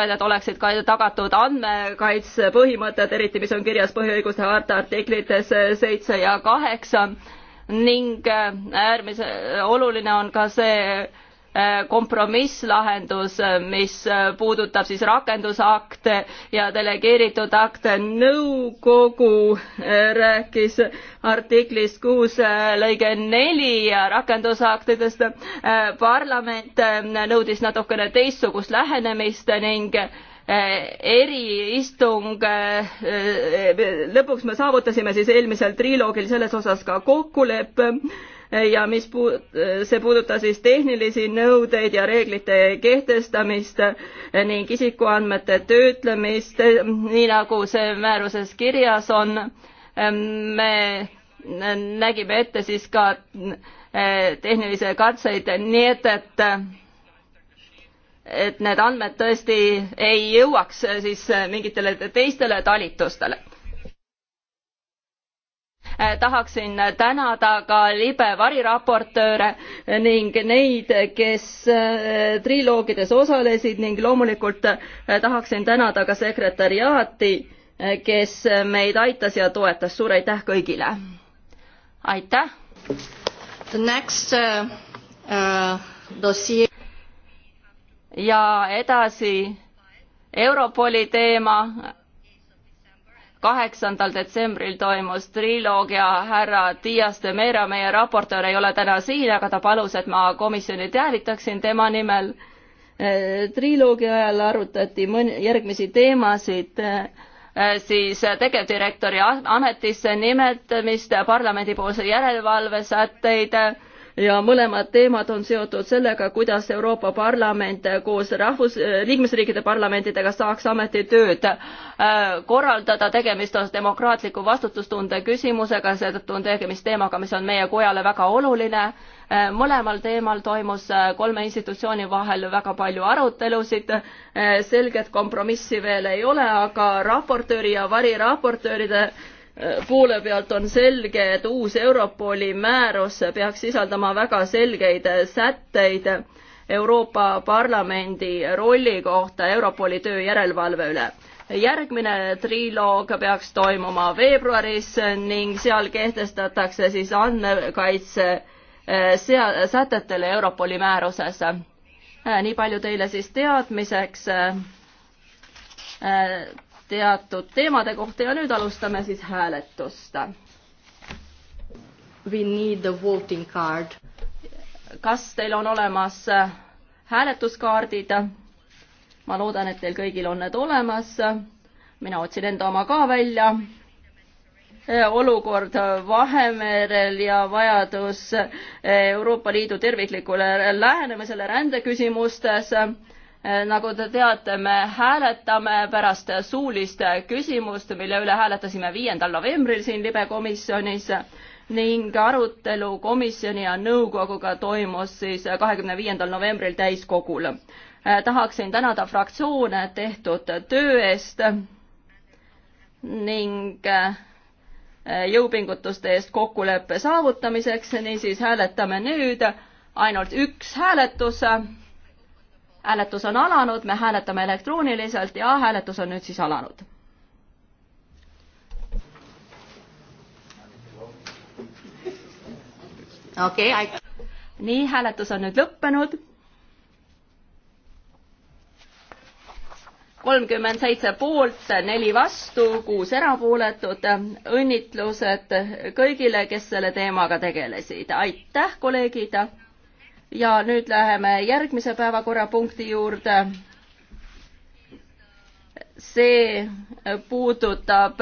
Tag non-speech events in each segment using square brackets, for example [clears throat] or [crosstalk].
et oleksid ka tagatud andmekaitsepõhimõtted, eriti mis on kirjas põhiõiguste harta artiklites seitse ja kaheksa ning äh, äärmise oluline on ka see, Äh, kompromisslahendus, äh, mis äh, puudutab siis rakendusakte ja delegeeritud akte. nõukogu rääkis artiklist kuus lõige neli ja rakendusaktidest. parlament nõudis natukene teistsugust lähenemist ning eriistung, lõpuks me saavutasime siis eelmisel triloogil selles osas ka kokkuleppe ja mis puud-, see puudutas siis tehnilisi nõudeid ja reeglite kehtestamist ning isikuandmete töötlemist, nii nagu see määruses kirjas on. me nägime ette siis ka eh, tehnilisi katseid, nii et, et et need andmed tõesti ei jõuaks siis mingitele teistele talitustele Eh, tahaksin tänada ka libe variraportööre ning neid, kes eh, triloogides osalesid ning loomulikult eh, tahaksin tänada ka sekretäriaati, kes meid aitas ja toetas. suur aitäh kõigile! aitäh! The next uh, uh, dossier ja edasi Europoli teema kaheksandal detsembril toimus triloog ja härra Dias de Meira, meie raportöör ei ole täna siin, aga ta palus, et ma komisjoni teavitaksin tema nimel. Eh, triloogi ajal arutati mõni, järgmisi teemasid, eh, siis tegevdirektori ametisse nimetamist, parlamendipoolse järelevalve sätteid eh, ja mõlemad teemad on seotud sellega, kuidas Euroopa Parlament koos rahvus, liikmesriikide parlamentidega saaks ametitööd äh, korraldada, tegemist on demokraatliku vastutustunde küsimusega, seetõttu on tegemist teemaga, mis on meie kojale väga oluline. Äh, mõlemal teemal toimus äh, kolme institutsiooni vahel väga palju arutelusid, selget kompromissi veel ei ole, aga raportööri ja variraportööride poole pealt on selge, et uus Europoli määrus peaks sisaldama väga selgeid sätteid Euroopa Parlamendi rolli kohta Europoli töö järelevalve üle. järgmine triloog peaks toimuma veebruaris ning seal kehtestatakse siis andmekaitse eh, sea-, sätetele Europoli määruses. Eh, nii palju teile siis teadmiseks eh, teatud teemade kohta ja nüüd alustame siis hääletust. We need the voting card. kas teil on olemas äh, hääletuskaardid? ma loodan, et teil kõigil on need olemas. mina otsin enda oma ka välja äh, olukord Vahemerel ja vajadus äh, Euroopa Liidu terviklikule lähenemisele rändeküsimustes Äh, nagu te teate, me hääletame pärast suulist küsimust, mille üle hääletasime viiendal novembril siin libekomisjonis ning arutelu komisjoni ja nõukoguga toimus siis kahekümne viiendal novembril täiskogul. Äh, tahaksin tänada fraktsioone tehtud töö eest ning äh, jõupingutuste eest kokkuleppe saavutamiseks, niisiis hääletame nüüd ainult üks hääletus hääletus on alanud, me hääletame elektrooniliselt ja hääletus on nüüd siis alanud. okei okay, I.... nii, hääletus on nüüd lõppenud. kolmkümmend seitse poolt, neli vastu, kuus erapooletut. õnnitlused kõigile, kes selle teemaga tegelesid. aitäh, kolleegid ja nüüd läheme järgmise päevakorrapunkti juurde. see puudutab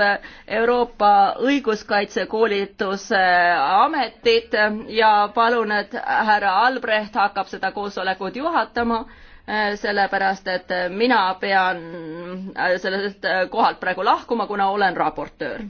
Euroopa õiguskaitsekoolituse ametit ja palun, et härra Albrecht hakkab seda koosolekut juhatama, sellepärast et mina pean sellest kohalt praegu lahkuma, kuna olen raportöör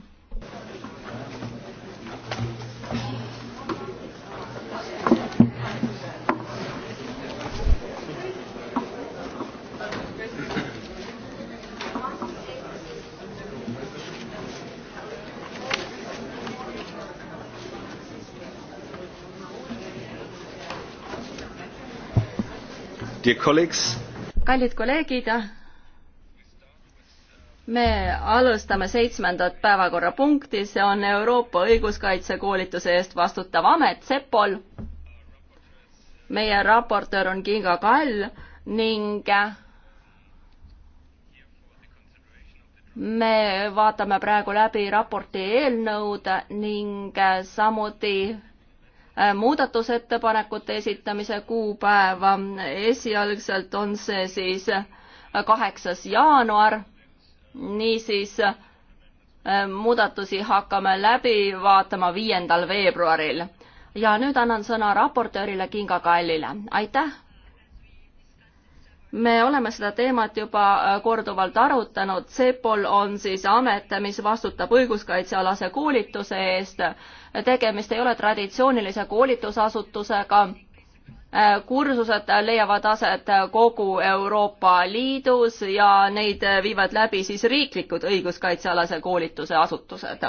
kallid kolleegid, me alustame seitsmendat päevakorrapunkti, see on Euroopa õiguskaitsekoolituse eest vastutav amet, Sepol. meie raportöör on Kinga Kall ning me vaatame praegu läbi raporti eelnõud ning samuti Äh, muudatusettepanekute esitamise kuupäeva. esialgselt on see siis äh, kaheksas jaanuar. niisiis äh, muudatusi hakkame läbi vaatama viiendal veebruaril. ja nüüd annan sõna raportöörile Kinga Kallile. aitäh me oleme seda teemat juba äh, korduvalt arutanud, CEPOL on siis amet, mis vastutab õiguskaitsealase koolituse eest. tegemist ei ole traditsioonilise koolitusasutusega. Äh, kursused leiavad aset kogu Euroopa Liidus ja neid viivad läbi siis riiklikud õiguskaitsealase koolituse asutused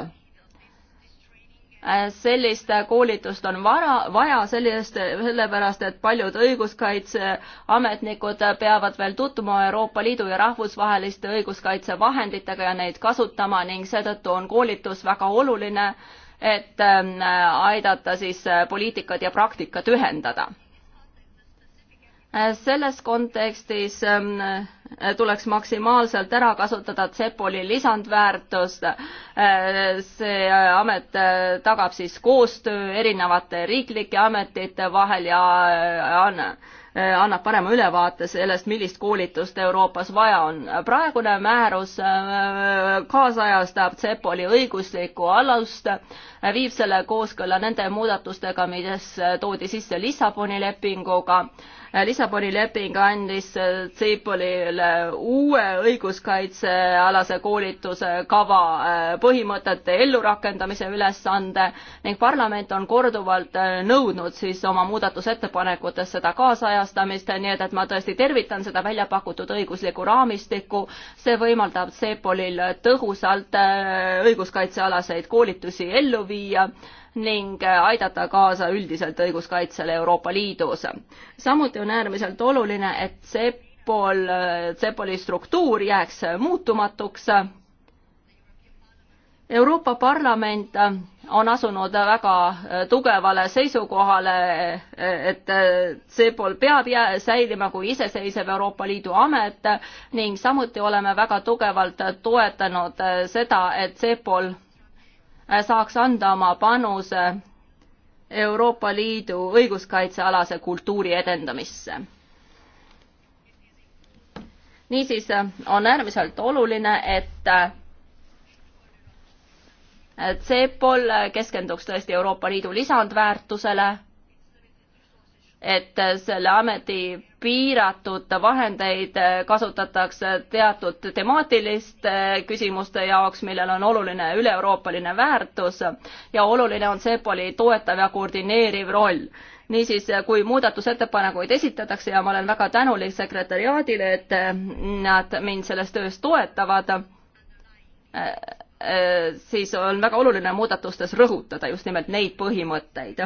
Äh, sellist koolitust on vara, vaja sellest, sellepärast et paljud õiguskaitseametnikud peavad veel tutvuma Euroopa Liidu ja rahvusvaheliste õiguskaitsevahenditega ja neid kasutama ning seetõttu on koolitus väga oluline, et ähm, aidata siis poliitikad ja praktikad ühendada selles kontekstis ähm, tuleks maksimaalselt ära kasutada CEPOL-i lisandväärtust. Äh, see amet äh, tagab siis koostöö erinevate riiklike ametite vahel ja äh, annab parema ülevaate sellest, millist koolitust Euroopas vaja on. praegune määrus kaasajastab CEPOL-i õiguslikku alust, viib selle kooskõlla nende muudatustega, mis toodi sisse Lissaboni lepinguga Äh, Lissaboni leping andis äh, Tsipolile uue õiguskaitsealase koolituse kava äh, põhimõtete ellurakendamise ülesande ning parlament on korduvalt nõudnud siis oma muudatusettepanekutes seda kaasajastamist, nii et, et ma tõesti tervitan seda välja pakutud õiguslikku raamistikku, see võimaldab Tsipolil tõhusalt õiguskaitsealaseid koolitusi ellu viia ning äh, aidata kaasa üldiselt õiguskaitsele Euroopa Liidus. samuti on äärmiselt oluline, et CEPOL, CEPOLi äh, struktuur jääks muutumatuks. Euroopa Parlament äh, on asunud väga tugevale seisukohale, et CEPOL peab jää-, säilima kui iseseisev Euroopa Liidu amet ning samuti oleme väga tugevalt toetanud seda, et CEPOL Äh, saaks anda oma panuse Euroopa Liidu õiguskaitsealase kultuuri edendamisse. niisiis äh, on äärmiselt oluline, et äh, CEPOL keskenduks tõesti Euroopa Liidu lisandväärtusele et selle ameti piiratud vahendeid kasutatakse teatud temaatiliste küsimuste jaoks, millel on oluline üle-euroopaline väärtus ja oluline on CEPOL-i toetav ja koordineeriv roll. niisiis, kui muudatusettepanekuid esitatakse ja ma olen väga tänulik sekretäriaadile, et nad mind selles töös toetavad, siis on väga oluline muudatustes rõhutada just nimelt neid põhimõtteid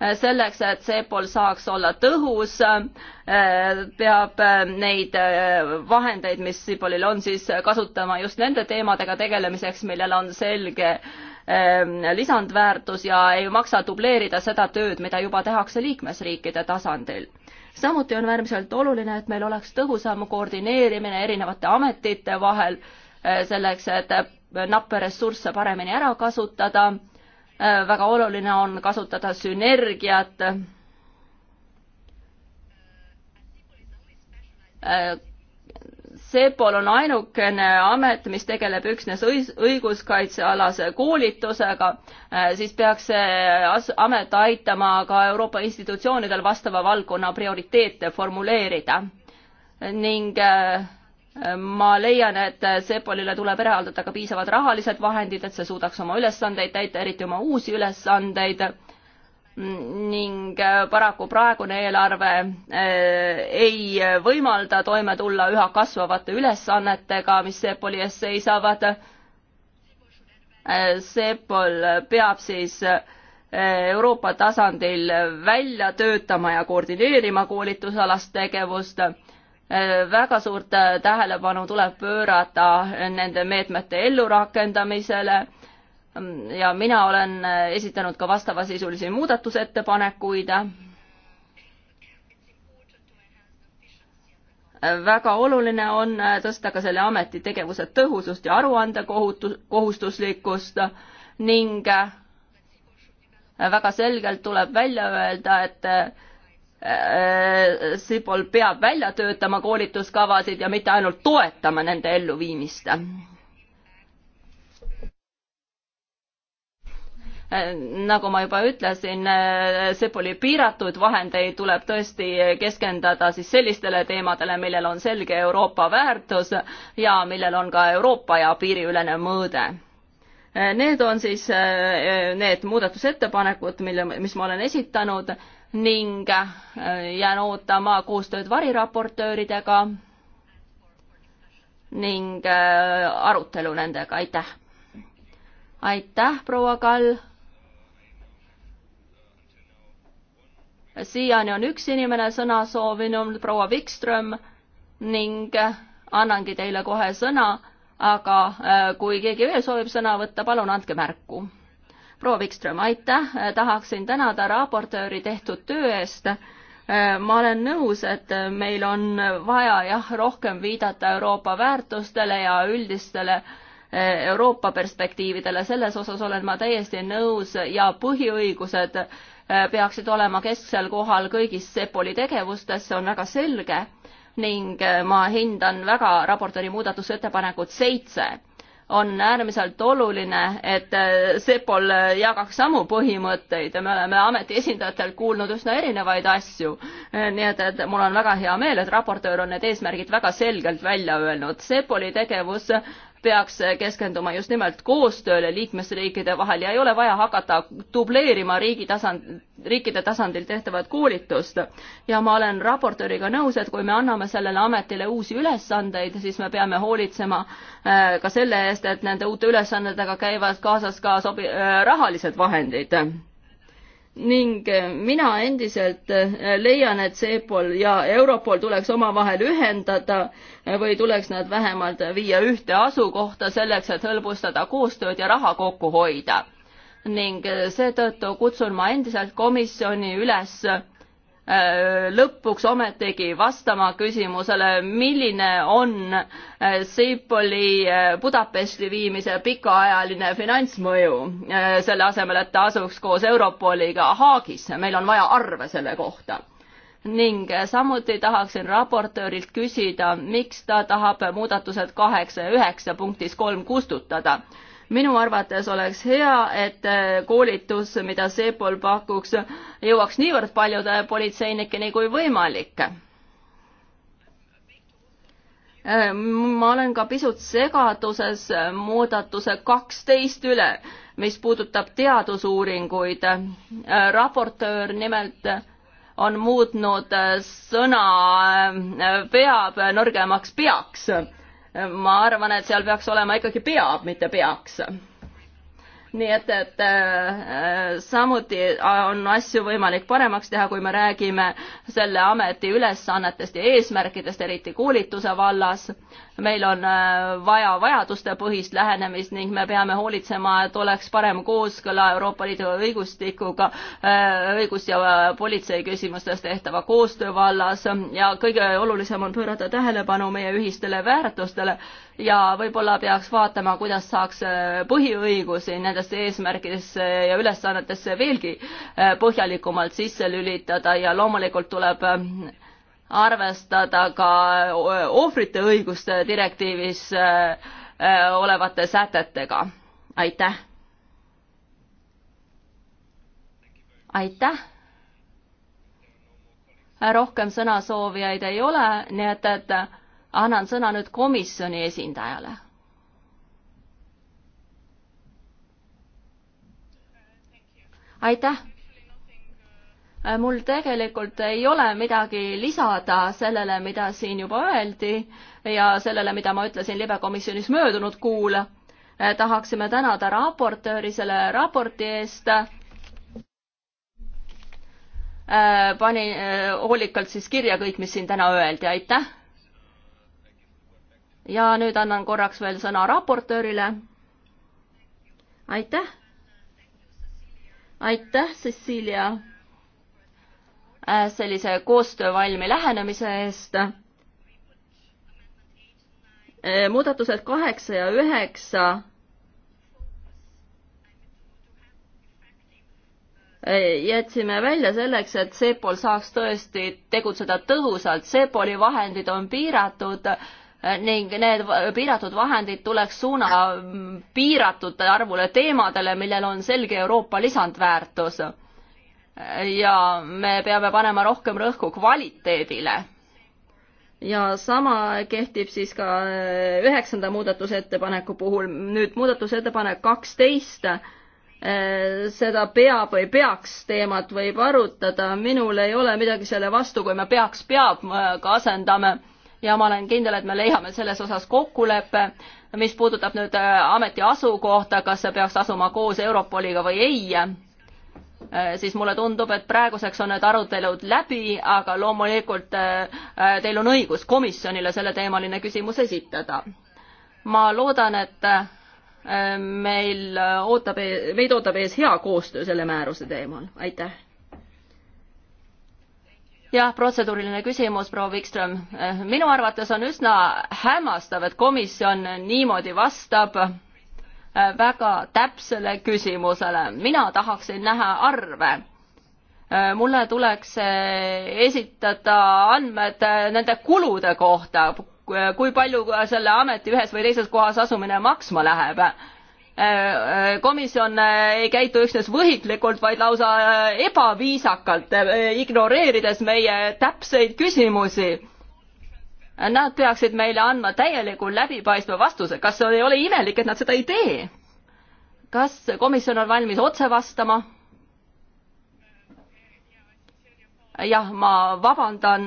Äh, selleks, et CEPOL saaks olla tõhus, äh, peab äh, neid vahendeid, mis CEPOLil on, siis kasutama just nende teemadega tegelemiseks, millel on selge ähm, lisandväärtus ja ei maksa dubleerida seda tööd, mida juba tehakse liikmesriikide tasandil. samuti on äärmiselt oluline, et meil oleks tõhusam koordineerimine erinevate ametite vahel, selleks et nappe ressursse paremini ära kasutada Äh, väga oluline on kasutada sünergiat. Äh, Sepol on ainukene amet, mis tegeleb üksnes õiguskaitsealase koolitusega, äh, siis peaks see amet aitama ka Euroopa institutsioonidel vastava valdkonna prioriteete formuleerida ning äh, ma leian, et Sepolile tuleb eraldada ka piisavad rahalised vahendid, et see suudaks oma ülesandeid täita, eriti oma uusi ülesandeid ning äh, paraku praegune eelarve äh, ei võimalda toime tulla üha kasvavate ülesannetega, mis Sepoli ees seisavad. Äh, Sepol peab siis Euroopa tasandil välja töötama ja koordineerima koolitusalast tegevust väga suurt äh, tähelepanu tuleb pöörata nende meetmete ellurakendamisele ja mina olen äh, esitanud ka vastavasisulisi muudatusettepanekuid. väga oluline on äh, tõsta ka selle ameti tegevuse tõhusust ja aruandekohustuslikkust ning väga selgelt tuleb välja öelda, et Äh, Sipol peab välja töötama koolituskavasid ja mitte ainult toetama nende elluviimist. Äh, nagu ma juba ütlesin, äh, Sepoli piiratud vahendeid tuleb tõesti keskenduda siis sellistele teemadele, millel on selge Euroopa väärtus ja millel on ka Euroopa ja piiriülene mõõde. Need on siis need muudatusettepanekud, mille, mis ma olen esitanud ning äh, jään ootama koostööd variraportööridega ning äh, arutelu nendega, aitäh! aitäh, proua Kall! siiani on üks inimene sõna soovinud, proua Wikström, ning äh, annangi teile kohe sõna, aga kui keegi veel soovib sõna võtta, palun andke märku proua Vikström, aitäh, tahaksin tänada raportööri tehtud töö eest ma olen nõus, et meil on vaja jah, rohkem viidata Euroopa väärtustele ja üldistele eh, Euroopa perspektiividele, selles osas olen ma täiesti nõus ja põhiõigused eh, peaksid olema kesksel kohal kõigis Sepoli tegevustes, see on väga selge ning eh, ma hindan väga raportööri muudatusettepanekut seitse on äärmiselt oluline, et äh, Sepol äh, jagaks samu põhimõtteid ja me oleme ameti esindajatelt kuulnud üsna erinevaid asju. Äh, nii et, et mul on väga hea meel, et raportöör on need eesmärgid väga selgelt välja öelnud. Sepoli tegevus peaks keskenduma just nimelt koostööle liikmesriikide vahel ja ei ole vaja hakata dubleerima riigi tasand, riikide tasandil tehtavat koolitust. ja ma olen raportööriga nõus, et kui me anname sellele ametile uusi ülesandeid, siis me peame hoolitsema äh, ka selle eest, et nende uute ülesannetega käivad kaasas ka sobi-, äh, rahalised vahendid ning eh, mina endiselt eh, leian, et CEPOL ja Europol tuleks omavahel ühendada eh, või tuleks nad vähemalt viia ühte asukohta selleks, et hõlbustada koostööd ja raha kokku hoida. ning seetõttu kutsun ma endiselt komisjoni üles Äh, lõpuks ometigi vastama küsimusele, milline on äh, Seipoli äh, Budapesti viimise pikaajaline finantsmõju, selle asemel, et ta asuks koos Europoliga Haagis, meil on vaja arve selle kohta ning samuti tahaksin raportöörilt küsida, miks ta tahab muudatused kaheksa ja üheksa punktis kolm kustutada minu arvates oleks hea, et äh, koolitus, mida Seepol pakuks, jõuaks niivõrd paljude politseinikeni kui võimalik. Äh, ma olen ka pisut segaduses muudatuse kaksteist üle, mis puudutab teadusuuringuid. Äh, raportöör nimelt on muutnud sõna peab nõrgemaks peaks ma arvan, et seal peaks olema ikkagi peab, mitte peaks. nii et, et äh, samuti on asju võimalik paremaks teha, kui me räägime selle ameti ülesannetest ja eesmärkidest, eriti koolituse vallas meil on äh, vaja vajadustepõhist lähenemist ning me peame hoolitsema, et oleks parem kooskõla Euroopa Liidu õigustikuga äh, õigus- ja äh, politseiküsimustes tehtava koostöö vallas ja kõige olulisem on pöörata tähelepanu meie ühistele väärtustele ja võib-olla peaks vaatama, kuidas saaks põhiõigusi nendesse eesmärkidesse ja ülesannetesse veelgi põhjalikumalt sisse lülitada ja loomulikult tuleb arvestada ka ohvrite õiguste direktiivis äh, äh, olevate sätetega. aitäh. aitäh. rohkem sõnasoovijaid ei ole, nii et, et annan sõna nüüd komisjoni esindajale aitäh! Äh, mul tegelikult ei ole midagi lisada sellele, mida siin juba öeldi ja sellele, mida ma ütlesin libekomisjonis möödunud kuul. Äh, tahaksime tänada raportööri selle raporti eest. Äh, pani hoolikalt siis kirja kõik, mis siin täna öeldi, aitäh. ja nüüd annan korraks veel sõna raportöörile. aitäh. aitäh, Cecilia Äh, sellise koostöövalmi lähenemise eest. Äh, muudatused kaheksa ja üheksa äh, jätsime välja selleks, et Seepol saaks tõesti tegutseda tõhusalt. Seepoli vahendid on piiratud ning need piiratud vahendid tuleks suunata mm, piiratud arvule teemadele, millel on selge Euroopa lisandväärtus ja me peame panema rohkem rõhku kvaliteedile. ja sama kehtib siis ka äh, üheksanda muudatusettepaneku puhul. nüüd muudatusettepanek kaksteist, äh, seda peab või peaks teemat võib arutada, minul ei ole midagi selle vastu, kui me peaks peab äh, ka asendame ja ma olen kindel, et me leiame selles osas kokkuleppe, mis puudutab nüüd ameti asukohta, kas see peaks asuma koos Europoliga või ei Äh, siis mulle tundub, et praeguseks on need arutelud läbi, aga loomulikult äh, äh, teil on õigus komisjonile selleteemaline küsimus esitada. ma loodan, et meil ootab, e-, meid ootab ees hea koostöö selle määruse teemal, aitäh. jah, protseduuriline küsimus, proua Wikström. minu arvates on üsna hämmastav, et komisjon niimoodi vastab Äh, väga täpsele küsimusele. mina tahaksin näha arve. Äh, mulle tuleks äh, esitada andmed nende kulude kohta, kui palju selle ameti ühes või teises kohas asumine maksma läheb. komisjon ei käitu üksnes võhiklikult, vaid lausa ebaviisakalt, ignoreerides meie täpseid küsimusi Nad peaksid meile andma täieliku läbipaistva vastuse, kas ei ole imelik, et nad seda ei tee? kas komisjon on valmis otse vastama? jah, ma vabandan,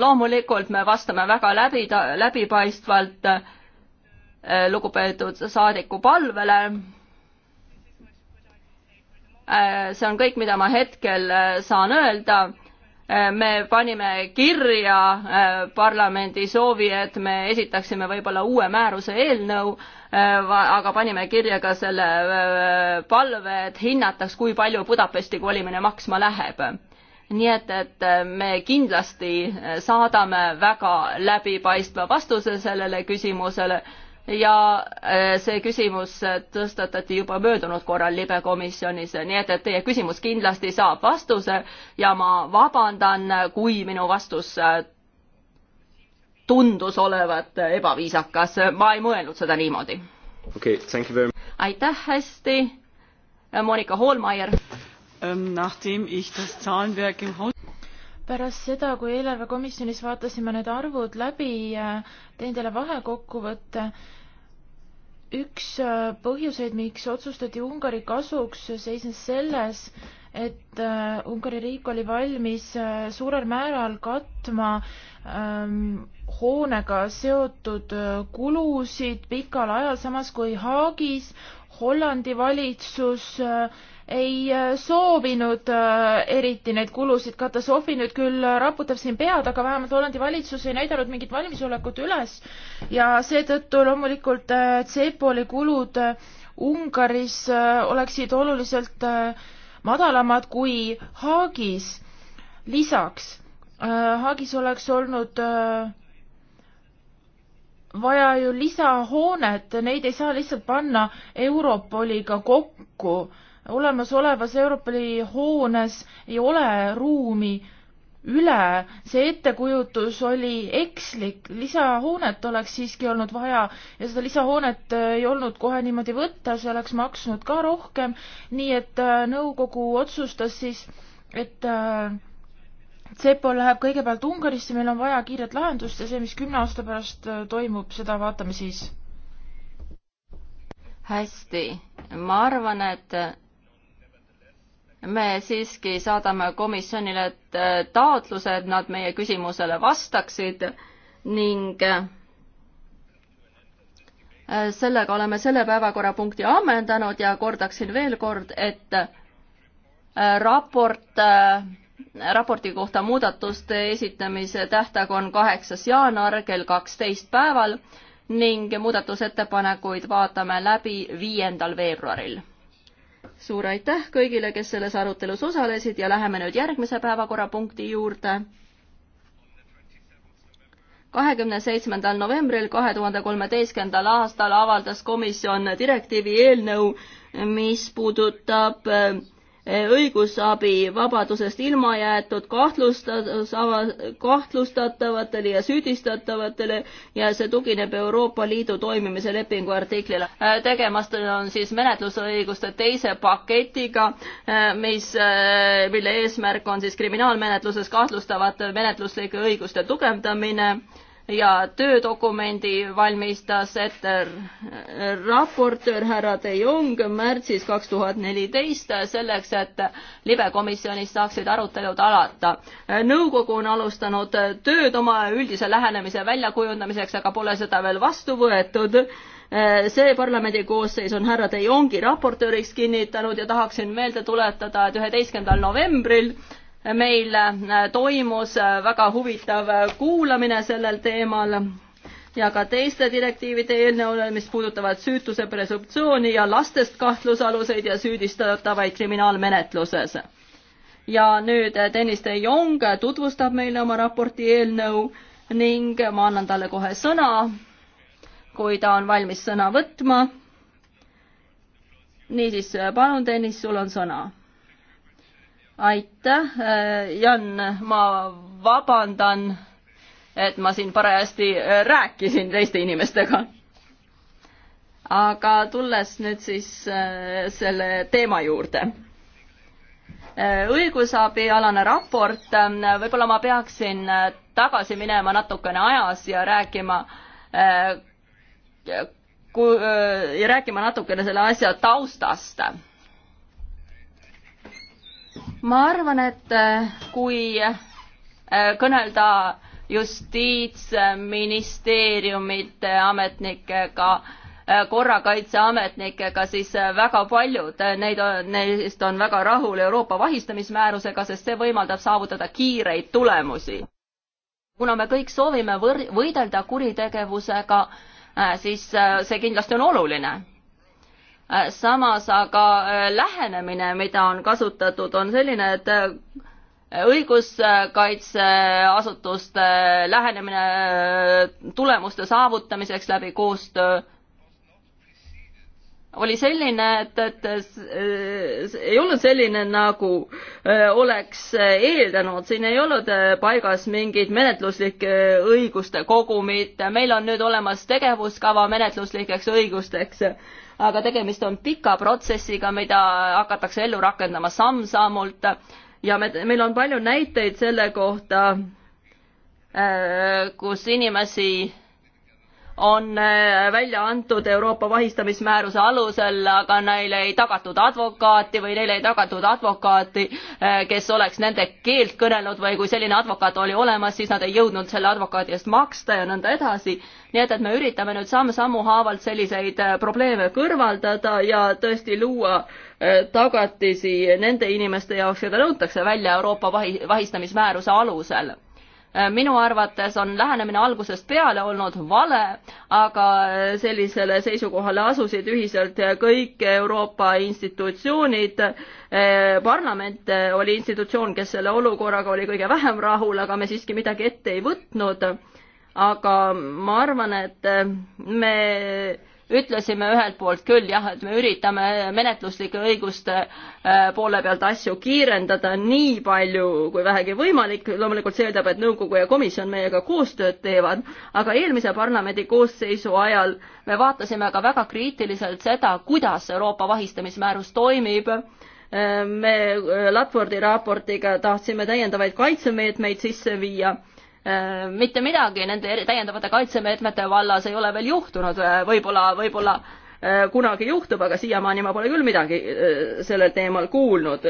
loomulikult me vastame väga läbi, läbipaistvalt eh, lugupeetud saadiku palvele. Eh, see on kõik, mida ma hetkel eh, saan öelda Äh, me panime kirja äh, parlamendi soovi, et me esitaksime võib-olla uue määruse eelnõu, äh, aga panime kirja ka selle palve, et hinnataks, kui palju Budapesti kolimine maksma läheb. nii et, et me kindlasti saadame väga läbipaistva vastuse sellele küsimusele ja äh, see küsimus tõstatati juba möödunud korral libekomisjonis, nii et, et teie küsimus kindlasti saab vastuse ja ma vabandan, kui minu vastus äh, tundus olevat ebaviisakas, ma ei mõelnud seda niimoodi. okei okay,, thank you very much. aitäh, hästi. Monika Hoolmeier ähm,. Nachdem ich das Zahlenwerk im Haus pärast seda, kui eelarvekomisjonis vaatasime need arvud läbi, teen teile vahekokkuvõtte. üks äh, põhjuseid, miks otsustati Ungari kasuks, seisnes selles, et äh, Ungari riik oli valmis äh, suurel määral katma ähm, hoonega seotud kulusid pikal ajal, samas kui Haagis Hollandi valitsus äh, ei äh, soovinud äh, eriti neid kulusid katta. Sofi nüüd küll äh, raputab siin pead, aga vähemalt Hollandi valitsus ei näidanud mingit valmisolekut üles ja seetõttu loomulikult CEPOL-i kulud Ungaris oleksid oluliselt madalamad kui Haagis. lisaks Haagis oleks olnud vaja ju lisahoonet, neid ei saa lihtsalt panna Europoliga kokku olemasolevas Europoli hoones ei ole ruumi üle, see ettekujutus oli ekslik, lisahoonet oleks siiski olnud vaja ja seda lisahoonet ei olnud kohe niimoodi võtta, see oleks maksnud ka rohkem, nii et äh, nõukogu otsustas siis, et CEPOL äh, läheb kõigepealt Ungarisse, meil on vaja kiiret lahendust ja see, mis kümne aasta pärast äh, toimub, seda vaatame siis. hästi, ma arvan, et me siiski saadame komisjonile taotluse, et äh, nad meie küsimusele vastaksid ning äh, sellega oleme selle päevakorrapunkti ammendanud ja kordaksin veel kord, et äh, raport, raporti kohta muudatuste esitamise tähtaeg on kaheksas jaanuar kell kaksteist päeval ning muudatusettepanekuid vaatame läbi viiendal veebruaril suur aitäh kõigile, kes selles arutelus osalesid ja läheme nüüd järgmise päevakorrapunkti juurde. kahekümne seitsmendal novembril kahe tuhande kolmeteistkümnendal aastal avaldas komisjon direktiivi eelnõu, mis puudutab õigusabi vabadusest ilma jäetud kahtlustatavatele ja süüdistatavatele ja see tugineb Euroopa Liidu toimimise lepingu artiklile. tegemast on siis menetlusõiguste teise paketiga, mis, mille eesmärk on siis kriminaalmenetluses kahtlustavate menetluslike õiguste tugevdamine ja töödokumendi valmistas ette raportöör härra De Jong märtsis kaks tuhat neliteist selleks, et libekomisjonis saaksid arutelud alata. nõukogu on alustanud tööd oma üldise lähenemise väljakujundamiseks, aga pole seda veel vastu võetud see parlamendi koosseis on härra De Jongi raportööriks kinnitanud ja tahaksin meelde tuletada, et üheteistkümnendal novembril meil äh, toimus äh, väga huvitav äh, kuulamine sellel teemal ja ka teiste direktiivide eelnõule, mis puudutavad süütuse presumptsiooni ja lastest kahtlusaluseid ja süüdistatavaid kriminaalmenetluses. ja nüüd Tõnis de Jong tutvustab meile oma raporti eelnõu ning ma annan talle kohe sõna, kui ta on valmis sõna võtma. niisiis, palun, Tõnis, sul on sõna aitäh, äh, Jan, ma vabandan, et ma siin parajasti äh, rääkisin teiste inimestega. aga tulles nüüd siis äh, selle teema juurde. õigusabialane raport, võib-olla ma peaksin tagasi minema natukene ajas ja rääkima ja rääkima natukene selle asja taustast ma arvan, et äh, kui äh, kõnelda justiitsministeeriumite ametnikega, äh, korrakaitseametnikega, siis väga paljud neid, neist on väga rahul Euroopa vahistamismäärusega, sest see võimaldab saavutada kiireid tulemusi. kuna me kõik soovime võr-, võidelda kuritegevusega, siis see kindlasti on oluline Äh, samas aga äh, lähenemine, mida on kasutatud, on selline, et äh, õiguskaitseasutuste lähenemine tulemuste saavutamiseks läbi koostöö oli selline, et, et ei olnud selline, nagu oleks eeldanud, siin ei olnud paigas mingeid menetluslike õiguste kogumit, meil on nüüd olemas tegevuskava menetluslikeks õigusteks aga tegemist on pika protsessiga, mida hakatakse ellu rakendama samm-sammult ja me, meil on palju näiteid selle kohta, äh, kus inimesi on äh, välja antud Euroopa vahistamismääruse alusel, aga neile ei tagatud advokaati või neile ei tagatud advokaati, äh, kes oleks nende keelt kõnelnud või kui selline advokaat oli olemas, siis nad ei jõudnud selle advokaadi eest maksta ja nõnda edasi. nii et, et me üritame nüüd samm-sammu haavalt selliseid äh, probleeme kõrvaldada ja tõesti luua tagatisi nende inimeste jaoks, keda nõutakse välja Euroopa vahi, vahistamismääruse alusel Äh, minu arvates on lähenemine algusest peale olnud vale, aga äh, sellisele seisukohale asusid ühiselt äh, kõik Euroopa institutsioonid. parlament oli institutsioon, kes selle olukorraga oli kõige vähem rahul, aga me siiski midagi ette ei võtnud. aga ma arvan, et me ütlesime ühelt poolt küll jah, et me üritame menetluslike õiguste äh, poole pealt asju kiirendada nii palju kui vähegi võimalik, loomulikult see eeldab, et nõukogu ja komisjon meiega koostööd teevad, aga eelmise parlamendi koosseisu ajal me vaatasime ka väga kriitiliselt seda, kuidas Euroopa vahistamismäärus toimib äh, me äh, Latvordi raportiga tahtsime täiendavaid kaitsemeetmeid sisse viia Äh, mitte midagi nende täiendavate kaitsemeetmete vallas ei ole veel juhtunud, äh, võib-olla, võib-olla äh, kunagi juhtub, aga siiamaani ma pole küll midagi sellel teemal kuulnud.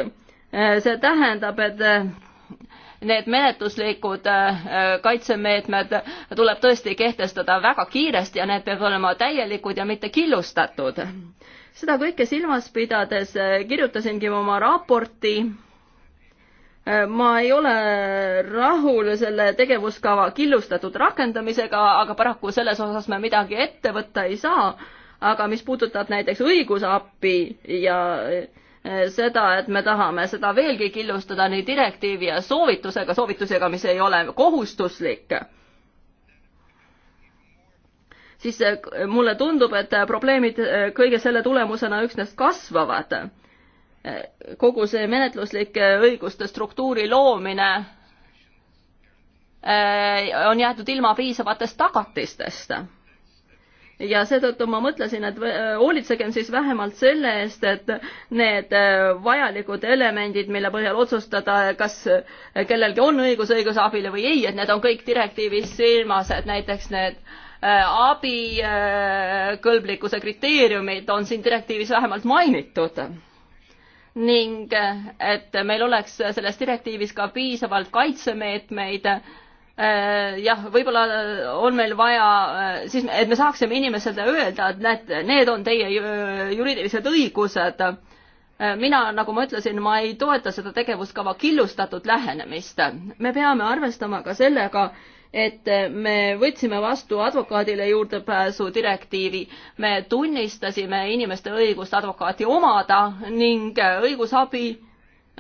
see tähendab, et need menetluslikud kaitsemeetmed tuleb tõesti kehtestada väga kiiresti ja need peavad olema täielikud ja mitte killustatud. seda kõike silmas pidades kirjutasingi oma raporti Äh, ma ei ole rahul selle tegevuskava killustatud rakendamisega, aga paraku selles osas me midagi ette võtta ei saa. aga mis puudutab näiteks õigusappi ja äh, seda, et me tahame seda veelgi killustada nii direktiivi ja soovitusega, soovitusega, mis ei ole kohustuslik, siis äh, mulle tundub, et probleemid kõige selle tulemusena üksnes kasvavad kogu see menetluslike õiguste struktuuri loomine eh, on jäetud ilma piisavatest tagatistest. ja seetõttu ma mõtlesin, et hoolitsegem siis vähemalt selle eest, et need eh, vajalikud elemendid, mille põhjal otsustada, kas kellelgi on õigus õigusabile või ei, et need on kõik direktiivis silmas, et näiteks need eh, abikõlblikkuse kriteeriumid on siin direktiivis vähemalt mainitud ning et meil oleks selles direktiivis ka piisavalt kaitsemeetmeid. Äh, jah, võib-olla on meil vaja äh, siis, et me saaksime inimesele öelda, et näed, need on teie juriidilised õigused. Äh, mina, nagu ma ütlesin, ma ei toeta seda tegevuskava killustatud lähenemist. me peame arvestama ka sellega, et me võtsime vastu advokaadile juurdepääsu direktiivi, me tunnistasime inimeste õigust advokaati omada ning õigusabi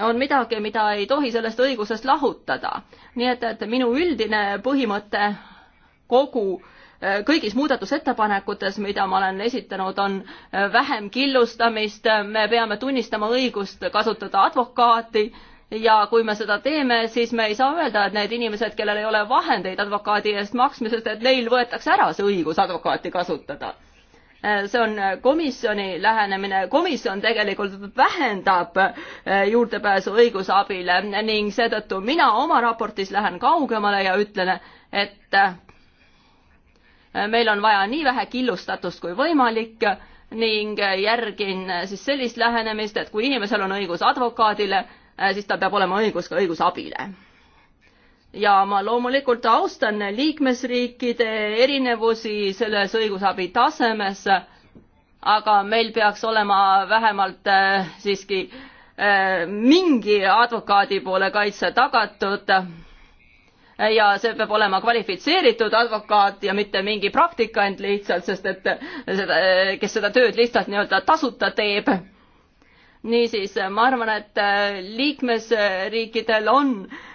on midagi, mida ei tohi sellest õigusest lahutada. nii et, et minu üldine põhimõte kogu äh, kõigis muudatusettepanekutes, mida ma olen esitanud, on äh, vähem killustamist, me peame tunnistama õigust kasutada advokaati ja kui me seda teeme, siis me ei saa öelda, et need inimesed, kellel ei ole vahendeid advokaadi eest maksmisest, et neil võetakse ära see õigus advokaati kasutada. Äh, see on äh, komisjoni lähenemine, komisjon tegelikult vähendab äh, juurdepääsu õigusabile ning seetõttu mina oma raportis lähen kaugemale ja ütlen, et meil on vaja nii vähe killustatust kui võimalik ning järgin siis sellist lähenemist, et kui inimesel on õigus advokaadile, Äh, siis tal peab olema õigus ka õigusabile. ja ma loomulikult austan liikmesriikide erinevusi selles õigusabi tasemes, aga meil peaks olema vähemalt äh, siiski äh, mingi advokaadi poole kaitse tagatud ja see peab olema kvalifitseeritud advokaat ja mitte mingi praktikant lihtsalt, sest et seda, kes seda tööd lihtsalt nii-öelda tasuta teeb niisiis, ma arvan, et äh, liikmesriikidel on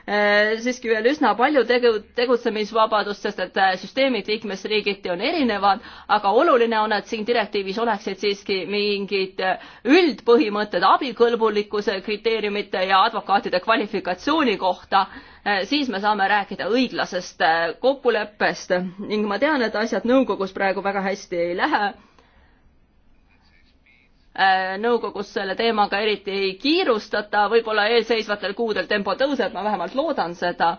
äh, siiski veel üsna palju tegu, tegutsemisvabadust, sest et äh, süsteemid liikmesriigiti on erinevad, aga oluline on, et siin direktiivis oleksid siiski mingid üldpõhimõtted abikõlbulikkuse kriteeriumite ja advokaatide kvalifikatsiooni kohta, siis me saame rääkida õiglasest kokkuleppest ning ma tean, et asjad nõukogus praegu väga hästi ei lähe Äh, nõukogus selle teemaga eriti ei kiirustata, võib-olla eelseisvatel kuudel tempo tõuseb, ma vähemalt loodan seda,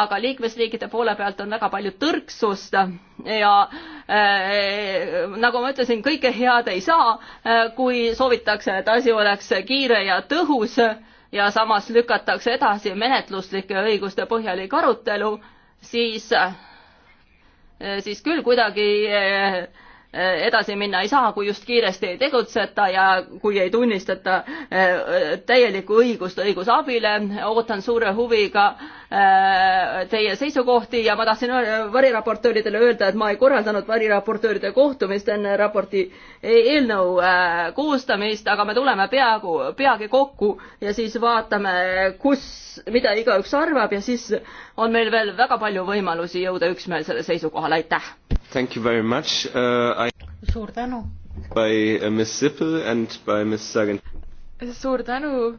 aga liikmesriikide poole pealt on väga palju tõrksust ja äh, nagu ma ütlesin, kõike head ei saa, äh, kui soovitakse, et asi oleks kiire ja tõhus ja samas lükatakse edasi menetluslike õiguste põhjalik arutelu, siis, äh, siis küll kuidagi äh, Eh, edasi minna ei saa, kui just kiiresti ei tegutseta ja kui ei tunnistata eh, täielikku õigust õigusabile. ootan suure huviga eh, teie seisukohti ja ma tahtsin variraportööridele öelda, et ma ei korraldanud variraportööride kohtumist enne raporti eelnõu koostamist, aga me tuleme peaaegu, peagi kokku ja siis vaatame, kus, mida igaüks arvab ja siis on meil veel väga palju võimalusi jõuda üksmeelsele seisukohale, aitäh! Thank you very much uh,. I... suur tänu. By uh, Miss Sippel and by Miss Sargent. suur tänu.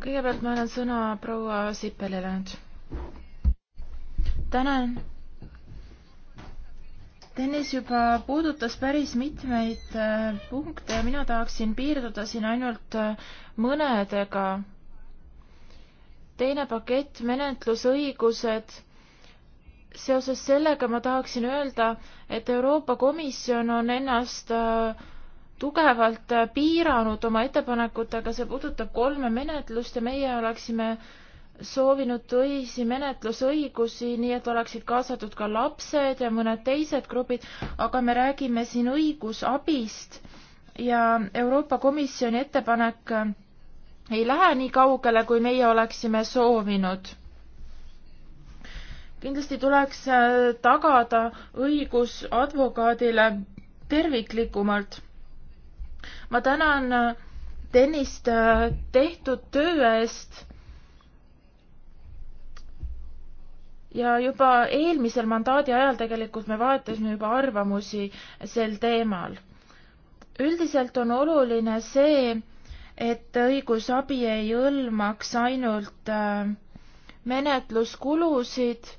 kõigepealt ma annan sõna proua Sippelile nüüd. tänan. Tõnis juba puudutas päris mitmeid äh, punkte ja mina tahaksin piirduda siin ainult äh, mõnedega teine pakett, menetlusõigused. seoses sellega ma tahaksin öelda, et Euroopa Komisjon on ennast äh, tugevalt äh, piiranud oma ettepanekutega, see puudutab kolme menetlust ja meie oleksime soovinud tõisi menetlusõigusi, nii et oleksid kaasatud ka lapsed ja mõned teised grupid, aga me räägime siin õigusabist ja Euroopa Komisjoni ettepanek ei lähe nii kaugele, kui meie oleksime soovinud. kindlasti tuleks äh, tagada õigus advokaadile terviklikumalt. ma tänan Tõnist äh, äh, tehtud töö eest ja juba eelmisel mandaadi ajal tegelikult me vahetasime juba arvamusi sel teemal. üldiselt on oluline see, et õigusabi ei hõlmaks ainult äh, menetluskulusid,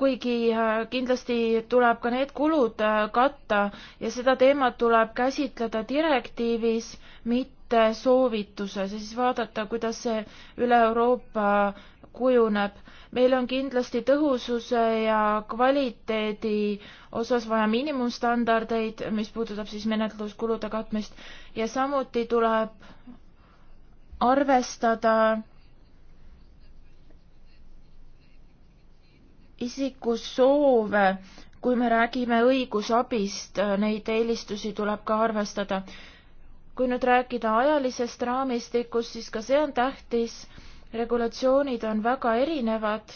kuigi äh, kindlasti tuleb ka need kulud äh, katta ja seda teemat tuleb käsitleda direktiivis, mitte soovituses ja siis vaadata, kuidas see üle Euroopa kujuneb. meil on kindlasti tõhususe ja kvaliteedi osas vaja miinimumstandardeid, mis puudutab siis menetluskulude katmist ja samuti tuleb arvestada isiku soove, kui me räägime õigusabist, neid eelistusi tuleb ka arvestada. kui nüüd rääkida ajalisest raamistikust, siis ka see on tähtis regulatsioonid on väga erinevad.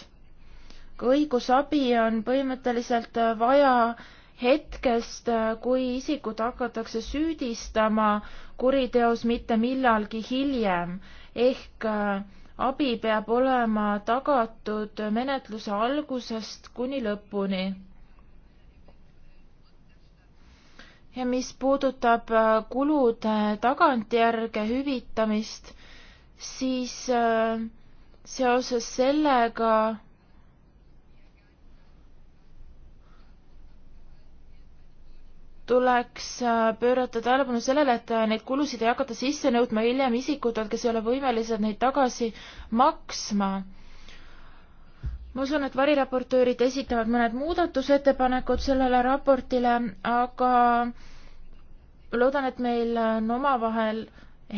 ka õigusabi on põhimõtteliselt vaja hetkest, kui isikut hakatakse süüdistama kuriteos, mitte millalgi hiljem. ehk äh, abi peab olema tagatud menetluse algusest kuni lõpuni. ja mis puudutab äh, kulude tagantjärge hüvitamist, siis äh, seoses sellega tuleks äh, pöörata tähelepanu sellele, et äh, neid kulusid ei hakata sisse nõudma hiljem isikutelt, kes ei ole võimelised neid tagasi maksma. ma usun, et variraportöörid esitavad mõned muudatusettepanekud sellele raportile, aga loodan, et meil äh, on omavahel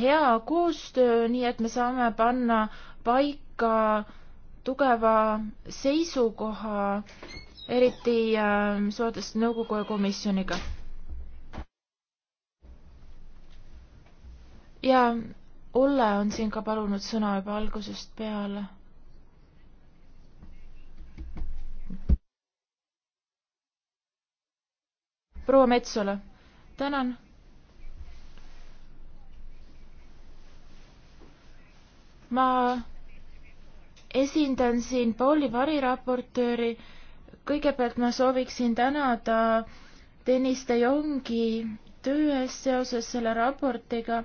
hea koostöö, nii et me saame panna paika tugeva seisukoha, eriti äh, suhetes nõukogu ja komisjoniga. ja Olle on siin ka palunud sõna juba algusest peale proua Metsola. tänan. ma esindan siin Pauli variraportööri. kõigepealt ma sooviksin tänada Tõnis de Jongi töö eest seoses selle raportiga.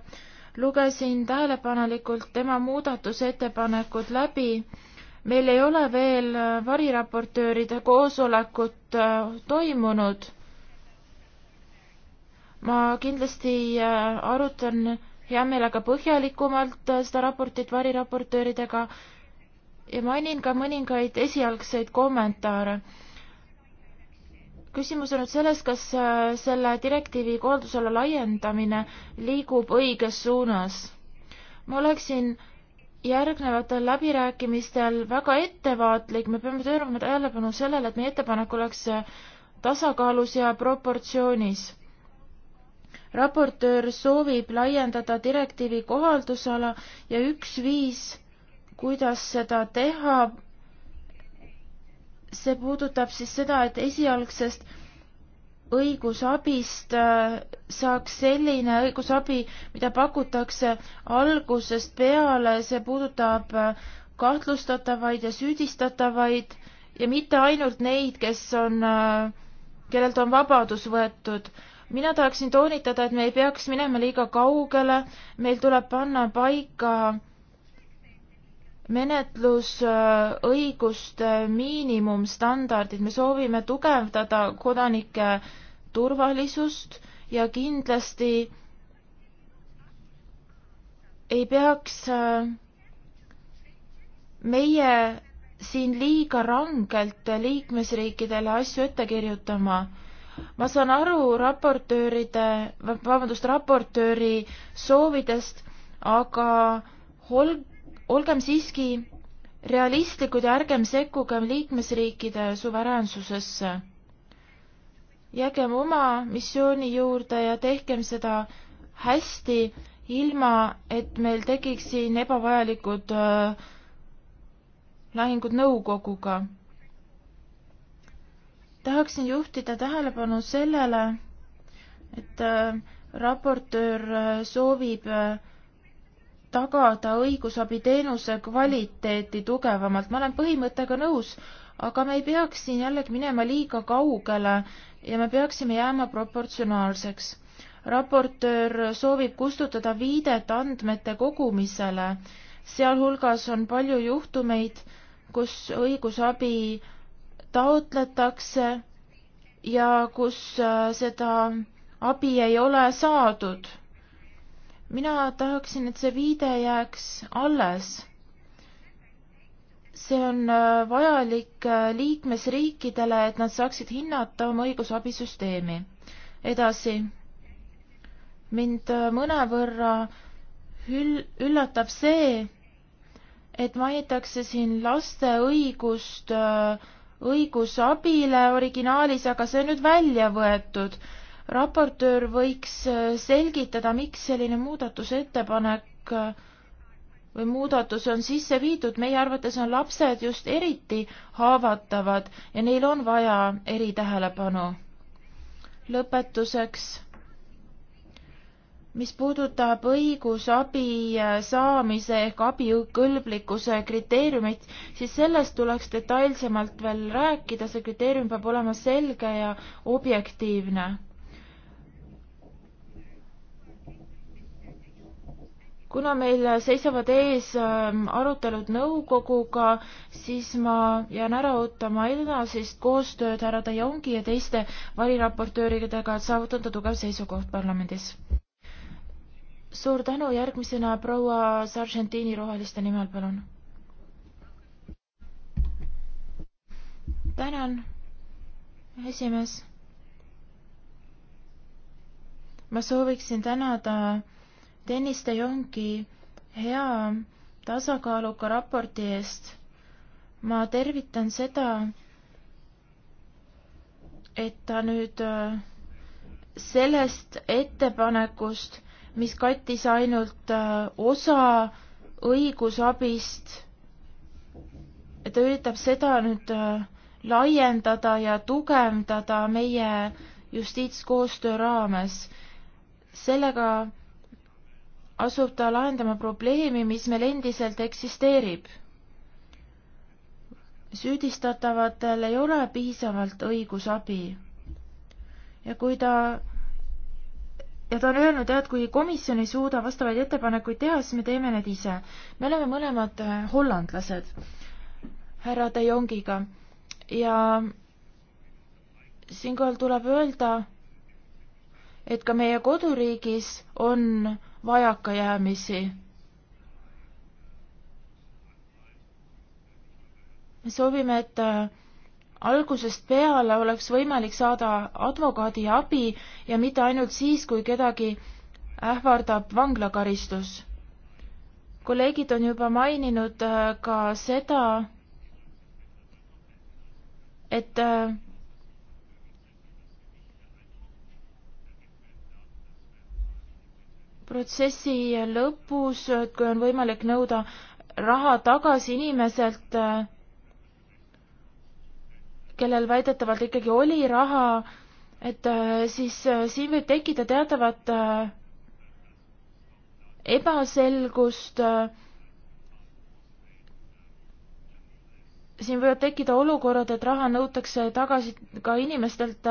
lugesin tähelepanelikult tema muudatusettepanekud läbi. meil ei ole veel variraportööride koosolekut äh, toimunud. ma kindlasti äh, arutan hea meelega põhjalikumalt äh, seda raportit variraportööridega ja mainin ka mõningaid esialgseid kommentaare. küsimus on nüüd selles, kas äh, selle direktiivi kohaldusala laiendamine liigub õiges suunas. ma oleksin järgnevatel läbirääkimistel väga ettevaatlik, me peame pöörama tähelepanu sellele, et meie ettepanek oleks äh, tasakaalus ja proportsioonis raportöör soovib laiendada direktiivi kohaldusala ja üks viis, kuidas seda teha, see puudutab siis seda, et esialgsest õigusabist äh, saaks selline õigusabi, mida pakutakse algusest peale, see puudutab äh, kahtlustatavaid ja süüdistatavaid ja mitte ainult neid, kes on, äh, kellelt on vabadus võetud mina tahaksin toonitada, et me ei peaks minema liiga kaugele, meil tuleb panna paika menetlusõiguste miinimumstandardid, me soovime tugevdada kodanike turvalisust ja kindlasti ei peaks äh, meie siin liiga rangelt liikmesriikidele asju ette kirjutama ma saan aru raportööride, vabandust, raportööri soovidest, aga hol-, olgem siiski realistlikud ja ärgem sekkugem liikmesriikide suveräänsusesse. jäägem oma missiooni juurde ja tehkem seda hästi, ilma et meil tekiks siin ebavajalikud äh, lahingud nõukoguga tahaksin juhtida tähelepanu sellele, et äh, raportöör äh, soovib äh, tagada õigusabiteenuse kvaliteeti tugevamalt. ma olen põhimõttega nõus, aga me ei peaks siin jällegi minema liiga kaugele ja me peaksime jääma proportsionaalseks. raportöör soovib kustutada viidet andmete kogumisele, sealhulgas on palju juhtumeid, kus õigusabi taotletakse ja kus äh, seda abi ei ole saadud. mina tahaksin, et see viide jääks alles. see on äh, vajalik äh, liikmesriikidele, et nad saaksid hinnata oma õigusabisüsteemi. edasi, mind mõnevõrra ül-, üllatab see, et mainitakse siin laste õigust äh, õigusabile originaalis, aga see on nüüd välja võetud. raportöör võiks äh, selgitada, miks selline muudatusettepanek äh, või muudatus on sisse viidud, meie arvates on lapsed just eriti haavatavad ja neil on vaja eritähelepanu. lõpetuseks mis puudutab õigusabi saamise ehk abikõlblikkuse kriteeriumit, siis sellest tuleks detailsemalt veel rääkida, see kriteerium peab olema selge ja objektiivne. kuna meil seisavad ees ähm, arutelud nõukoguga, siis ma jään ära ootama edasist koostööd härra Dajongi ja teiste variraportööridega, et saavutada tugev seisukoht parlamendis suur tänu, järgmisena proua Sargentini Roheliste nimel, palun. tänan, esimees. ma sooviksin tänada Tõnis De Jongi hea tasakaaluka raporti eest. ma tervitan seda, et ta nüüd äh, sellest ettepanekust mis kattis ainult äh, osa õigusabist. ta üritab seda nüüd äh, laiendada ja tugevdada meie justiitskoostöö raames. sellega asub ta lahendama probleemi, mis meil endiselt eksisteerib. süüdistatavatel ei ole piisavalt õigusabi. ja kui ta ja ta on öelnud jah, et kui komisjon ei suuda vastavaid ettepanekuid teha, siis me teeme need ise. me oleme mõlemad äh, hollandlased härra De Jongiga ja siinkohal tuleb öelda, et ka meie koduriigis on vajakajäämisi. me soovime, et äh, algusest peale oleks võimalik saada advokaadi abi ja mitte ainult siis, kui kedagi ähvardab vanglakaristus. kolleegid on juba maininud äh, ka seda, et äh, protsessi lõpus, et kui on võimalik nõuda raha tagasi inimeselt äh, kellel väidetavalt ikkagi oli raha, et äh, siis äh, siin võib tekkida teatavat äh, ebaselgust. siin võivad tekkida olukorrad, et raha nõutakse tagasi ka inimestelt,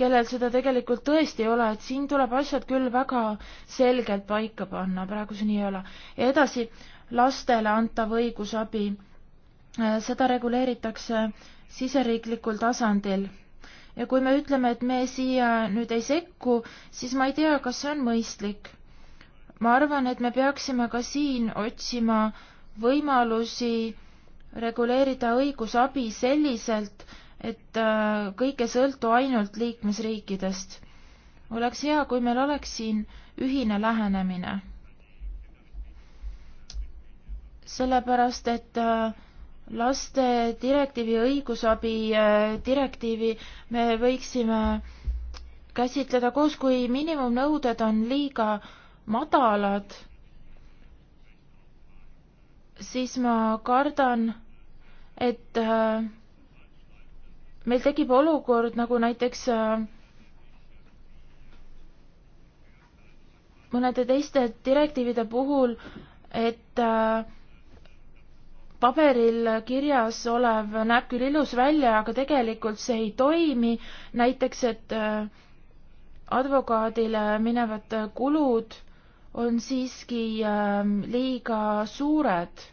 kellel seda tegelikult tõesti ei ole, et siin tuleb asjad küll väga selgelt paika panna, praegu see nii ei ole. ja edasi, lastele antav õigusabi, seda reguleeritakse siseriiklikul tasandil. ja kui me ütleme, et me siia nüüd ei sekku, siis ma ei tea, kas see on mõistlik. ma arvan, et me peaksime ka siin otsima võimalusi reguleerida õigusabi selliselt, et äh, kõik ei sõltu ainult liikmesriikidest. oleks hea, kui meil oleks siin ühine lähenemine. sellepärast, et äh, laste direktiivi, õigusabi äh, direktiivi me võiksime käsitleda koos, kui miinimumnõuded on liiga madalad, siis ma kardan, et äh, meil tekib olukord nagu näiteks äh, mõnede teiste direktiivide puhul, et äh, paberil kirjas olev näeb küll ilus välja, aga tegelikult see ei toimi, näiteks et äh, advokaadile minevad kulud on siiski ähm, liiga suured.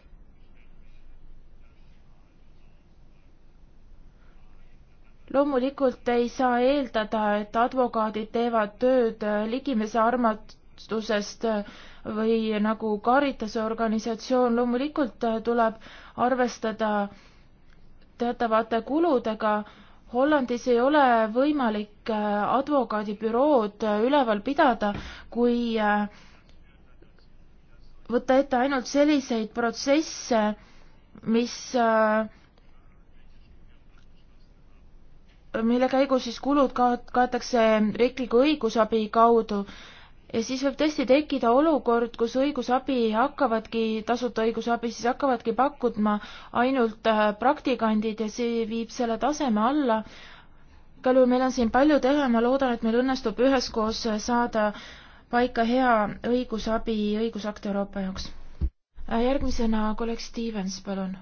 loomulikult ei saa eeldada, et advokaadid teevad tööd äh, ligimese armat-, rahastusest äh, või nagu Karitase organisatsioon, loomulikult äh, tuleb arvestada teatavate kuludega. Hollandis ei ole võimalik äh, advokaadibürood üleval pidada, kui võtta ette ainult selliseid protsesse, mis, mille käigus siis kulud kaetakse riikliku õigusabi kaudu ja siis võib tõesti tekkida olukord, kus õigusabi hakkavadki, tasuta õigusabi siis hakkavadki pakkuma ainult äh, praktikandid ja see viib selle taseme alla. igal juhul meil on siin palju teha ja ma loodan, et meil õnnestub üheskoos saada paika hea õigusabi õigusakt Euroopa jaoks. Äh, järgmisena kolleeg Stevens, palun.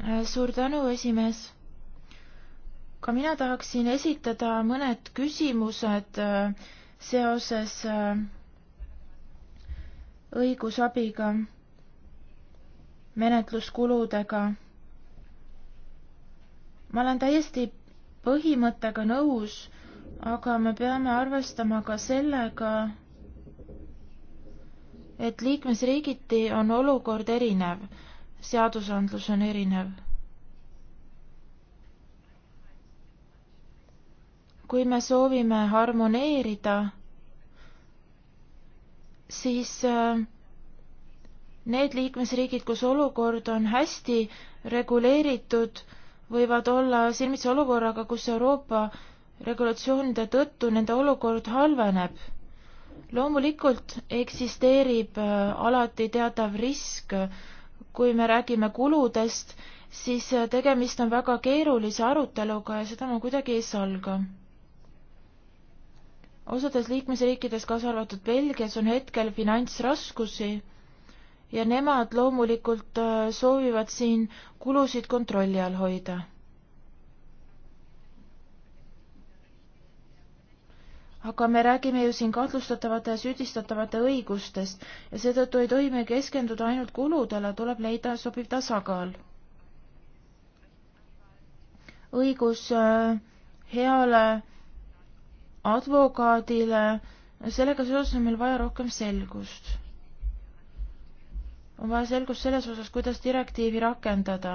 Äh, suur tänu, esimees ka mina tahaksin esitada mõned küsimused äh, seoses äh, õigusabiga, menetluskuludega. ma olen täiesti põhimõttega nõus, aga me peame arvestama ka sellega, et liikmesriigiti on olukord erinev, seadusandlus on erinev kui me soovime harmoneerida, siis äh, need liikmesriigid, kus olukord on hästi reguleeritud, võivad olla silmitsi olukorraga, kus Euroopa regulatsioonide tõttu nende olukord halveneb. loomulikult eksisteerib äh, alati teatav risk, kui me räägime kuludest, siis äh, tegemist on väga keerulise aruteluga ja seda ma kuidagi ei salga osades liikmesriikides, kaasa arvatud Belgias, on hetkel finantsraskusi ja nemad loomulikult äh, soovivad siin kulusid kontrolli all hoida. aga me räägime ju siin kahtlustatavate ja süüdistatavate õigustest ja seetõttu ei tohi me keskenduda ainult kuludele, tuleb leida sobiv tasakaal. õigus äh, heale advokaadile, sellega seoses on meil vaja rohkem selgust. on vaja selgust selles osas, kuidas direktiivi rakendada,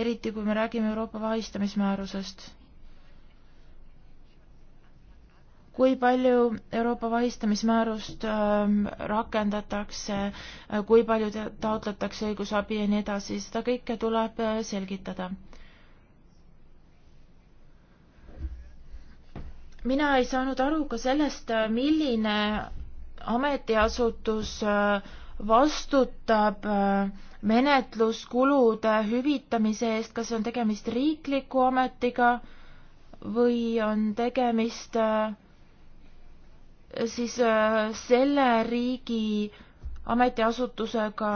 eriti kui me räägime Euroopa vahistamismäärusest. kui palju Euroopa vahistamismäärust ähm, äh, rakendatakse, kui palju taotletakse õigusabi ja nii edasi, seda kõike tuleb äh, selgitada mina ei saanud aru ka sellest, milline ametiasutus äh, vastutab äh, menetluskulude hüvitamise eest, kas on tegemist riikliku ametiga või on tegemist äh, siis selle riigi ametiasutusega,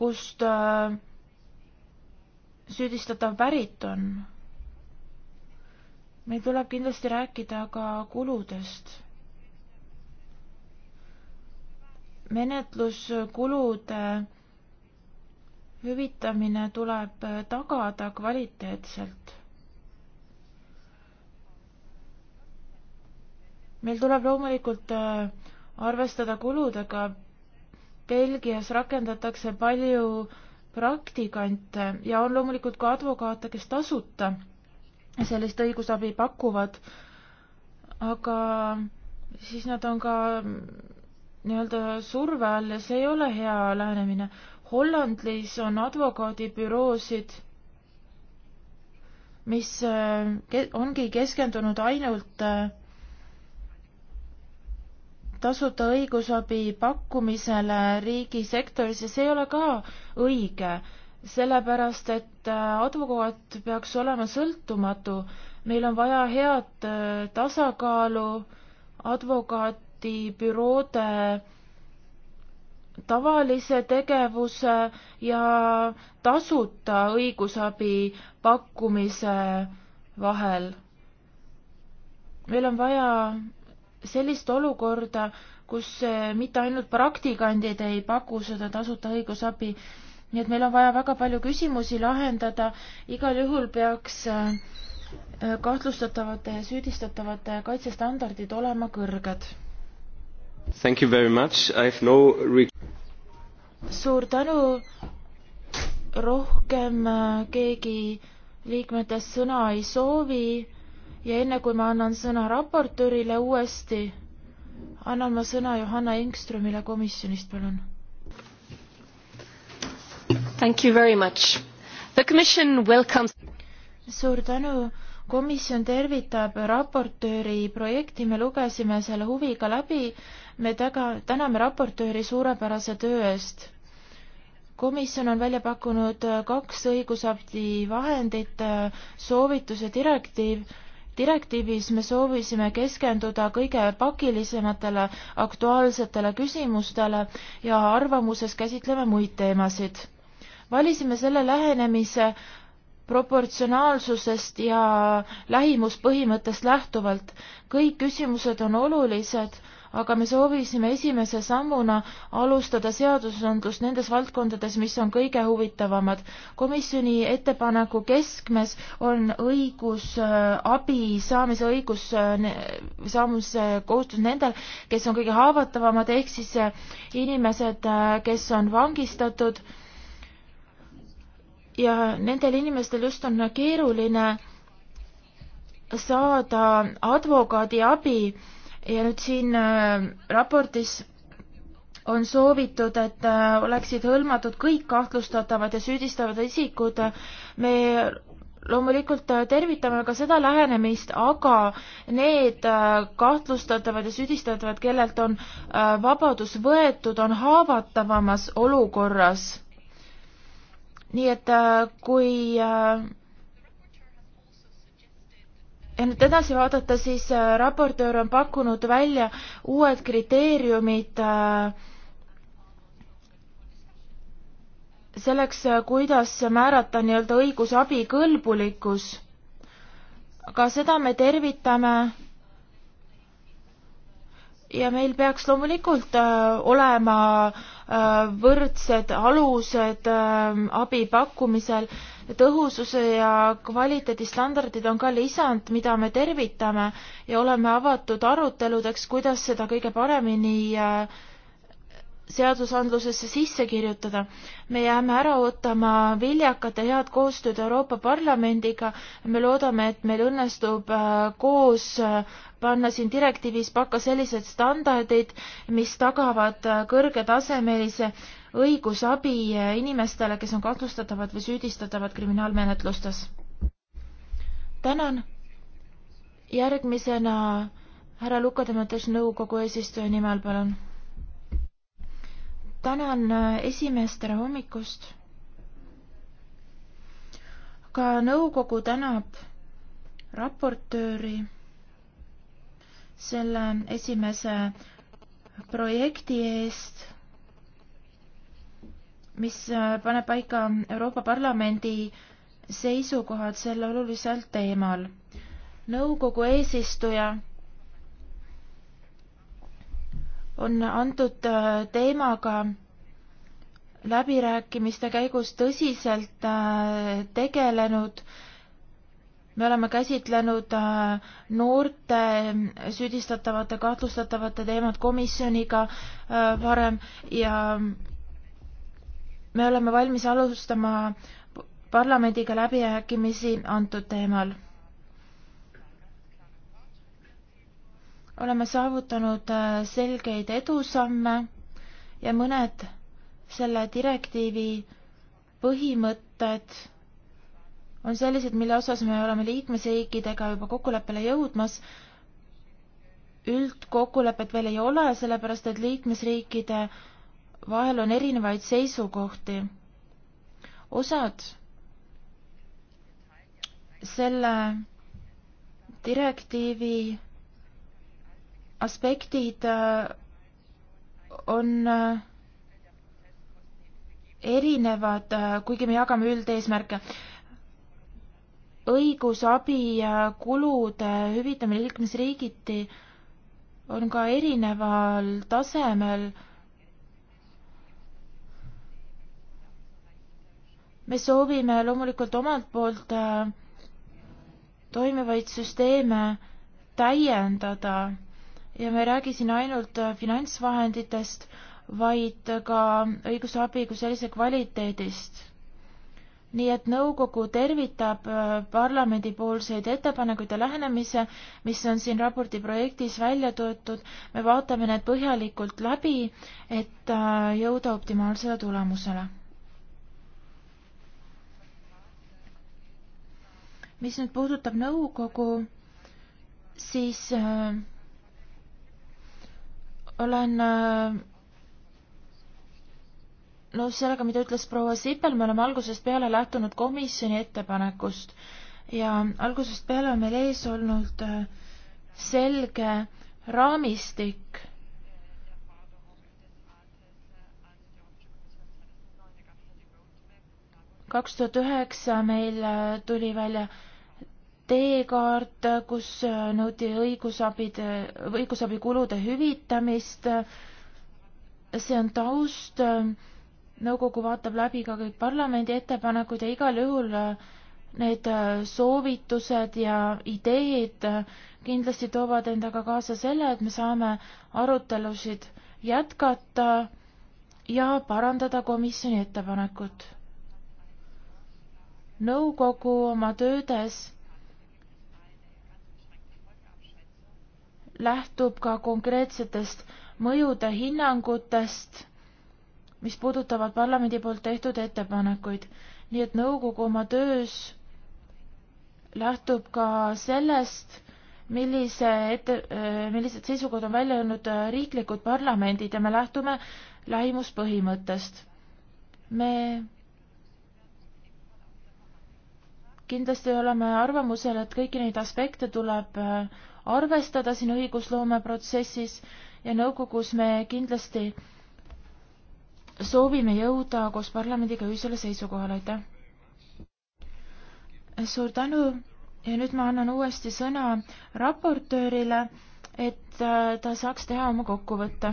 kust süüdistatav pärit on meil tuleb kindlasti rääkida ka kuludest. menetluskulude hüvitamine tuleb tagada kvaliteetselt. meil tuleb loomulikult äh, arvestada kuludega. Belgias rakendatakse palju praktikante ja on loomulikult ka advokaate, kes tasuta sellist õigusabi pakuvad, aga siis nad on ka nii-öelda surve all ja see ei ole hea lähenemine. Hollandis on advokaadibüroosid, mis eh, ongi keskendunud ainult eh, tasuta õigusabi pakkumisele riigisektoris ja see ei ole ka õige sellepärast, et äh, advokaat peaks olema sõltumatu. meil on vaja head äh, tasakaalu advokaatibüroode tavalise tegevuse ja tasuta õigusabi pakkumise vahel. meil on vaja sellist olukorda, kus äh, mitte ainult praktikandid ei paku seda tasuta õigusabi, nii et meil on vaja väga palju küsimusi lahendada, igal juhul peaks äh, kahtlustatavate ja süüdistatavate kaitsestandardid olema kõrged. Thank you very much, I have no suur tänu, rohkem äh, keegi liikmetest sõna ei soovi ja enne kui ma annan sõna raportöörile uuesti, annan ma sõna Johanna Engströmile komisjonist, palun Thank you very much. The commission welcomes suur tänu, komisjon tervitab raportööri projekti, me lugesime selle huviga läbi, me taga, täname raportööri suurepärase töö eest. komisjon on välja pakkunud kaks õigusakti vahendit, soovitus ja direktiiv. direktiivis me soovisime keskenduda kõige pakilisematele aktuaalsetele küsimustele ja arvamuses käsitleme muid teemasid valisime selle lähenemise proportsionaalsusest ja lähimuspõhimõttest lähtuvalt. kõik küsimused on olulised, aga me soovisime esimese sammuna alustada seadusandlust nendes valdkondades, mis on kõige huvitavamad. komisjoni ettepaneku keskmes on õigus, äh, abi saamise õigus, äh, saamise kohustus nendel, kes on kõige haavatavamad, ehk siis äh, inimesed, kes on vangistatud ja nendel inimestel just on keeruline saada advokaadi abi ja nüüd siin äh, raportis on soovitud, et äh, oleksid hõlmatud kõik kahtlustatavad ja süüdistavad isikud. me loomulikult äh, tervitame ka seda lähenemist, aga need kahtlustatavad ja süüdistatavad, kellelt on vabadus võetud, on haavatavamas olukorras nii et äh, kui äh, ja nüüd edasi vaadata, siis äh, raportöör on pakkunud välja uued kriteeriumid selleks, kuidas määrata nii-öelda õigusabi kõlbulikkus. aga seda me tervitame. ja meil peaks loomulikult olema äh, võrdsed alused ähm, abi pakkumisel, tõhususe ja kvaliteedistandardid on ka lisand, mida me tervitame ja oleme avatud aruteludeks, kuidas seda kõige paremini äh, seadusandlusesse sisse kirjutada. me jääme ära ootama viljakat ja head koostööd Euroopa Parlamendiga. me loodame, et meil õnnestub äh, koos äh, panna siin direktiivis pakka sellised standardid, mis tagavad äh, kõrgetasemelise õigusabi inimestele, kes on kahtlustatavad või süüdistatavad kriminaalmenetlustes. tänan. järgmisena härra Luka Demetes nõukogu eesistuja nimel, palun tänan äh, esimees, tere hommikust. ka nõukogu tänab raportööri selle esimese projekti eest, mis äh, paneb paika Euroopa Parlamendi seisukohad sel olulisel teemal. nõukogu eesistuja on antud äh, teemaga läbirääkimiste käigus tõsiselt äh, tegelenud. me oleme käsitlenud äh, noorte süüdistatavate, kahtlustatavate teemad komisjoniga varem ja me oleme valmis alustama parlamendiga läbirääkimisi antud teemal oleme saavutanud äh, selgeid edusamme ja mõned selle direktiivi põhimõtted on sellised, mille osas me oleme liikmesriikidega juba kokkuleppele jõudmas. üldkokkulepet veel ei ole, sellepärast et liikmesriikide vahel on erinevaid seisukohti. osad selle direktiivi aspektid äh, on äh, erinevad, äh, kuigi me jagame üldeesmärke. õigusabi kulude hüvitamine liikmesriigiti on ka erineval tasemel. me soovime loomulikult omalt poolt toimivaid süsteeme täiendada ja me ei räägi siin ainult äh, finantsvahenditest, vaid ka õigusabi kui sellise kvaliteedist. nii et nõukogu tervitab äh, parlamendipoolseid ettepanekuid ja lähenemise, mis on siin raporti projektis välja toetud. me vaatame need põhjalikult läbi, et äh, jõuda optimaalsele tulemusele. mis nüüd puudutab nõukogu, siis äh, olen äh, nõus sellega, mida ütles proua Sipel, me oleme algusest peale lähtunud komisjoni ettepanekust ja algusest peale on meil ees olnud äh, selge raamistik. kaks tuhat üheksa meil äh, tuli välja teekaart, kus äh, nõuti õigusabide, õigusabikulude hüvitamist. see on taust, nõukogu vaatab läbi ka kõik parlamendi ettepanekud ja igal juhul äh, need äh, soovitused ja ideed kindlasti toovad endaga kaasa selle, et me saame arutelusid jätkata ja parandada komisjoni ettepanekut. nõukogu oma töödes lähtub ka konkreetsetest mõjude hinnangutest, mis puudutavad parlamendi poolt tehtud ettepanekuid. nii et nõukogu oma töös lähtub ka sellest, millise ette, äh, millised seisukohad on välja öelnud äh, riiklikud parlamendid ja me lähtume lähimuspõhimõttest. me kindlasti oleme arvamusel, et kõiki neid aspekte tuleb äh, arvestada siin õigusloome protsessis ja nõukogus me kindlasti soovime jõuda koos parlamendiga ühisele seisukohale, aitäh! suur tänu ja nüüd ma annan uuesti sõna raportöörile, et äh, ta saaks teha oma kokkuvõtte.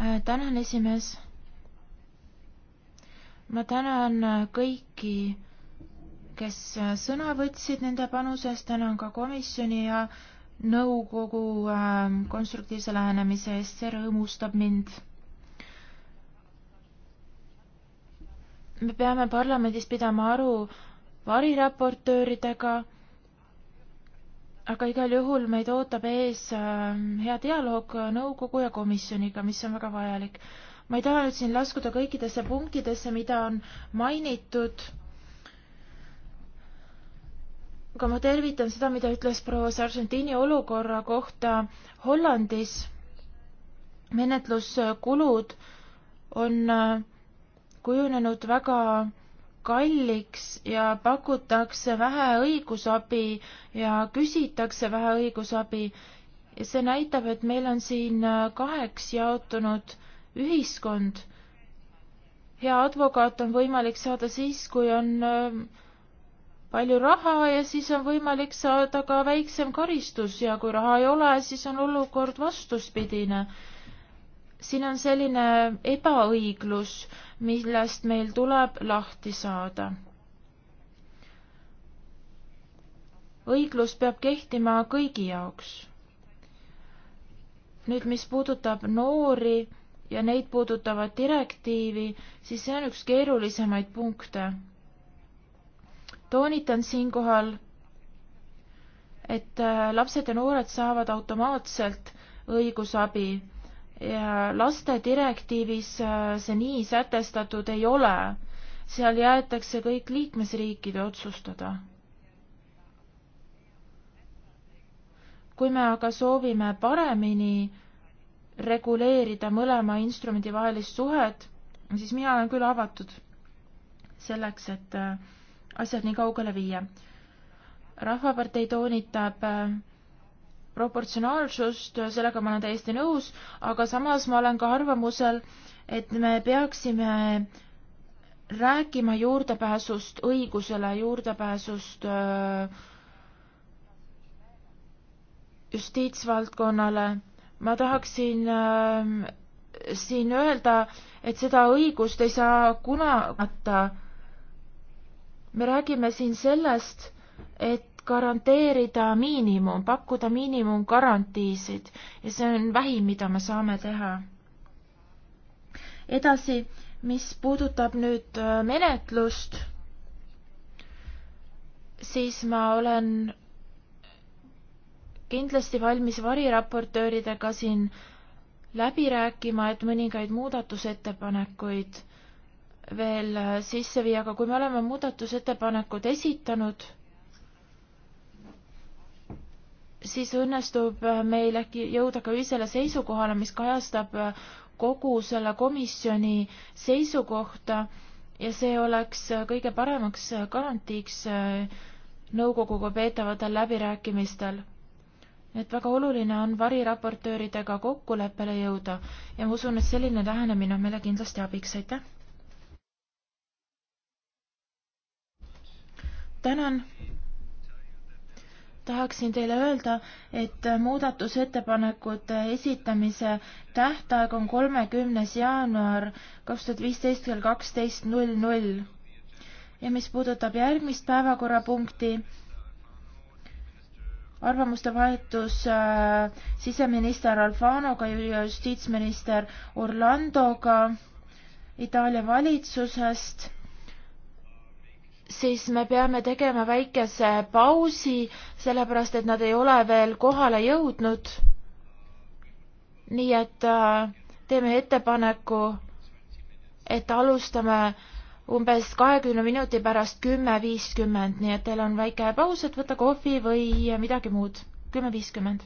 Äh, tänan, esimees! ma tänan äh, kõiki kes äh, sõna võtsid, nende panusest, tänan ka komisjoni ja nõukogu ähm, konstruktiivse lähenemise eest, see rõõmustab mind. me peame parlamendis pidama aru variraportööridega, aga igal juhul meid ootab ees ähm, hea dialoog nõukogu ja komisjoniga, mis on väga vajalik. ma ei taha nüüd siin laskuda kõikidesse punktidesse, mida on mainitud aga ma tervitan seda, mida ütles proua Sargentini olukorra kohta Hollandis. menetluskulud on äh, kujunenud väga kalliks ja pakutakse vähe õigusabi ja küsitakse vähe õigusabi. see näitab, et meil on siin äh, kaheks jaotunud ühiskond. hea advokaat on võimalik saada siis, kui on äh, palju raha ja siis on võimalik saada ka väiksem karistus ja kui raha ei ole, siis on olukord vastuspidine. siin on selline ebaõiglus, millest meil tuleb lahti saada. õiglus peab kehtima kõigi jaoks. nüüd, mis puudutab noori ja neid puudutavat direktiivi, siis see on üks keerulisemaid punkte toonitan siinkohal, et äh, lapsed ja noored saavad automaatselt õigusabi ja laste direktiivis äh, see nii sätestatud ei ole. seal jäetakse kõik liikmesriikide otsustada. kui me aga soovime paremini reguleerida mõlema instrumendi vahelist suhet, siis mina olen küll avatud selleks, et äh, asjad nii kaugele viia. rahvapartei toonitab äh, proportsionaalsust, äh, sellega ma olen täiesti nõus, aga samas ma olen ka arvamusel, et me peaksime rääkima juurdepääsust õigusele, juurdepääsust äh, justiitsvaldkonnale. ma tahaksin siin öelda, et seda õigust ei saa kunagi me räägime siin sellest, et garanteerida miinimum, pakkuda miinimumgarantiisid ja see on vähim, mida me saame teha. edasi, mis puudutab nüüd äh, menetlust, siis ma olen kindlasti valmis variraportööridega siin läbi rääkima, et mõningaid muudatusettepanekuid veel äh, sisse viia, aga kui me oleme muudatusettepanekud esitanud, siis õnnestub äh, meil äkki jõuda ka ühisele seisukohale, mis kajastab äh, kogu selle komisjoni seisukohta ja see oleks kõige paremaks garantiiks nõukoguga peetavatel läbirääkimistel. et väga oluline on variraportööridega kokkuleppele jõuda ja ma usun, et selline lähenemine on meile kindlasti abiks, aitäh! tänan. tahaksin teile öelda, et muudatusettepanekute esitamise tähtaeg on kolmekümnes jaanuar kaks tuhat viisteist kell kaksteist null null. ja mis puudutab järgmist päevakorrapunkti, arvamuste vahetus äh, siseminister Alfanoga ja justiitsminister Orlandoga Itaalia valitsusest siis me peame tegema väikese pausi, sellepärast et nad ei ole veel kohale jõudnud. nii et äh, teeme ettepaneku, et alustame umbes kahekümne minuti pärast kümme viiskümmend, nii et teil on väike paus, et võtta kohvi või midagi muud. kümme viiskümmend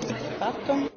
cosa si è fatto?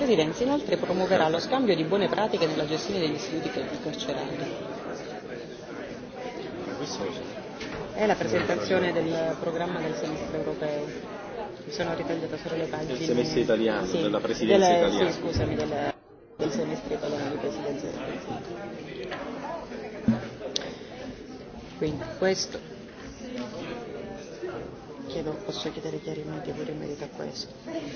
presidenza inoltre promuoverà lo scambio di buone pratiche nella gestione degli istituti carcerari. È la presentazione del programma del semestre europeo. Mi sono ritagliata solo le pagine. Del semestre italiano, sì, della presidenza delle, italiana. Sì, scusami, del, del semestre italiano di presidenza del Consiglio. Quindi questo. Chiedo, posso chiedere chiarimenti pure in merito a questo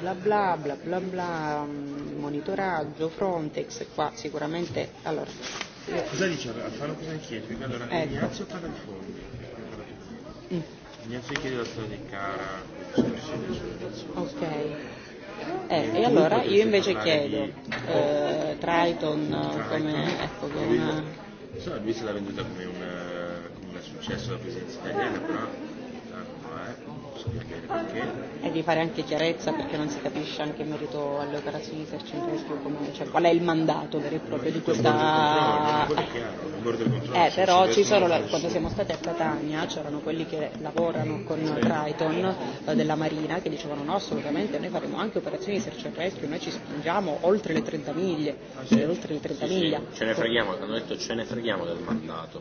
bla bla bla bla bla monitoraggio Frontex qua sicuramente allora io... cosa dice Alfano cosa chiede allora ecco. Ignazio paga i fondi mm. Ignazio chiede la storia di cara ok eh, e allora io invece chiedo di... eh, Triton, Triton come ecco come una... so, lui se l'ha venduta come, una, come un successo la presenza italiana però spiegare perché. E di fare anche chiarezza perché non si capisce anche in merito alle operazioni di esercito come, cioè, qual è il mandato vero e proprio di questa. Eh, però ci sono, la, quando siamo stati a Catania c'erano quelli che lavorano con sì. Triton eh, della Marina che dicevano no assolutamente noi faremo anche operazioni di search and rescue, noi ci spingiamo oltre le 30 miglia, ah, sì. oltre le 30 sì, miglia. Sì. Ce ne freghiamo, hanno detto ce ne freghiamo del mandato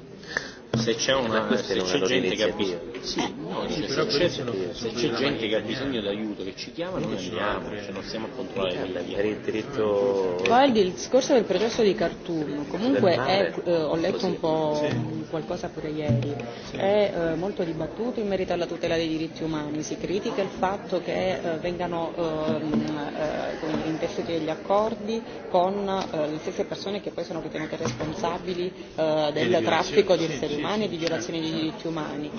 se c'è, una, se c'è gente che ha bisogno sì, eh, no, cioè, se c'è, se c'è gente che ha eh. bisogno d'aiuto che ci chiama noi andiamo eh. cioè non stiamo a controllare quella via per il diritto poi il discorso del processo di Khartoum comunque è, eh, ho letto un po' sì. qualcosa pure ieri sì. è eh, molto dibattuto in merito alla tutela dei diritti umani si critica il fatto che eh, vengano ehm, eh, intessuti degli accordi con eh, le stesse persone che poi sono ritenute responsabili eh, del traffico di esseri umani umane e di violazione dei diritti umani.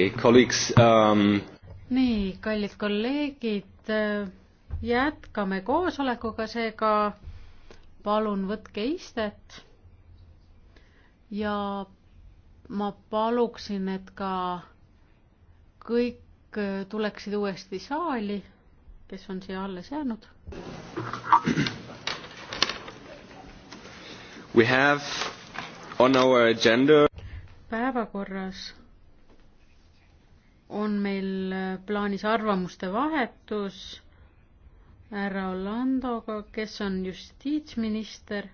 okay, colleagues um.... nii, kallid kolleegid, äh, jätkame koosolekuga, seega palun võtke istet. ja ma paluksin, et ka kõik äh, tuleksid uuesti saali, kes on siia alles jäänud. We have on our agenda päevakorras plaanis arvamuste vahetus härra Hollandoga, kes on justiitsminister.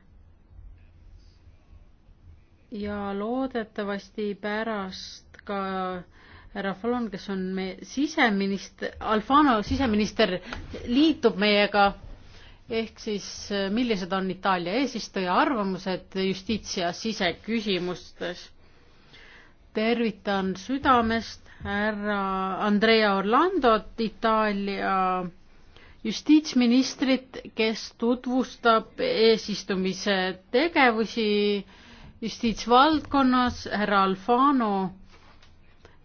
ja loodetavasti pärast ka härra Fallon, kes on meie siseminister, Alfano siseminister liitub meiega ehk siis millised on Itaalia eesistuja arvamused justiits- ja siseküsimustes. tervitan südamest härra Andrea Orlandot, Itaalia justiitsministrit, kes tutvustab eesistumise tegevusi justiitsvaldkonnas, härra Alfano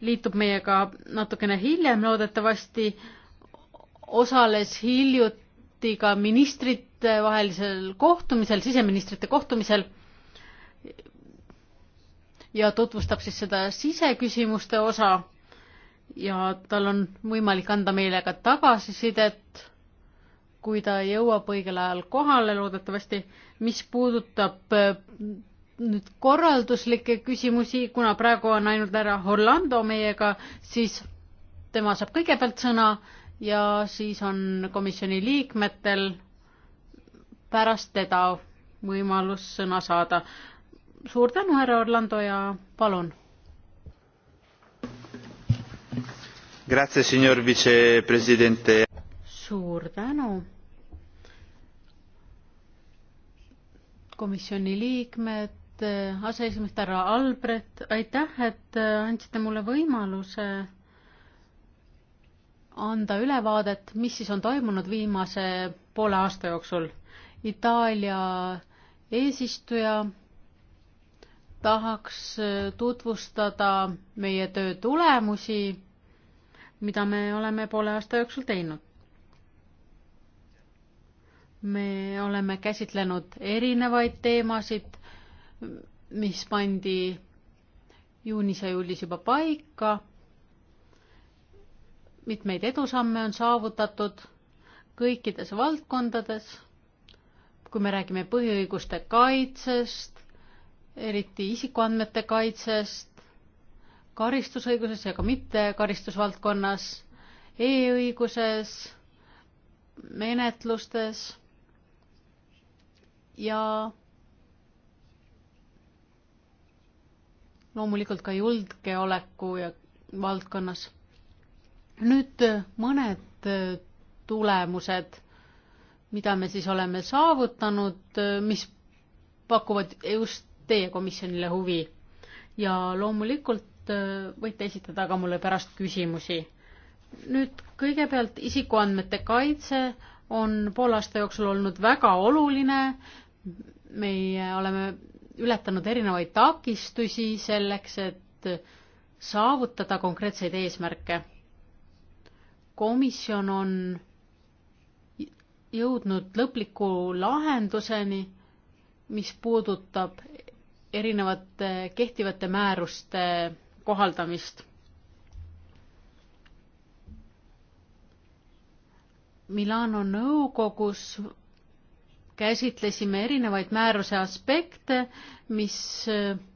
liitub meiega natukene hiljem loodetavasti, osales hiljuti ka ministrite vahelisel kohtumisel, siseministrite kohtumisel ja tutvustab siis seda siseküsimuste osa ja tal on võimalik anda meile ka tagasisidet, kui ta jõuab õigel ajal kohale loodetavasti. mis puudutab äh, nüüd korralduslikke küsimusi, kuna praegu on ainult härra Orlando meiega, siis tema saab kõigepealt sõna ja siis on komisjoni liikmetel pärast teda võimalus sõna saada. suur tänu, härra Orlando ja palun Grazie, signor vicepresidente. suur tänu. komisjoni liikmed, aseesimees härra Albrecht, aitäh, et andsite mulle võimaluse anda ülevaadet, mis siis on toimunud viimase poole aasta jooksul. Itaalia eesistuja tahaks tutvustada meie töö tulemusi mida me oleme poole aasta jooksul teinud. me oleme käsitlenud erinevaid teemasid, mis pandi juunis ja juulis juba paika. mitmeid edusamme on saavutatud kõikides valdkondades. kui me räägime põhiõiguste kaitsest, eriti isikuandmete kaitsest, karistusõiguses ja ka mitte karistusvaldkonnas e, e-õiguses, menetlustes ja loomulikult ka julgeoleku ja valdkonnas. nüüd mõned tulemused, mida me siis oleme saavutanud, mis pakuvad just teie komisjonile huvi. ja loomulikult et äh, võite esitada ka mulle pärast küsimusi. nüüd kõigepealt isikuandmete kaitse on poole aasta jooksul olnud väga oluline. meie oleme ületanud erinevaid takistusi selleks, et saavutada konkreetseid eesmärke. komisjon on jõudnud lõpliku lahenduseni, mis puudutab erinevate kehtivate määruste kohaldamist. Milano nõukogus käsitlesime erinevaid määruse aspekte, mis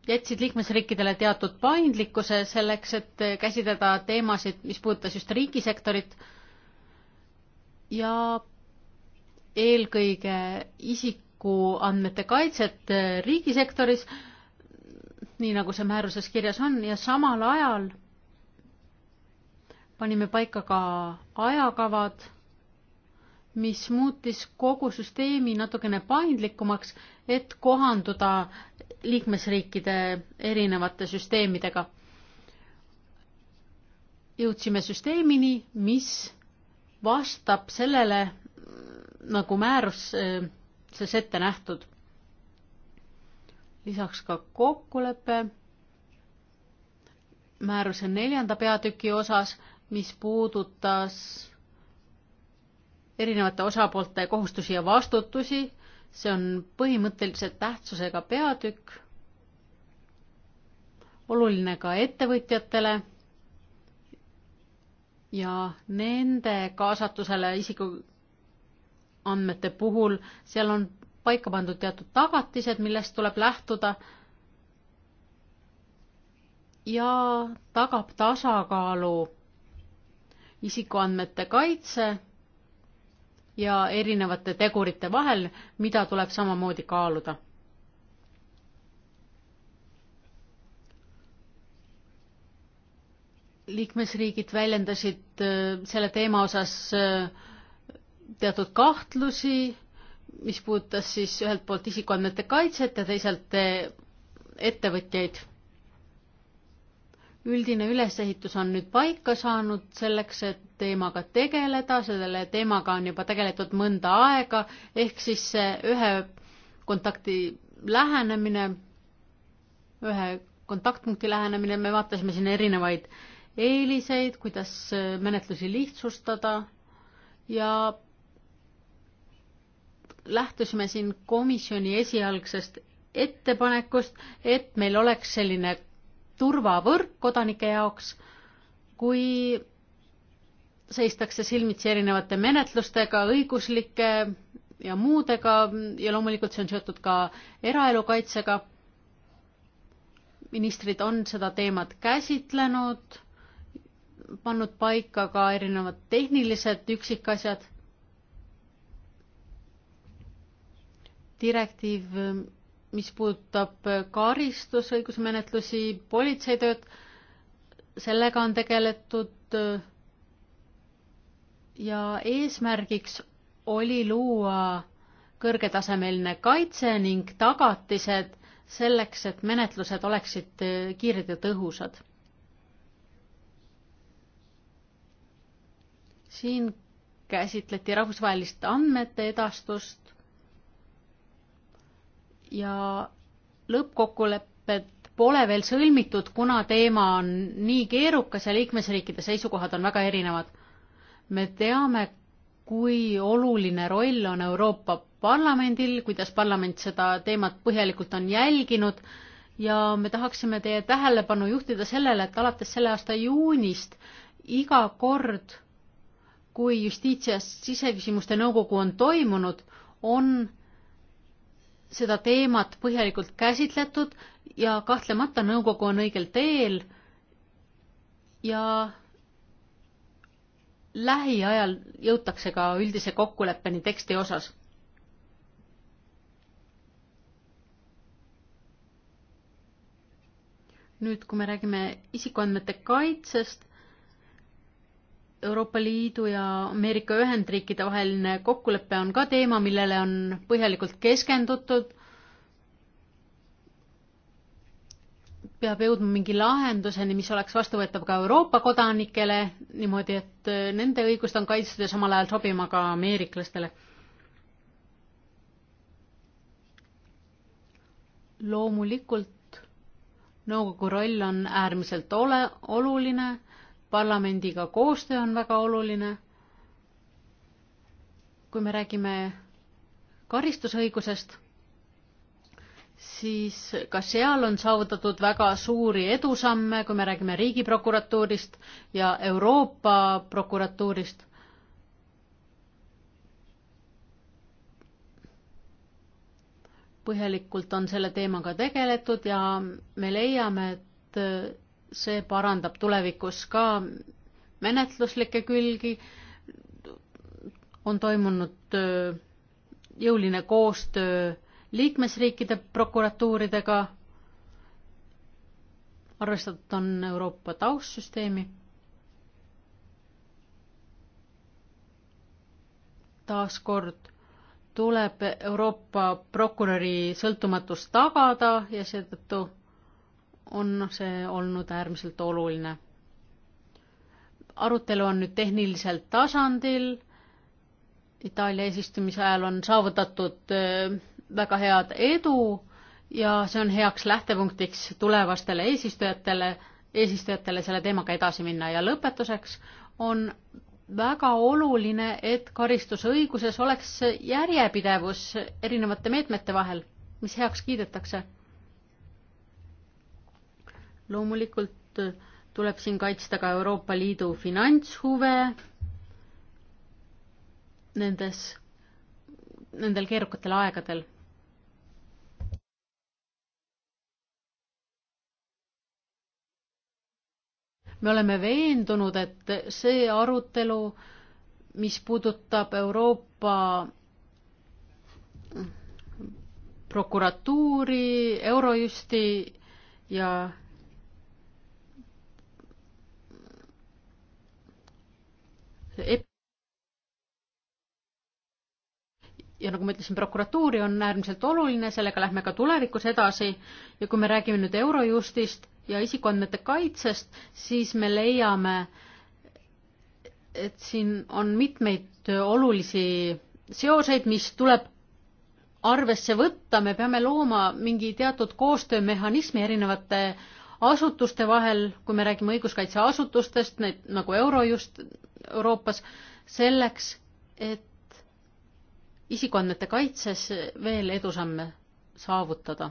jätsid liikmesriikidele teatud paindlikkuse selleks, et käsitleda teemasid, mis puudutas just riigisektorit ja eelkõige isikuandmete kaitset riigisektoris nii nagu see määruses kirjas on ja samal ajal panime paika ka ajakavad, mis muutis kogu süsteemi natukene paindlikumaks, et kohanduda liikmesriikide erinevate süsteemidega. jõudsime süsteemini, mis vastab sellele, nagu määrus, äh, see ette nähtud lisaks ka kokkulepe määruse neljanda peatüki osas, mis puudutas erinevate osapoolte kohustusi ja vastutusi. see on põhimõtteliselt tähtsusega peatükk, oluline ka ettevõtjatele ja nende kaasatusele isiku andmete puhul, seal on paika pandud teatud tagatised, millest tuleb lähtuda ja tagab tasakaalu isikuandmete kaitse ja erinevate tegurite vahel, mida tuleb samamoodi kaaluda. liikmesriigid väljendasid äh, selle teema osas äh, teatud kahtlusi mis puudutas siis ühelt poolt isikuandmete kaitset ja teisalt eh, ettevõtjaid. üldine ülesehitus on nüüd paika saanud selleks, et teemaga tegeleda, selle teemaga on juba tegeletud mõnda aega, ehk siis see ühe kontakti lähenemine, ühe kontaktpunkti lähenemine, me vaatasime siin erinevaid eeliseid, kuidas eh, menetlusi lihtsustada ja lähtusime siin komisjoni esialgsest ettepanekust, et meil oleks selline turvavõrk kodanike jaoks, kui seistakse silmitsi erinevate menetlustega, õiguslike ja muudega ja loomulikult see on seotud ka eraelu kaitsega. ministrid on seda teemat käsitlenud, pannud paika ka erinevad tehnilised üksikasjad direktiiv, mis puudutab karistusõigusmenetlusi, politseitööd, sellega on tegeletud ja eesmärgiks oli luua kõrgetasemeline kaitse ning tagatised selleks, et menetlused oleksid kiired ja tõhusad. siin käsitleti rahvusvahelist andmete edastust ja lõppkokkulepet pole veel sõlmitud, kuna teema on nii keerukas ja liikmesriikide seisukohad on väga erinevad. me teame, kui oluline roll on Euroopa Parlamendil, kuidas parlament seda teemat põhjalikult on jälginud ja me tahaksime teie tähelepanu juhtida sellele, et alates selle aasta juunist iga kord, kui justiits- ja siseküsimuste nõukogu on toimunud, on seda teemat põhjalikult käsitletud ja kahtlemata nõukogu on õigel teel ja lähiajal jõutakse ka üldise kokkuleppeni teksti osas. nüüd, kui me räägime isikuandmete kaitsest, Euroopa Liidu ja Ameerika Ühendriikide vaheline kokkulepe on ka teema, millele on põhjalikult keskendutud. peab jõudma mingi lahenduseni, mis oleks vastuvõetav ka Euroopa kodanikele, niimoodi et nende õigust on kaitstud ja samal ajal sobima ka ameeriklastele. loomulikult nõukogu roll on äärmiselt ole, oluline parlamendiga koostöö on väga oluline. kui me räägime karistusõigusest, siis ka seal on saavutatud väga suuri edusamme, kui me räägime Riigiprokuratuurist ja Euroopa prokuratuurist. põhjalikult on selle teemaga tegeletud ja me leiame, et see parandab tulevikus ka menetluslikke külgi. on toimunud äh, jõuline koostöö liikmesriikide prokuratuuridega. arvestatud on Euroopa taustsüsteemi. taaskord tuleb Euroopa prokuröri sõltumatus tagada ja seetõttu on noh, see olnud äärmiselt oluline. arutelu on nüüd tehnilisel tasandil. Itaalia eesistumise ajal on saavutatud äh, väga head edu ja see on heaks lähtepunktiks tulevastele eesistujatele, eesistujatele selle teemaga edasi minna ja lõpetuseks on väga oluline, et karistusõiguses oleks järjepidevus erinevate meetmete vahel, mis heaks kiidetakse loomulikult äh, tuleb siin kaitsta ka Euroopa Liidu finantshuve nendes, nendel keerukatel aegadel. me oleme veendunud, et see arutelu, mis puudutab Euroopa prokuratuuri, Eurojusti ja ja nagu ma ütlesin, prokuratuuri on äärmiselt oluline, sellega lähme ka tulevikus edasi ja kui me räägime nüüd Eurojustist ja isikuandmete kaitsest, siis me leiame, et siin on mitmeid olulisi seoseid, mis tuleb arvesse võtta, me peame looma mingi teatud koostöömehhanismi erinevate äh, asutuste vahel, kui me räägime õiguskaitseasutustest, need nagu Eurojust Euroopas, selleks, et isikuandmete kaitses veel edusamme saavutada.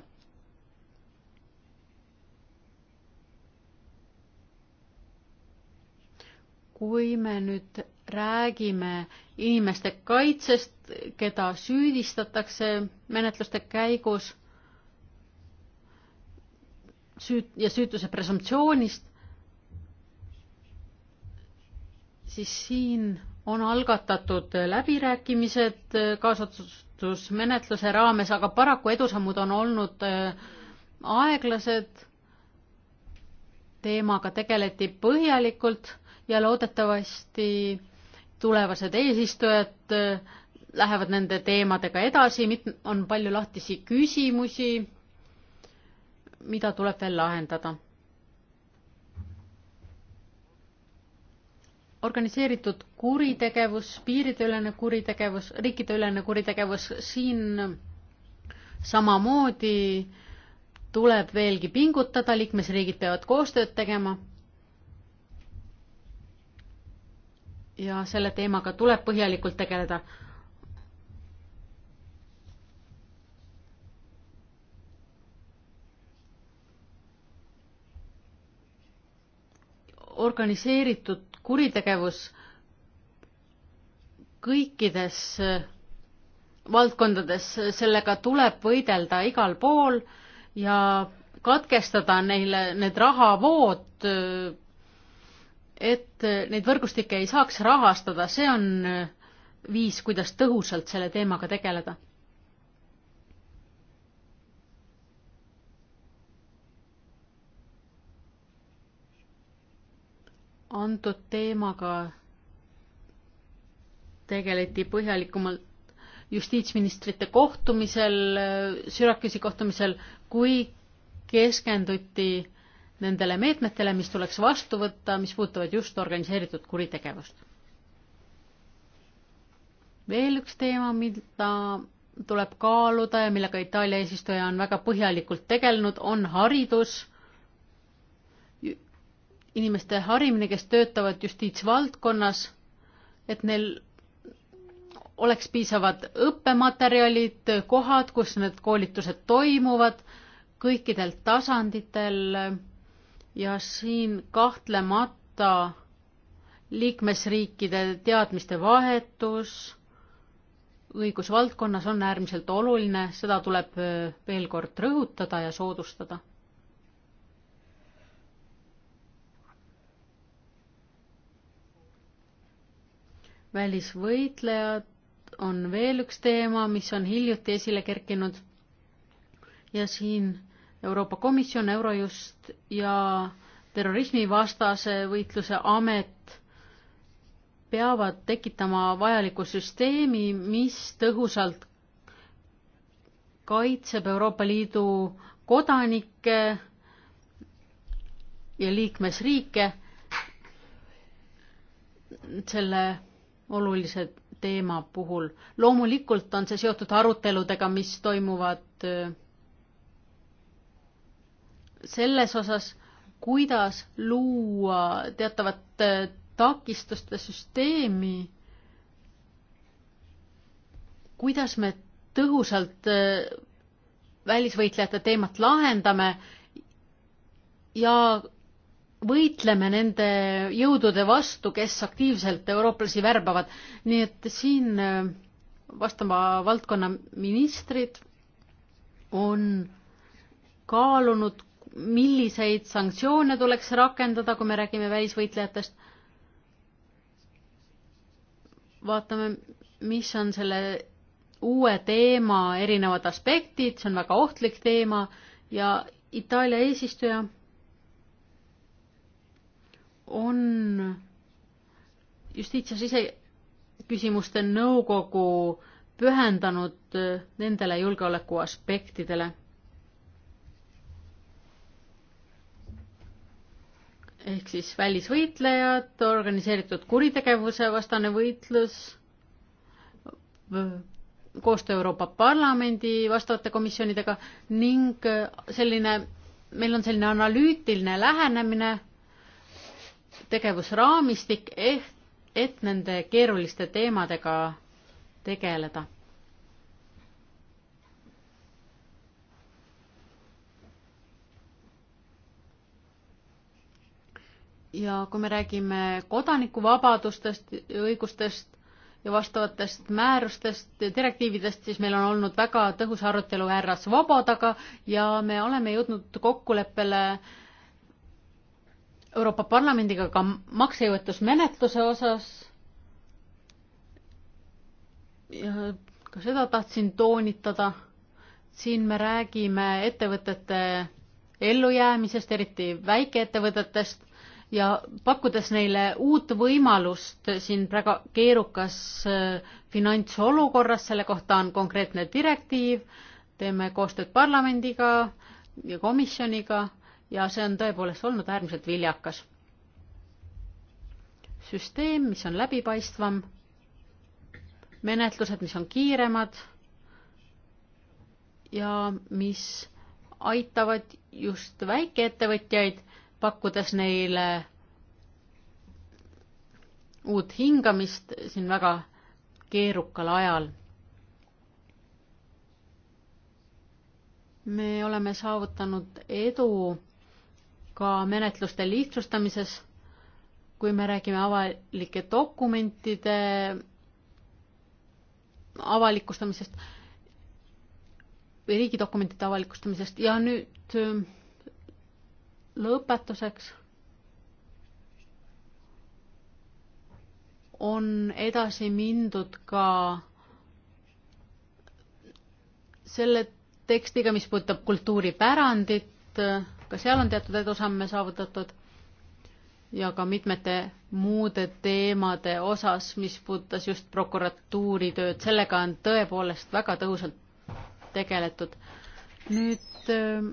kui me nüüd räägime inimeste kaitsest, keda süüdistatakse menetluste käigus süüt- ja süütuse presumptsioonist, siis siin on algatatud läbirääkimised eh, kaasotsustusmenetluse raames, aga paraku edusammud on olnud eh, aeglased. teemaga tegeleti põhjalikult ja loodetavasti tulevased eesistujad eh, lähevad nende teemadega edasi, on palju lahtisi küsimusi mida tuleb veel lahendada. organiseeritud kuritegevus, piirideülene kuritegevus, riikideülene kuritegevus, siin samamoodi tuleb veelgi pingutada, liikmesriigid peavad koostööd tegema ja selle teemaga tuleb põhjalikult tegeleda. organiseeritud kuritegevus kõikides äh, valdkondades, sellega tuleb võidelda igal pool ja katkestada neile need rahavood, äh, et neid võrgustikke ei saaks rahastada, see on äh, viis, kuidas tõhusalt selle teemaga tegeleda antud teemaga tegeleti põhjalikumalt justiitsministrite kohtumisel, Syracuse'i kohtumisel, kui keskenduti nendele meetmetele, mis tuleks vastu võtta, mis puudutavad just organiseeritud kuritegevust. veel üks teema, mida tuleb kaaluda ja millega Itaalia eesistuja on väga põhjalikult tegelenud, on haridus inimeste harimine, kes töötavad justiitsvaldkonnas, et neil oleks piisavad õppematerjalid, kohad, kus need koolitused toimuvad, kõikidel tasanditel ja siin kahtlemata liikmesriikide teadmiste vahetus õigusvaldkonnas on äärmiselt oluline, seda tuleb veel kord rõhutada ja soodustada välisvõitlejad on veel üks teema, mis on hiljuti esile kerkinud ja siin Euroopa Komisjon, Eurojust ja terrorismivastase võitluse amet peavad tekitama vajaliku süsteemi, mis tõhusalt kaitseb Euroopa Liidu kodanikke ja liikmesriike selle olulise teema puhul. loomulikult on see seotud aruteludega, mis toimuvad äh, selles osas, kuidas luua teatavat äh, takistuste süsteemi, kuidas me tõhusalt äh, välisvõitlejate teemat lahendame ja võitleme nende jõudude vastu, kes aktiivselt eurooplasi värbavad. nii et siin äh, vastava valdkonna ministrid on kaalunud, milliseid sanktsioone tuleks rakendada, kui me räägime välisvõitlejatest. vaatame, mis on selle uue teema erinevad aspektid, see on väga ohtlik teema ja Itaalia eesistuja on justiits- ja siseküsimuste nõukogu pühendanud nendele julgeoleku aspektidele. ehk siis välisvõitlejad, organiseeritud kuritegevuse vastane võitlus, koostöö Euroopa Parlamendi vastavate komisjonidega ning selline, meil on selline analüütiline lähenemine tegevusraamistik, et nende keeruliste teemadega tegeleda. ja kui me räägime kodanikuvabadustest, õigustest ja vastavatest määrustest, direktiividest, siis meil on olnud väga tõhus arutelu härra Svobodaga ja me oleme jõudnud kokkuleppele äh, Euroopa Parlamendiga ka maksejõuetusmenetluse osas. ja ka seda tahtsin toonitada. siin me räägime ettevõtete ellujäämisest, eriti väikeettevõtetest ja pakkudes neile uut võimalust siin väga keerukas äh, finantsolukorras, selle kohta on konkreetne direktiiv, teeme koostööd parlamendiga ja komisjoniga ja see on tõepoolest olnud äärmiselt viljakas. süsteem, mis on läbipaistvam, menetlused, mis on kiiremad ja mis aitavad just väikeettevõtjaid, pakkudes neile uut hingamist siin väga keerukal ajal. me oleme saavutanud edu ka menetluste lihtsustamises, kui me räägime avalike dokumentide avalikustamisest või riigidokumentide avalikustamisest ja nüüd äh, lõpetuseks on edasi mindud ka selle tekstiga, mis puudutab kultuuripärandit äh, ka seal on teatud edusamme saavutatud ja ka mitmete muude teemade osas, mis puudutas just prokuratuuri tööd, sellega on tõepoolest väga tõhusalt tegeletud. nüüd ähm,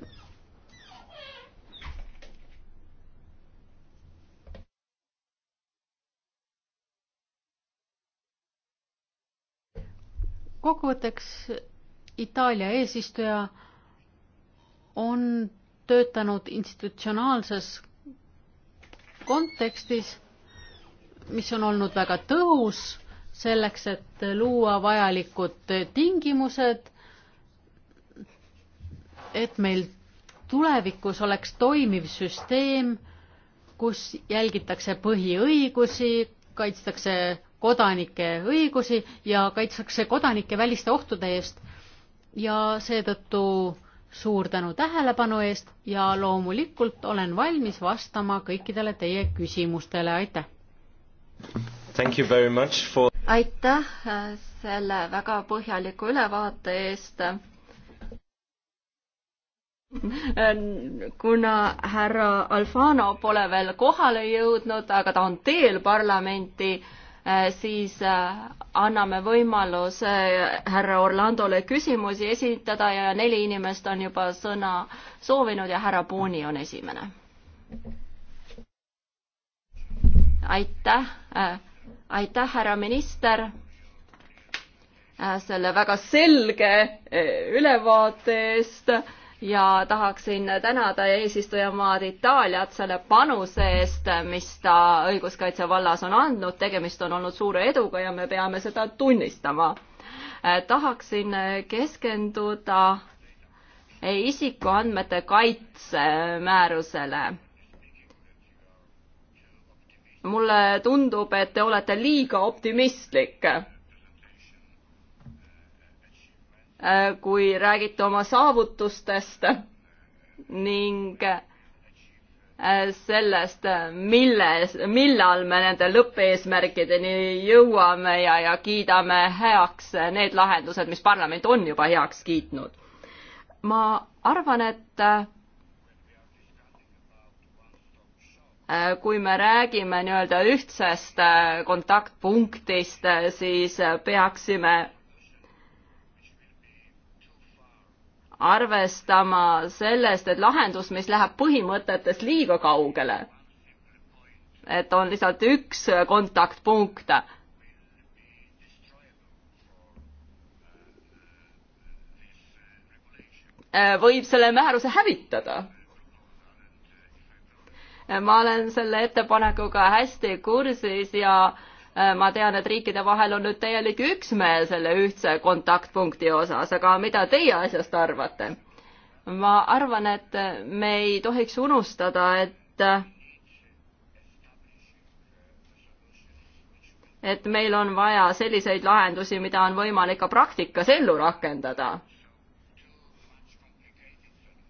kokkuvõtteks Itaalia eesistuja on töötanud institutsionaalses kontekstis, mis on olnud väga tõhus selleks, et luua vajalikud tingimused, et meil tulevikus oleks toimiv süsteem, kus jälgitakse põhiõigusi, kaitstakse kodanike õigusi ja kaitstakse kodanike väliste ohtude eest ja seetõttu suur tänu tähelepanu eest ja loomulikult olen valmis vastama kõikidele teie küsimustele, aitäh! For... aitäh äh, selle väga põhjaliku ülevaate eest. Äh, kuna härra Alfano pole veel kohale jõudnud, aga ta on teel parlamenti Äh, siis äh, anname võimaluse äh, härra Orlandole küsimusi esitada ja neli inimest on juba sõna soovinud ja härra Puuni on esimene. aitäh, aitäh, härra minister, selle väga selge ülevaate eest ja tahaksin tänada eesistujamaad Itaaliat selle panuse eest, mis ta õiguskaitse vallas on andnud, tegemist on olnud suure eduga ja me peame seda tunnistama. Eh, tahaksin keskenduda eh, isikuandmete kaitse määrusele. mulle tundub, et te olete liiga optimistlik Äh, kui räägite oma saavutustest ning äh, sellest, milles, millal me nende lõppeesmärkideni jõuame ja, ja kiidame heaks need lahendused, mis parlament on juba heaks kiitnud. ma arvan, et äh, kui me räägime nii-öelda ühtsest kontaktpunktist, siis peaksime arvestama sellest, et lahendus, mis läheb põhimõtetest liiga kaugele, et on lihtsalt üks kontaktpunkt. võib selle määruse hävitada. ma olen selle ettepanekuga hästi kursis ja äh, Äh, ma tean, et riikide vahel on nüüd täielik üksmeel selle ühtse kontaktpunkti osas, aga mida teie asjast arvate? ma arvan, et me ei tohiks unustada, et et meil on vaja selliseid lahendusi, mida on võimalik ka praktikas ellu rakendada.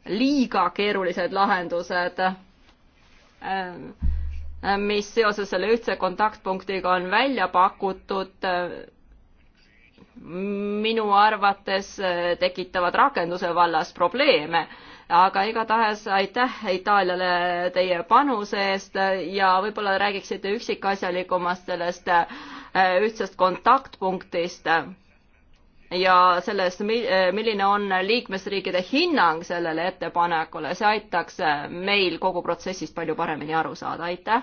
liiga keerulised lahendused äh, mis seoses selle ühtse kontaktpunktiga on välja pakutud, minu arvates tekitavad rakenduse vallas probleeme, aga igatahes aitäh Itaaliale teie panuse eest ja võib-olla räägiksite üksikasjalikumast sellest ühtsest kontaktpunktist ja sellest, eh, milline on liikmesriikide hinnang sellele ettepanekule, see aitaks eh, meil kogu protsessist palju paremini aru saada, aitäh.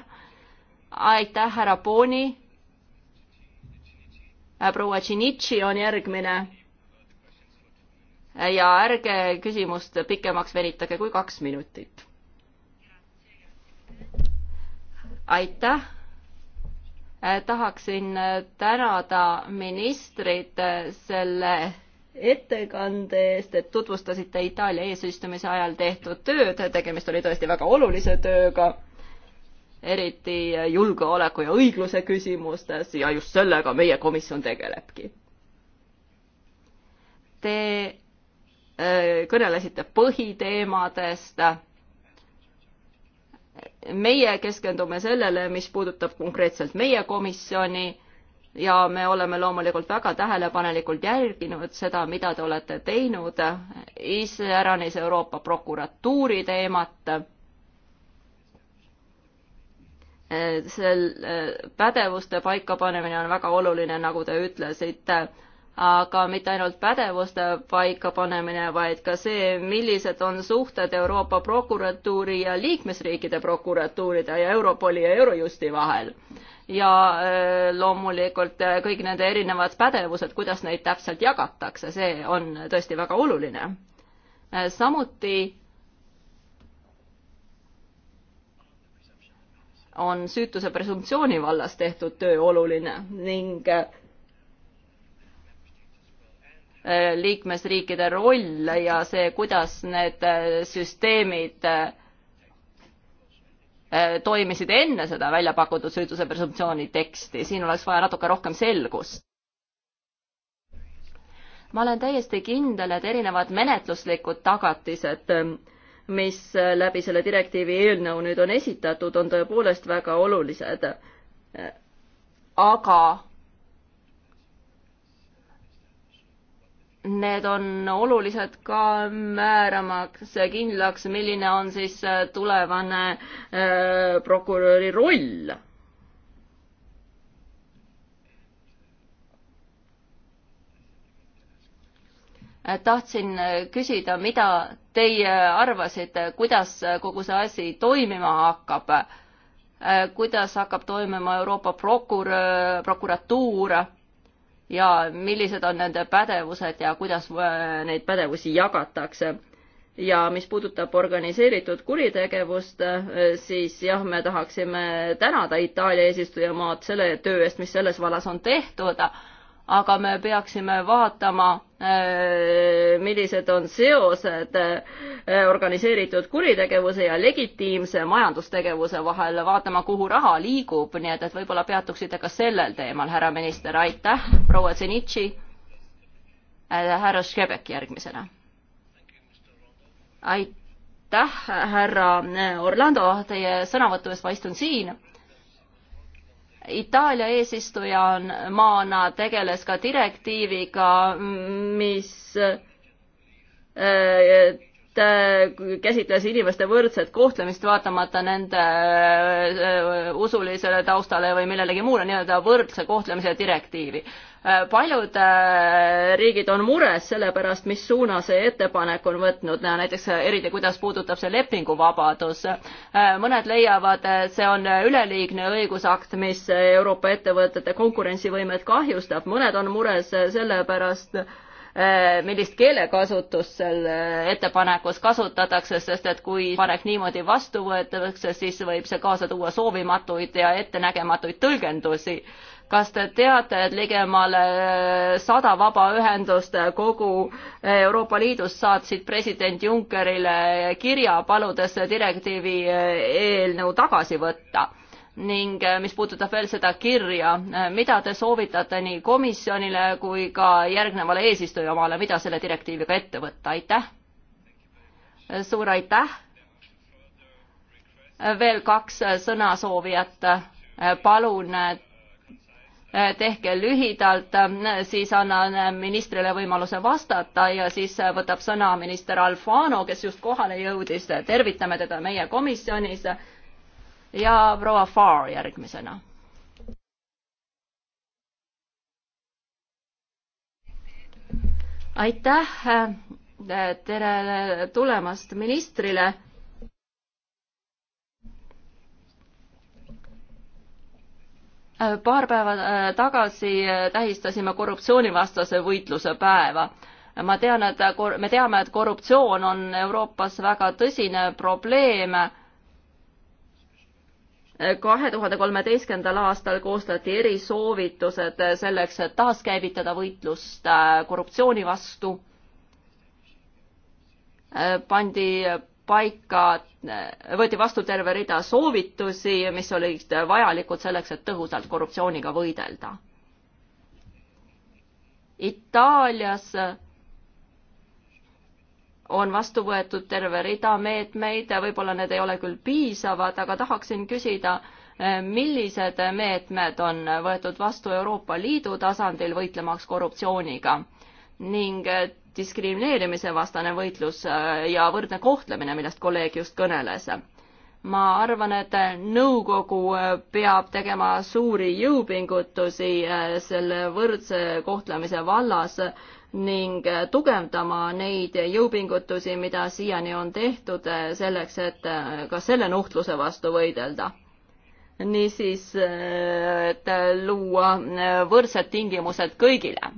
aitäh, härra Booni. Eh, proua Tšinitši on järgmine. ja ärge küsimust pikemaks venitage kui kaks minutit. aitäh Äh, tahaksin äh, tänada ministrit äh, selle ettekande eest, et tutvustasite Itaalia eesistumise ajal tehtud tööd, tegemist oli tõesti väga olulise tööga, eriti julgeoleku ja õigluse küsimustes ja just sellega meie komisjon tegelebki. Te kõnelesite põhiteemadest meie keskendume sellele, mis puudutab konkreetselt meie komisjoni ja me oleme loomulikult väga tähelepanelikult jälginud seda, mida te olete teinud, iseäranis Euroopa prokuratuuri teemat. sel pädevuste paikapanemine on väga oluline, nagu te ütlesite aga mitte ainult pädevuste paikapanemine, vaid ka see, millised on suhted Euroopa prokuratuuri ja liikmesriikide prokuratuuride ja Europoli ja Eurojusti vahel. ja äh, loomulikult äh, kõik nende erinevad pädevused, kuidas neid täpselt jagatakse, see on tõesti väga oluline. Äh, samuti on süütuse presumptsiooni vallas tehtud töö oluline ning Äh, liikmesriikide roll ja see, kuidas need äh, süsteemid äh, toimisid enne seda välja pakutud süütuse presumptsiooni teksti, siin oleks vaja natuke rohkem selgust. ma olen täiesti kindel, et erinevad menetluslikud tagatised, ähm, mis läbi selle direktiivi eelnõu nüüd on esitatud, on tõepoolest väga olulised. aga need on olulised ka määramaks kindlaks, milline on siis äh, tulevane äh, prokuröri roll. Äh, tahtsin küsida, mida teie arvasite, kuidas kogu see asi toimima hakkab? kuidas hakkab toimima Euroopa prokurör, prokuratuur? ja millised on nende pädevused ja kuidas äh, neid pädevusi jagatakse. ja mis puudutab organiseeritud kuritegevust, äh, siis jah, me tahaksime tänada Itaalia eesistujamaad selle töö eest, mis selles vallas on tehtud aga me peaksime vaatama, eh, millised on seosed eh, organiseeritud kuritegevuse ja legitiimse majandustegevuse vahel, vaatama, kuhu raha liigub, nii et, et võib-olla peatuksite ka sellel teemal, härra minister, aitäh, proua Zenitši, äh, härra Škebek järgmisena. aitäh, härra eh, Orlando, teie sõnavõtu eest, ma istun siin Itaalia eesistuja on maana tegeles ka direktiiviga, mis äh, äh, käsitles inimeste võrdset kohtlemist vaatamata nende äh, usulisele taustale või millelegi muule, nii-öelda võrdse kohtlemise direktiivi. Äh, paljud äh, riigid on mures selle pärast, mis suuna see ettepanek on võtnud, äh, näiteks eriti kuidas puudutab see lepinguvabadus. mõned leiavad, et see on üleliigne õigusakt, mis Euroopa ettevõtete konkurentsivõimet kahjustab, mõned on mures selle pärast, millist keelekasutust seal ettepanekus kasutatakse, sest et kui panek niimoodi vastu võetakse, siis võib see kaasa tuua soovimatuid ja ettenägematuid tõlgendusi kas te teate, et ligemale äh, sada vabaühendust äh, kogu äh, Euroopa Liidus saatsid president Junckerile kirja, paludes direktiivi eelnõu tagasi võtta? ning mis puudutab veel seda kirja, mida te soovitate nii komisjonile kui ka järgnevale eesistujamaale, mida selle direktiiviga ette võtta, aitäh! suur aitäh! veel kaks sõnasoovijat, palun tehke lühidalt, siis annan ministrile võimaluse vastata ja siis võtab sõna minister Alfano, kes just kohale jõudis. tervitame teda meie komisjonis. ja proua Farr järgmisena. aitäh, tere tulemast ministrile Äh, paar päeva äh, tagasi äh, tähistasime korruptsioonivastase võitluse päeva. ma tean, et me teame, et korruptsioon on Euroopas väga tõsine probleem kahe tuhande kolmeteistkümnendal aastal koostati erisoovitused selleks, et taaskäivitada võitlust korruptsiooni vastu. pandi paika, võeti vastu terve rida soovitusi, mis olid vajalikud selleks, et tõhusalt korruptsiooniga võidelda. Itaalias on vastu võetud terve rida meetmeid, võib-olla need ei ole küll piisavad, aga tahaksin küsida, millised meetmed on võetud vastu Euroopa Liidu tasandil võitlemaks korruptsiooniga ning diskrimineerimise vastane võitlus äh, ja võrdne kohtlemine, millest kolleeg just kõneles. ma arvan, et nõukogu äh, peab tegema suuri jõupingutusi äh, selle võrdse kohtlemise vallas ning tugevdama neid jõupingutusi, mida siiani on tehtud selleks, et ka selle nuhtluse vastu võidelda niisiis, et luua võrdsed tingimused kõigile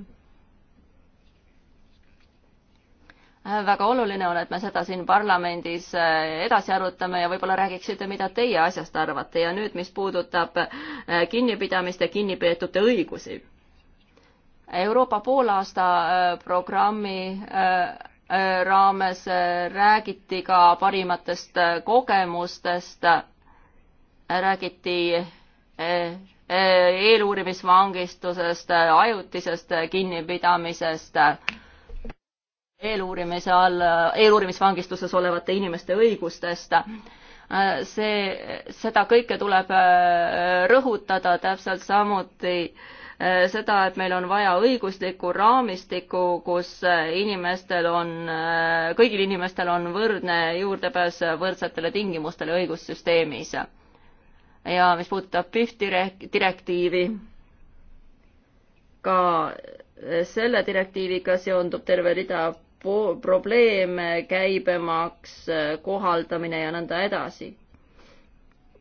väga oluline on, et me seda siin parlamendis äh, edasi arutame ja võib-olla räägiksite, mida teie asjast arvate ja nüüd, mis puudutab äh, kinnipidamist ja kinnipeetute õigusi. Euroopa poolaasta äh, programmi raames räägiti ka parimatest kogemustest, räägiti eeluurimisvangistusest, ajutisest kinnipidamisest eeluurimise all, eeluurimisvangistuses olevate inimeste õigustest. see, seda kõike tuleb äh, rõhutada, täpselt samuti äh, seda, et meil on vaja õiguslikku raamistikku, kus äh, inimestel on, kõigil inimestel on võrdne juurdepääs võrdsetele tingimustele õigussüsteemis. ja mis puudutab PIF direktiivi, ka selle direktiiviga seondub terve rida probleem, käibemaks, kohaldamine ja nõnda edasi.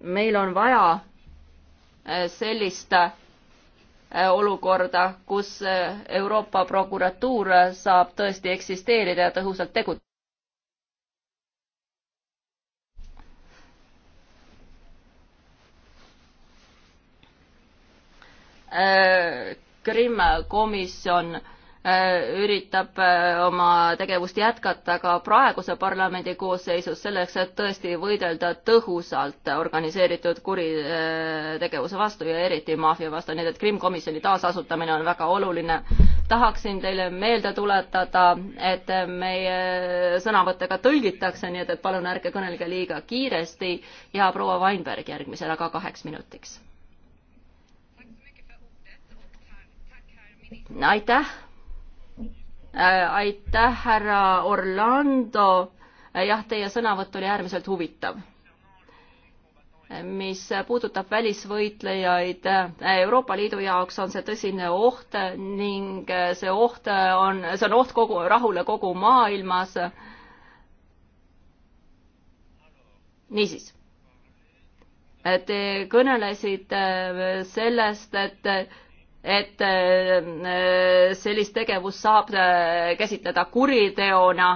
meil on vaja äh, sellist äh, olukorda, kus äh, Euroopa prokuratuur saab tõesti eksisteerida ja tõhusalt tegutseda. Krimm komisjon Äh, üritab äh, oma tegevust jätkata ka praeguse parlamendi koosseisus selleks, et tõesti võidelda tõhusalt organiseeritud kuritegevuse äh, vastu ja eriti maffia vastu, nii et Krimm komisjoni taasasutamine on väga oluline. tahaksin teile meelde tuletada, et meie sõnavõtte ka tõlgitakse, nii et, et palun ärge kõnelge liiga kiiresti ja proua Weinberg järgmisena ka kaheks minutiks. aitäh Äh, aitäh, härra Orlando. Äh, jah, teie sõnavõtt oli äärmiselt huvitav. Äh, mis puudutab välisvõitlejaid, Euroopa Liidu jaoks on see tõsine oht ning see oht on, see on oht kogu, rahule kogu maailmas. niisiis Te kõnelesite sellest, et et äh, sellist tegevust saab äh, käsitleda kuriteona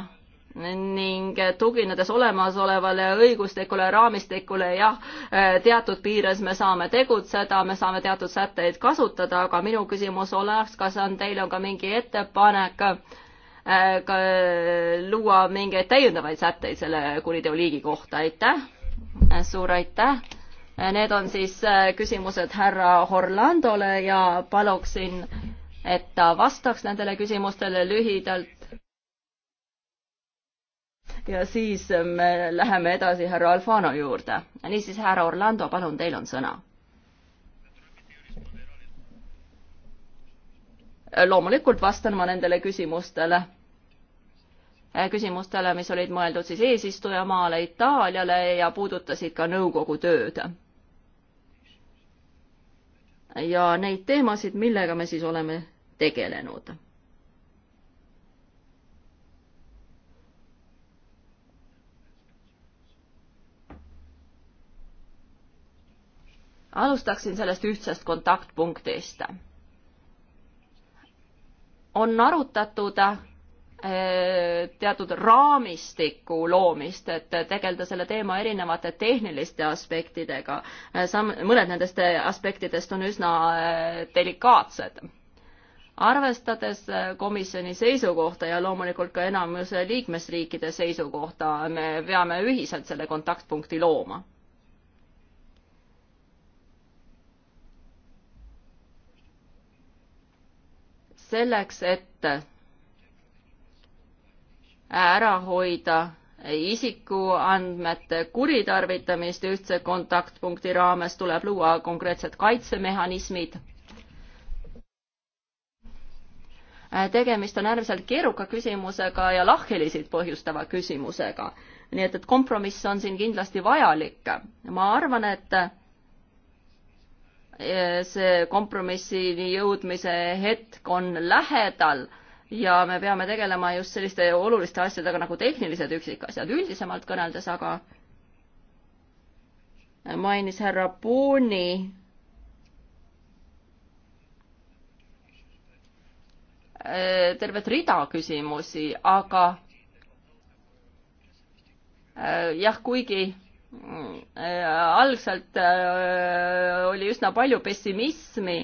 ning tuginedes olemasolevale õiguslikule raamistikule, jah, äh, teatud piires me saame tegutseda, me saame teatud sätteid kasutada, aga minu küsimus oleks, kas on, teil on ka mingi ettepanek ka luua mingeid täiendavaid sätteid selle kuriteoliigi kohta, aitäh, suur aitäh Need on siis äh, küsimused härra Orlandole ja paluksin, et ta vastaks nendele küsimustele lühidalt. ja siis äh, me läheme edasi härra Alfano juurde. niisiis, härra Orlando, palun, teil on sõna loomulikult vastan ma nendele küsimustele, äh, küsimustele, mis olid mõeldud siis eesistujamaale Itaaliale ja puudutasid ka nõukogu tööd ja neid teemasid, millega me siis oleme tegelenud. alustaksin sellest ühtsest kontaktpunktist. on arutatud Äh, teatud raamistiku loomist, et tegeleda selle teema erinevate tehniliste aspektidega. Äh, sam-, mõned nendest aspektidest on üsna äh, delikaatsed. arvestades komisjoni seisukohta ja loomulikult ka enamuse liikmesriikide seisukohta, me peame ühiselt selle kontaktpunkti looma selleks, et ära hoida isikuandmete kuritarvitamist ühtse kontaktpunkti raames, tuleb luua konkreetsed kaitsemehhanismid. tegemist on äärmiselt keeruka küsimusega ja lahkhelisid põhjustava küsimusega. nii et, et kompromiss on siin kindlasti vajalik. ma arvan, et e, see kompromissini jõudmise hetk on lähedal ja me peame tegelema just selliste oluliste asjadega nagu tehnilised üksikasjad üldisemalt kõneldes, aga mainis härra Puuni tervet rida küsimusi, aga äh, jah, kuigi äh, algselt äh, oli üsna palju pessimismi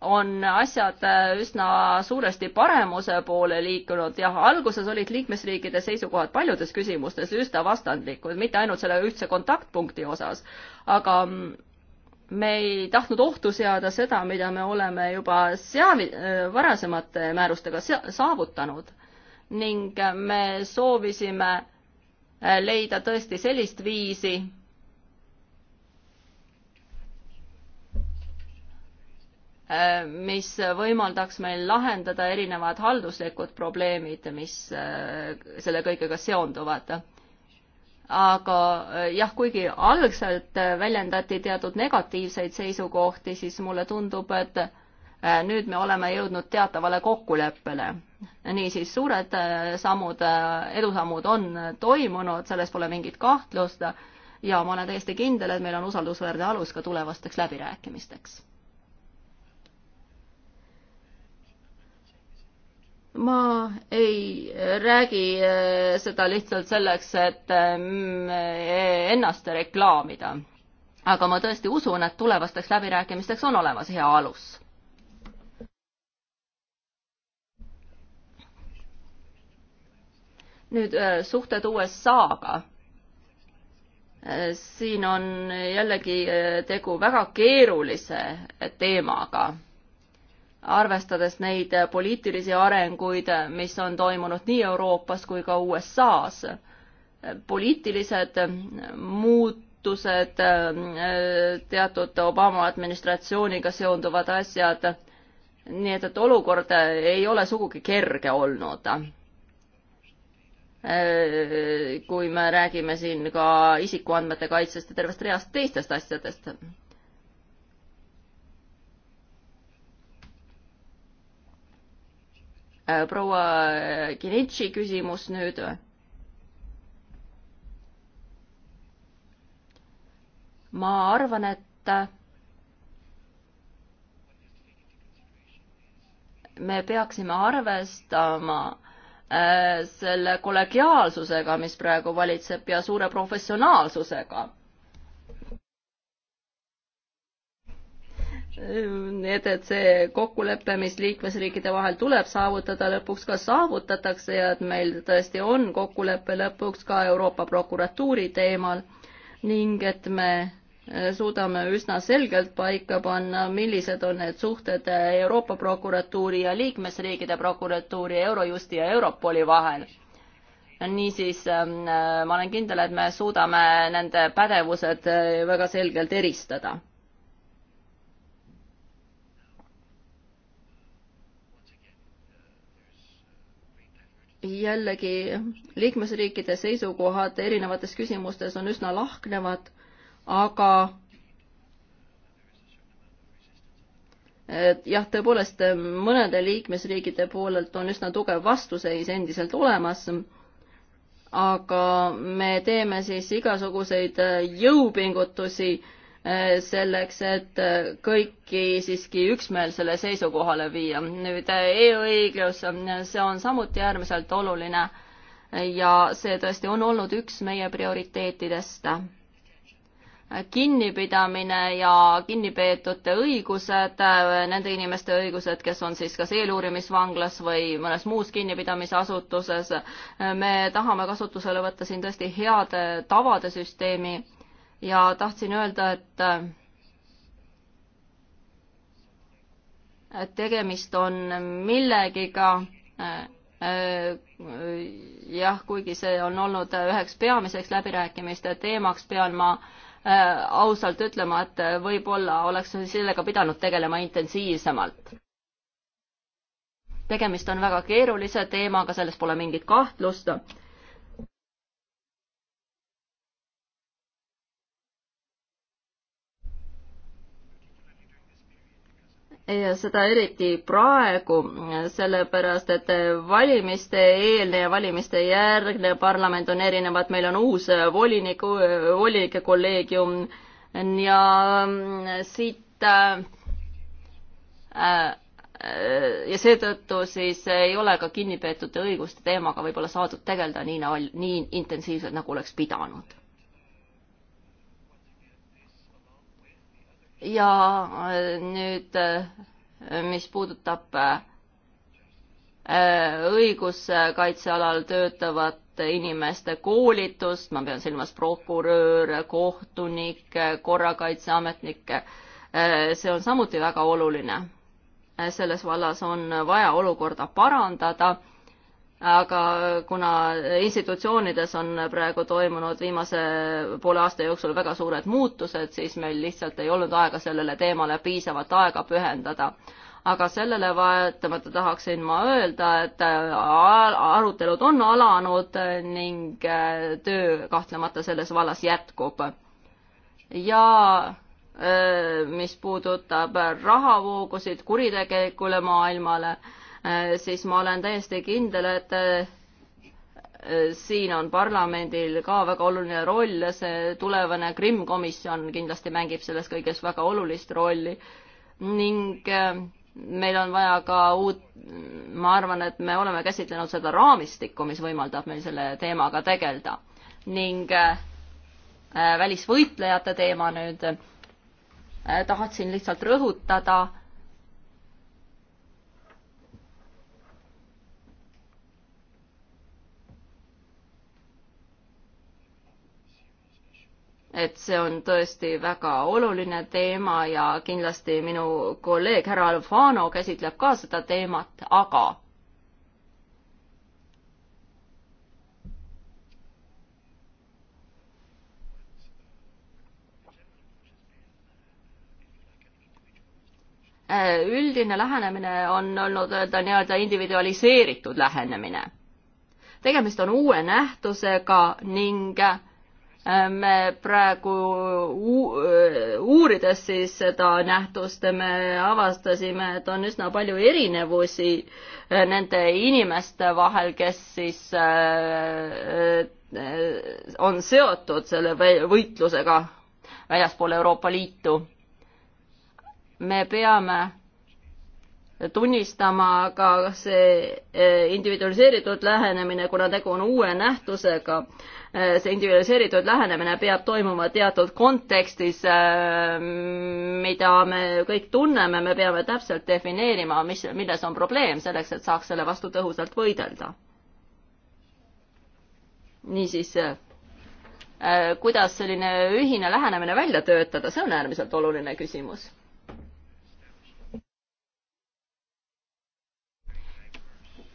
on asjad äh, üsna suuresti paremuse poole liikunud, jah, alguses olid liikmesriikide seisukohad paljudes küsimustes üsna vastandlikud, mitte ainult selle ühtse kontaktpunkti osas, aga mm, me ei tahtnud ohtu seada seda, mida me oleme juba seavi-, äh, varasemate määrustega sea-, saavutanud ning äh, me soovisime leida tõesti sellist viisi, Äh, mis võimaldaks meil lahendada erinevad halduslikud probleemid, mis äh, selle kõigega seonduvad. aga äh, jah, kuigi algselt väljendati teatud negatiivseid seisukohti, siis mulle tundub, et nüüd me oleme jõudnud teatavale kokkuleppele. niisiis, suured sammud, edusammud on toimunud, selles pole mingit kahtlust ja ma olen täiesti kindel, et meil on usaldusväärne alus ka tulevasteks läbirääkimisteks ma ei räägi äh, seda lihtsalt selleks, et äh, ennast reklaamida. aga ma tõesti usun, et tulevasteks läbirääkimisteks on olemas hea alus nüüd äh, suhted USA-ga. siin on jällegi tegu väga keerulise teemaga arvestades neid poliitilisi arenguid, mis on toimunud nii Euroopas kui ka USA-s. poliitilised muutused, teatud Obama administratsiooniga seonduvad asjad, nii et, et olukord ei ole sugugi kerge olnud. kui me räägime siin ka isikuandmete kaitsest ja tervest reast teistest asjadest Äh, proua Kinitši küsimus nüüd. ma arvan, et me peaksime arvestama äh, selle kollegiaalsusega, mis praegu valitseb ja suure professionaalsusega nii et, et see kokkulepe, mis liikmesriikide vahel tuleb saavutada, lõpuks ka saavutatakse ja et meil tõesti on kokkulepe lõpuks ka Euroopa prokuratuuri teemal ning et me eh, suudame üsna selgelt paika panna, millised on need suhted eh, Euroopa prokuratuuri ja liikmesriikide prokuratuuri, Eurojusti ja Europoli vahel. niisiis ehm, ma olen kindel, et me suudame nende pädevused eh, väga selgelt eristada jällegi liikmesriikide seisukohad erinevates küsimustes on üsna lahknevad, aga et jah, tõepoolest mõnede liikmesriikide poolelt on üsna tugev vastuseis endiselt olemas, aga me teeme siis igasuguseid jõupingutusi selleks, et kõiki siiski üksmeelsele seisukohale viia. nüüd e-õiglus, see on samuti äärmiselt oluline ja see tõesti on olnud üks meie prioriteetidest. kinnipidamine ja kinnipeetute õigused, nende inimeste õigused, kes on siis kas eeluurimisvanglas või mõnes muus kinnipidamisasutuses, me tahame kasutusele võtta siin tõesti head tavade süsteemi ja tahtsin öelda, et et tegemist on millegiga, jah, kuigi see on olnud üheks peamiseks läbirääkimiste teemaks, pean ma ausalt ütlema, et võib-olla oleks sellega pidanud tegelema intensiivsemalt. tegemist on väga keerulise teemaga, selles pole mingit kahtlust ja seda eriti praegu, sellepärast et valimiste eelne ja valimiste järgne parlament on erinevad, meil on uus voliniku, volinike kolleegium ja mm, siit äh, äh, ja seetõttu siis ei ole ka kinnipeetute õiguste teemaga võib-olla saadud tegeleda nii, nii intensiivselt, nagu oleks pidanud ja äh, nüüd, äh, mis puudutab äh, õiguskaitsealal töötavate inimeste koolitust, ma pean silmas prokuröre, kohtunikke, korrakaitseametnikke, see on samuti väga oluline. selles vallas on vaja olukorda parandada aga kuna institutsioonides on praegu toimunud viimase poole aasta jooksul väga suured muutused, siis meil lihtsalt ei olnud aega sellele teemale piisavat aega pühendada. aga sellele vaatamata tahaksin ma öelda, et äh, arutelud on alanud ning äh, töö kahtlemata selles vallas jätkub. ja äh, mis puudutab rahavoogusid kuritegelikule maailmale Äh, siis ma olen täiesti kindel, et äh, siin on parlamendil ka väga oluline roll, see tulevane Krimm komisjon kindlasti mängib selles kõiges väga olulist rolli ning äh, meil on vaja ka uut, ma arvan, et me oleme käsitlenud seda raamistikku, mis võimaldab meil selle teemaga tegeleda ning välisvõitlejate teema nüüd tahtsin lihtsalt rõhutada, et see on tõesti väga oluline teema ja kindlasti minu kolleeg härra Alfano käsitleb ka seda teemat, aga üldine lähenemine on olnud öelda nii-öelda individualiseeritud lähenemine. tegemist on uue nähtusega ning äh, me praegu uurides siis seda nähtust, me avastasime, et on üsna palju erinevusi eh, nende inimeste vahel, kes siis eh, eh, on seotud selle võitlusega väljaspool Euroopa Liitu. me peame tunnistama ka see individualiseeritud lähenemine, kuna tegu on uue nähtusega Äh, see individualiseeritud lähenemine peab toimuma teatud kontekstis, äh, mida me kõik tunneme, me peame täpselt defineerima, mis, milles on probleem, selleks et saaks selle vastu tõhusalt võidelda. niisiis, äh, kuidas selline ühine lähenemine välja töötada, see on äärmiselt oluline küsimus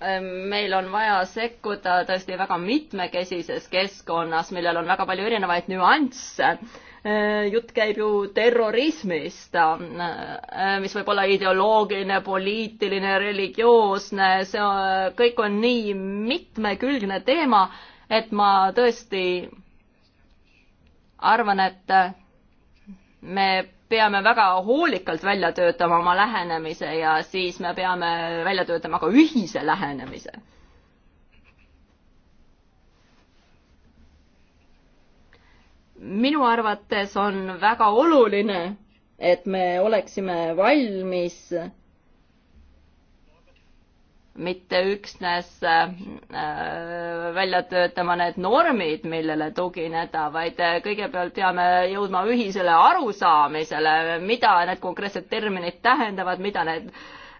Ehm, meil on vaja sekkuda tõesti väga mitmekesises keskkonnas, millel on väga palju erinevaid nüansse. Ehm, jutt käib ju terrorismist, ehm, mis võib olla ideoloogiline, poliitiline, religioosne, see on, kõik on nii mitmekülgne teema, et ma tõesti arvan, et me peame väga hoolikalt välja töötama oma lähenemise ja siis me peame välja töötama ka ühise lähenemise. minu arvates on väga oluline, et me oleksime valmis mitte üksnes äh, välja töötama need normid, millele tugineda, vaid äh, kõigepealt peame jõudma ühisele arusaamisele, mida need konkreetsed terminid tähendavad, mida need,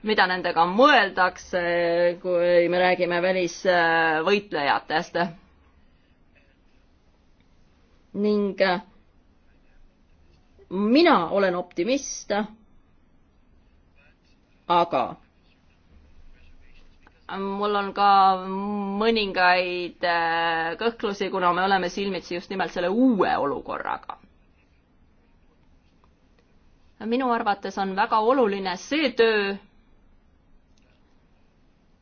mida nendega mõeldakse, kui me räägime välisvõitlejatest. ning äh, mina olen optimist, aga mul on ka mõningaid äh, kõhklusi, kuna me oleme silmitsi just nimelt selle uue olukorraga. minu arvates on väga oluline see töö,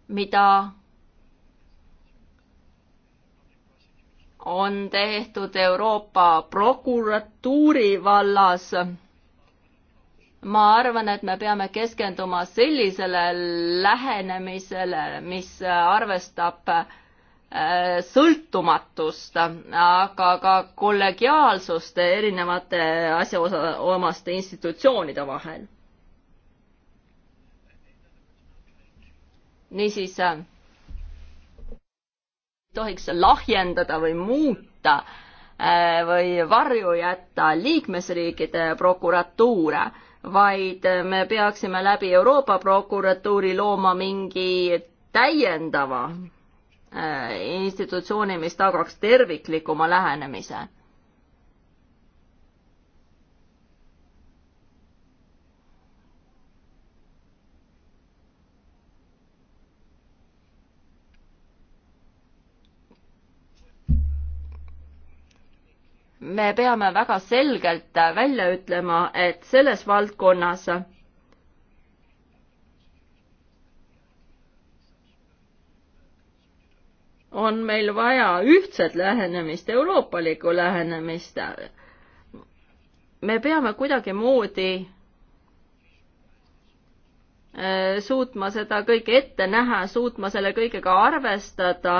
mida on tehtud Euroopa prokuratuuri vallas ma arvan, et me peame keskenduma sellisele lähenemisele, mis arvestab äh, sõltumatust, aga ka kollegiaalsust erinevate asjaosa, omaste institutsioonide vahel. niisiis äh, tohiks lahjendada või muuta äh, või varju jätta liikmesriikide prokuratuure vaid me peaksime läbi Euroopa prokuratuuri looma mingi täiendava äh, institutsiooni, mis tagaks terviklikuma lähenemise me peame väga selgelt välja ütlema, et selles valdkonnas on meil vaja ühtset lähenemist, euroopalikku lähenemist. me peame kuidagimoodi äh, suutma seda kõike ette näha, suutma selle kõigega arvestada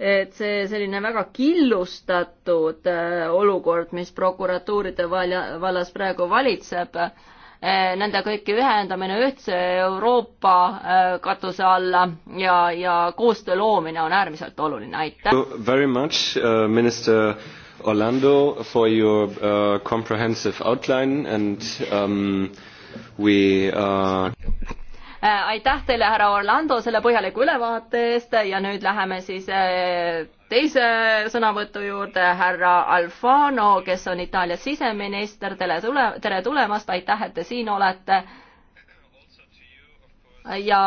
et see selline väga killustatud äh, olukord, mis prokuratuuride vallas praegu valitseb, äh, nende kõiki ühendamine ühtse Euroopa äh, katuse alla ja, ja koostöö loomine on äärmiselt oluline, aitäh! Very much uh,, minister Orlando for your uh, comprehensive outline and um, we uh Äh, aitäh teile, härra Orlando, selle põhjaliku ülevaate eest ja nüüd läheme siis äh, teise sõnavõtu juurde, härra Alfano, kes on Itaalia siseminister, tere tule-, tere tulemast, aitäh, et te siin olete. ja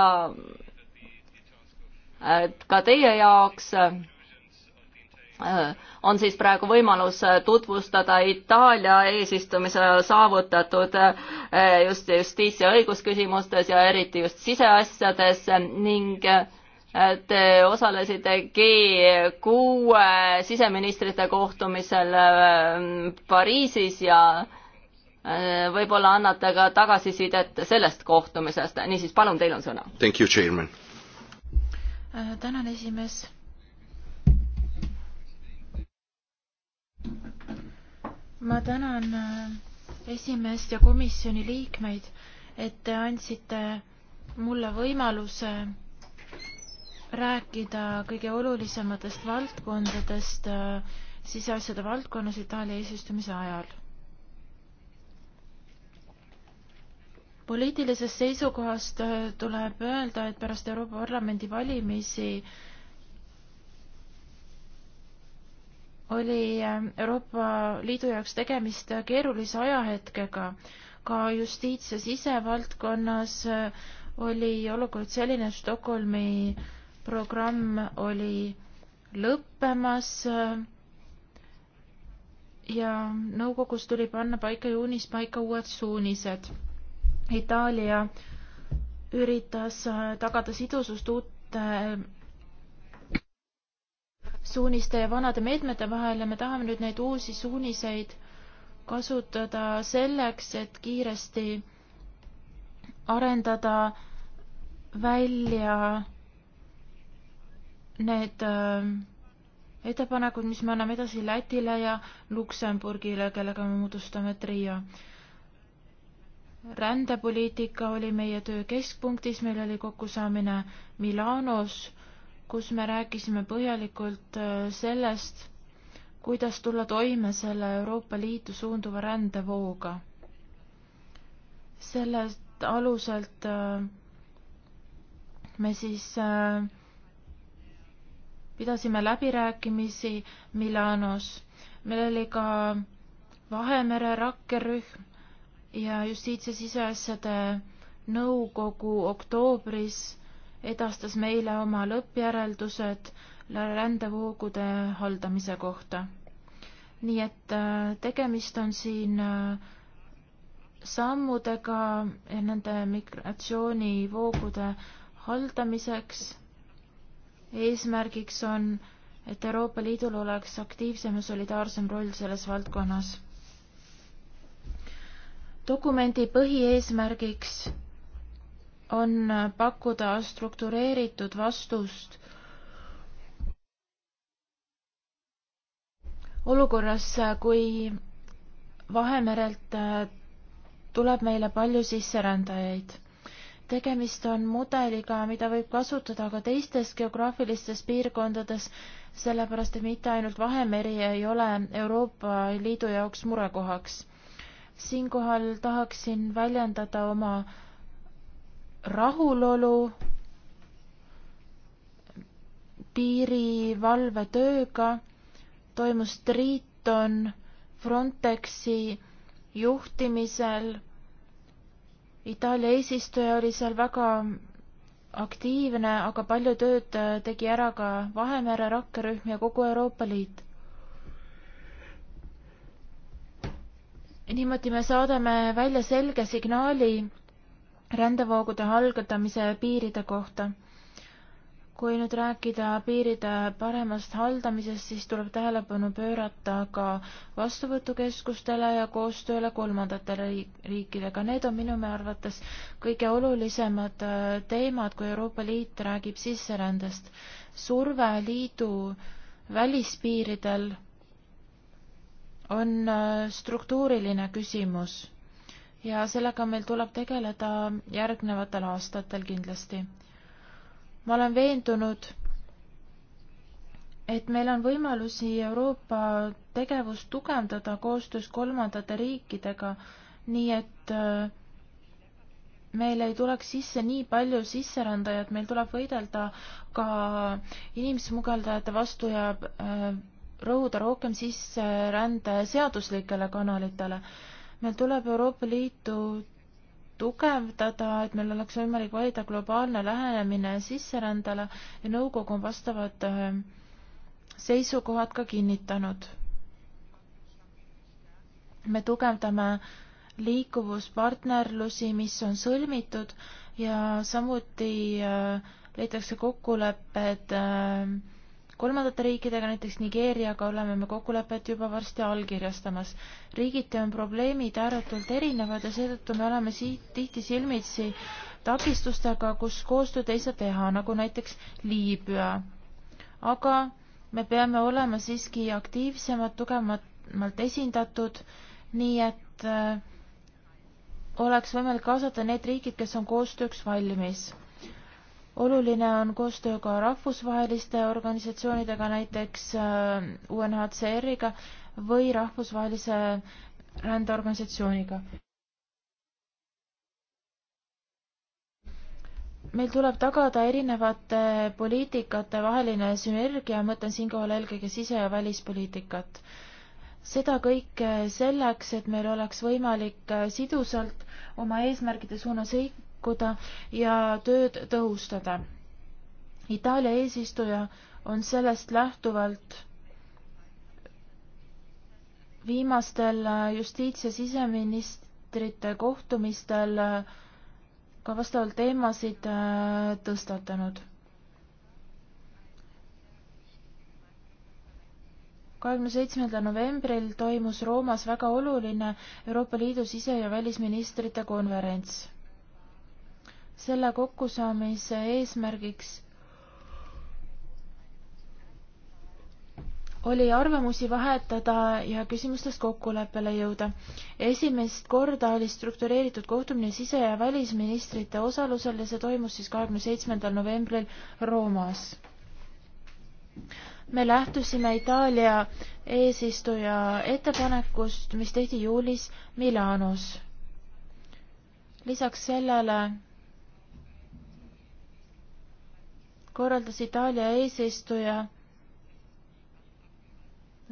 äh, ka teie jaoks on siis praegu võimalus äh, tutvustada Itaalia eesistumise ajal saavutatud äh, just justiits- ja õigusküsimustes ja eriti just siseasjades ning äh, Te osalesite G6 siseministrite kohtumisel Pariisis ja võib-olla annate ka tagasisidet sellest kohtumisest, niisiis palun, teil on sõna. tänan, esimees ma tänan äh, esimeest ja komisjoni liikmeid, et te andsite mulle võimaluse rääkida kõige olulisematest valdkondadest äh, siseasjade valdkonnas Itaalia eesistumise ajal. poliitilisest seisukohast äh, tuleb öelda, et pärast Euroopa Parlamendi valimisi oli ähm, Euroopa Liidu jaoks tegemist äh, keerulise ajahetkega. ka justiits- ja sisevaldkonnas äh, oli olukord selline, et Stockholmi programm oli lõppemas äh, ja nõukogus tuli panna paika juunis paika uued suunised. Itaalia üritas tagada sidusust uute suuniste ja vanade meetmete vahel ja me tahame nüüd neid uusi suuniseid kasutada selleks, et kiiresti arendada välja need äh, ettepanekud, mis me anname edasi Lätile ja Luksemburgile, kellega me moodustame trio. rändepoliitika oli meie töö keskpunktis, meil oli kokkusaamine Milanos kus me rääkisime põhjalikult äh, sellest, kuidas tulla toime selle Euroopa Liitu suunduva rändevooga. sellelt aluselt äh, me siis äh, pidasime läbirääkimisi Milanos. meil oli ka Vahemere rakkerühm ja justiits- ja siseasjade nõukogu oktoobris edastas meile oma lõppjäreldused rändevoogude haldamise kohta. nii et äh, tegemist on siin äh, sammudega nende migratsioonivoogude haldamiseks. eesmärgiks on, et Euroopa Liidul oleks aktiivsem ja solidaarsem roll selles valdkonnas. dokumendi põhieesmärgiks on pakkuda struktureeritud vastust olukorras, kui Vahemerelt äh, tuleb meile palju sisserändajaid. tegemist on mudeliga, mida võib kasutada ka teistes geograafilistes piirkondades, sellepärast et mitte ainult Vahemeri ei ole Euroopa Liidu jaoks murekohaks. siinkohal tahaksin väljendada oma rahulolu piirivalvetööga toimus Triton Frontexi juhtimisel. Itaalia eesistuja oli seal väga aktiivne, aga palju tööd tegi ära ka Vahemere rakkerühm ja kogu Euroopa Liit. niimoodi me saadame välja selge signaali rändevoogude halgendamise piiride kohta. kui nüüd rääkida piiride paremast haldamisest, siis tuleb tähelepanu pöörata ka vastuvõtukeskustele ja koostööle kolmandatele riikidega. Need on minu arvates kõige olulisemad äh, teemad, kui Euroopa Liit räägib sisserändest. surve liidu välispiiridel on äh, struktuuriline küsimus ja sellega meil tuleb tegeleda järgnevatel aastatel kindlasti. ma olen veendunud, et meil on võimalusi Euroopa tegevust tugevdada koostöös kolmandate riikidega, nii et äh, meil ei tuleks sisse nii palju sisserändajaid, meil tuleb võidelda ka inimsmugeldajate vastu ja äh, rõhuda rohkem sisserände seaduslikele kanalitele meil tuleb Euroopa Liitu tugevdada, et meil oleks võimalik valida globaalne lähenemine sisserändale ja nõukogu on vastavad äh, seisukohad ka kinnitanud. me tugevdame liikuvuspartnerlusi, mis on sõlmitud ja samuti äh, leitakse kokkulepped äh, kolmandate riikidega, näiteks Nigeeriaga oleme me kokkulepet juba varsti allkirjastamas. riigiti on probleemid ääretult erinevad ja seetõttu me oleme siit tihti silmitsi takistustega, kus koostööd ei saa teha, nagu näiteks Liibüa. aga me peame olema siiski aktiivsemad, tugevamalt esindatud, nii et äh, oleks võimalik kaasata need riigid, kes on koostööks valmis oluline on koostöö ka rahvusvaheliste organisatsioonidega, näiteks äh, UNHCR-iga või rahvusvahelise rändeorganisatsiooniga. meil tuleb tagada erinevate poliitikate vaheline sünergia, mõtlen siinkohal eelkõige sise- ja välispoliitikat. seda kõike selleks, et meil oleks võimalik äh, sidusalt oma eesmärgide suunas õig-, pakkuda ja tööd tõhustada. Itaalia eesistuja on sellest lähtuvalt viimastel justiits- ja siseministrite kohtumistel ka vastavalt teemasid äh, tõstatanud. kahekümne seitsmendal novembril toimus Roomas väga oluline Euroopa Liidu sise- ja välisministrite konverents selle kokkusaamise eesmärgiks oli arvamusi vahetada ja küsimustes kokkuleppele jõuda. esimest korda oli struktureeritud kohtumine sise- ja välisministrite osalusel ja see toimus siis kahekümne seitsmendal novembril Roomas. me lähtusime Itaalia eesistuja ettepanekust, mis tehti juulis Milanos. lisaks sellele korraldas Itaalia eesistuja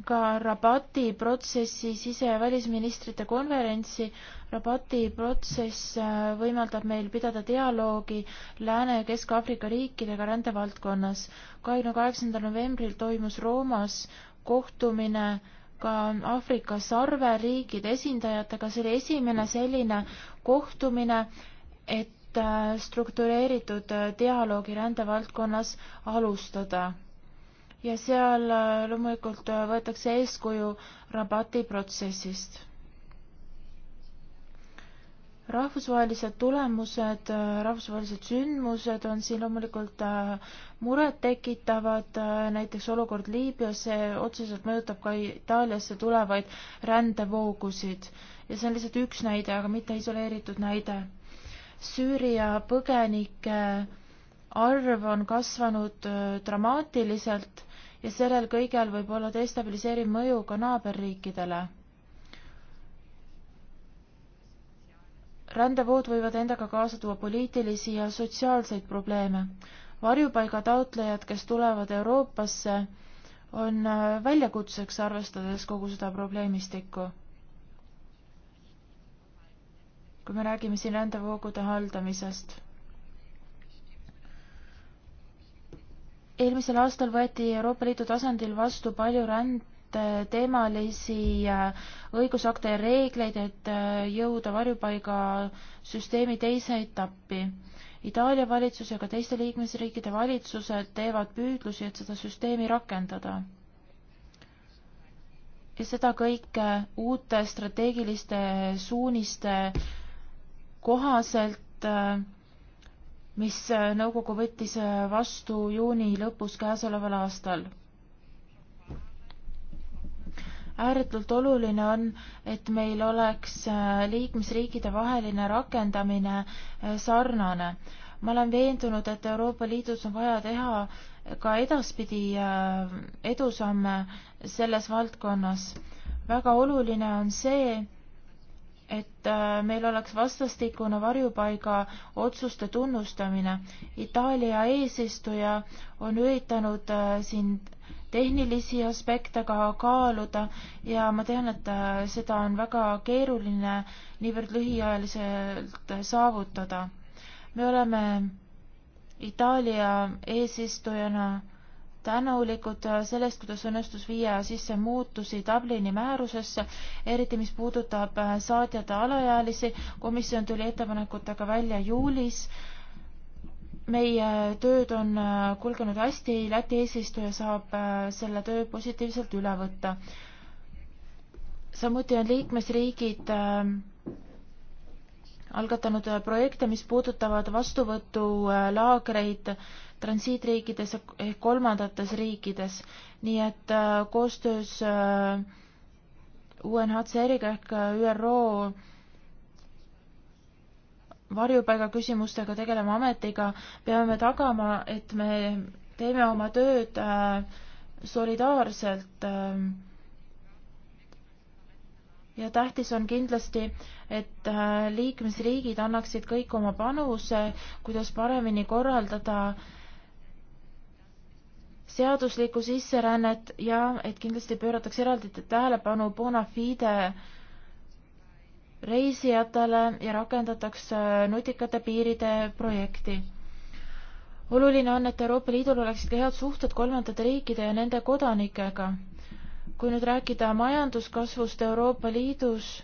ka Rabati protsessi sise- ja välisministrite konverentsi. Rabati protsess äh, võimaldab meil pidada dialoogi Lääne- ja Kesk-Aafrika riikidega rändevaldkonnas. kahekümne kaheksandal novembril toimus Roomas kohtumine ka Aafrika sarveriikide esindajatega, see oli esimene selline kohtumine, et et äh, struktureeritud äh, dialoogi rändevaldkonnas alustada. ja seal äh, loomulikult võetakse eeskuju rabati protsessist. rahvusvahelised tulemused, rahvusvahelised sündmused on siin loomulikult murettekitavad, näiteks olukord Liibüas, see otseselt mõjutab ka Itaaliasse tulevaid rändevoogusid ja see on lihtsalt üks näide, aga mitte isoleeritud näide Süüria põgenike arv on kasvanud äh, dramaatiliselt ja sellel kõigel võib olla destabiliseeriv mõju ka naaberriikidele. rändevood võivad endaga kaasa tuua poliitilisi ja sotsiaalseid probleeme. varjupaiga taotlejad, kes tulevad Euroopasse, on äh, väljakutseks, arvestades kogu seda probleemistikku kui me räägime siin rändevoogude haldamisest. eelmisel aastal võeti Euroopa Liidu tasandil vastu palju rändeteemalisi äh, õigusakte ja reegleid, et äh, jõuda varjupaigasüsteemi teise etappi. Itaalia valitsus ja ka teiste liikmesriikide valitsused teevad püüdlusi, et seda süsteemi rakendada ja seda kõike äh, uute strateegiliste suuniste kohaselt, äh, mis äh, nõukogu võttis äh, vastu juuni lõpus käesoleval aastal. ääretult oluline on, et meil oleks liikmesriikide vaheline rakendamine sarnane. ma olen veendunud, et Euroopa Liidus on vaja teha ka edaspidi edusamme selles valdkonnas. väga oluline on see, et äh, meil oleks vastastikune varjupaiga otsuste tunnustamine. Itaalia eesistuja on üritanud äh, siin tehnilisi aspekte ka kaaluda ja ma tean, et äh, seda on väga keeruline niivõrd lühiajaliselt saavutada. me oleme Itaalia eesistujana tänulikud äh, sellest, kuidas õnnestus viia sisse muutusi Dublini määrusesse, eriti mis puudutab äh, saadjate alaealisi. komisjon tuli ettepanekutega välja juulis. meie äh, tööd on kulgenud hästi, Läti eesistuja saab selle töö positiivselt üle võtta. samuti on liikmesriigid algatanud projekte, mis puudutavad vastuvõtulaagreid äh, transiitriikides ehk kolmandates riikides, nii et äh, koostöös äh, UNHCR-iga ehk äh, ÜRO varjupaiga küsimustega tegeleva ametiga peame me tagama, et me teeme oma tööd solidaarselt. ja tähtis on kindlasti, et liikmesriigid annaksid kõik oma panuse, kuidas paremini korraldada äh, seaduslikku sisserännet ja et kindlasti pööratakse eraldi tähelepanu bona fide reisijatele ja rakendatakse äh, nutikate piiride projekti. oluline on, et Euroopa Liidul oleksid ka head suhted kolmandate riikide ja nende kodanikega. kui nüüd rääkida majanduskasvust Euroopa Liidus,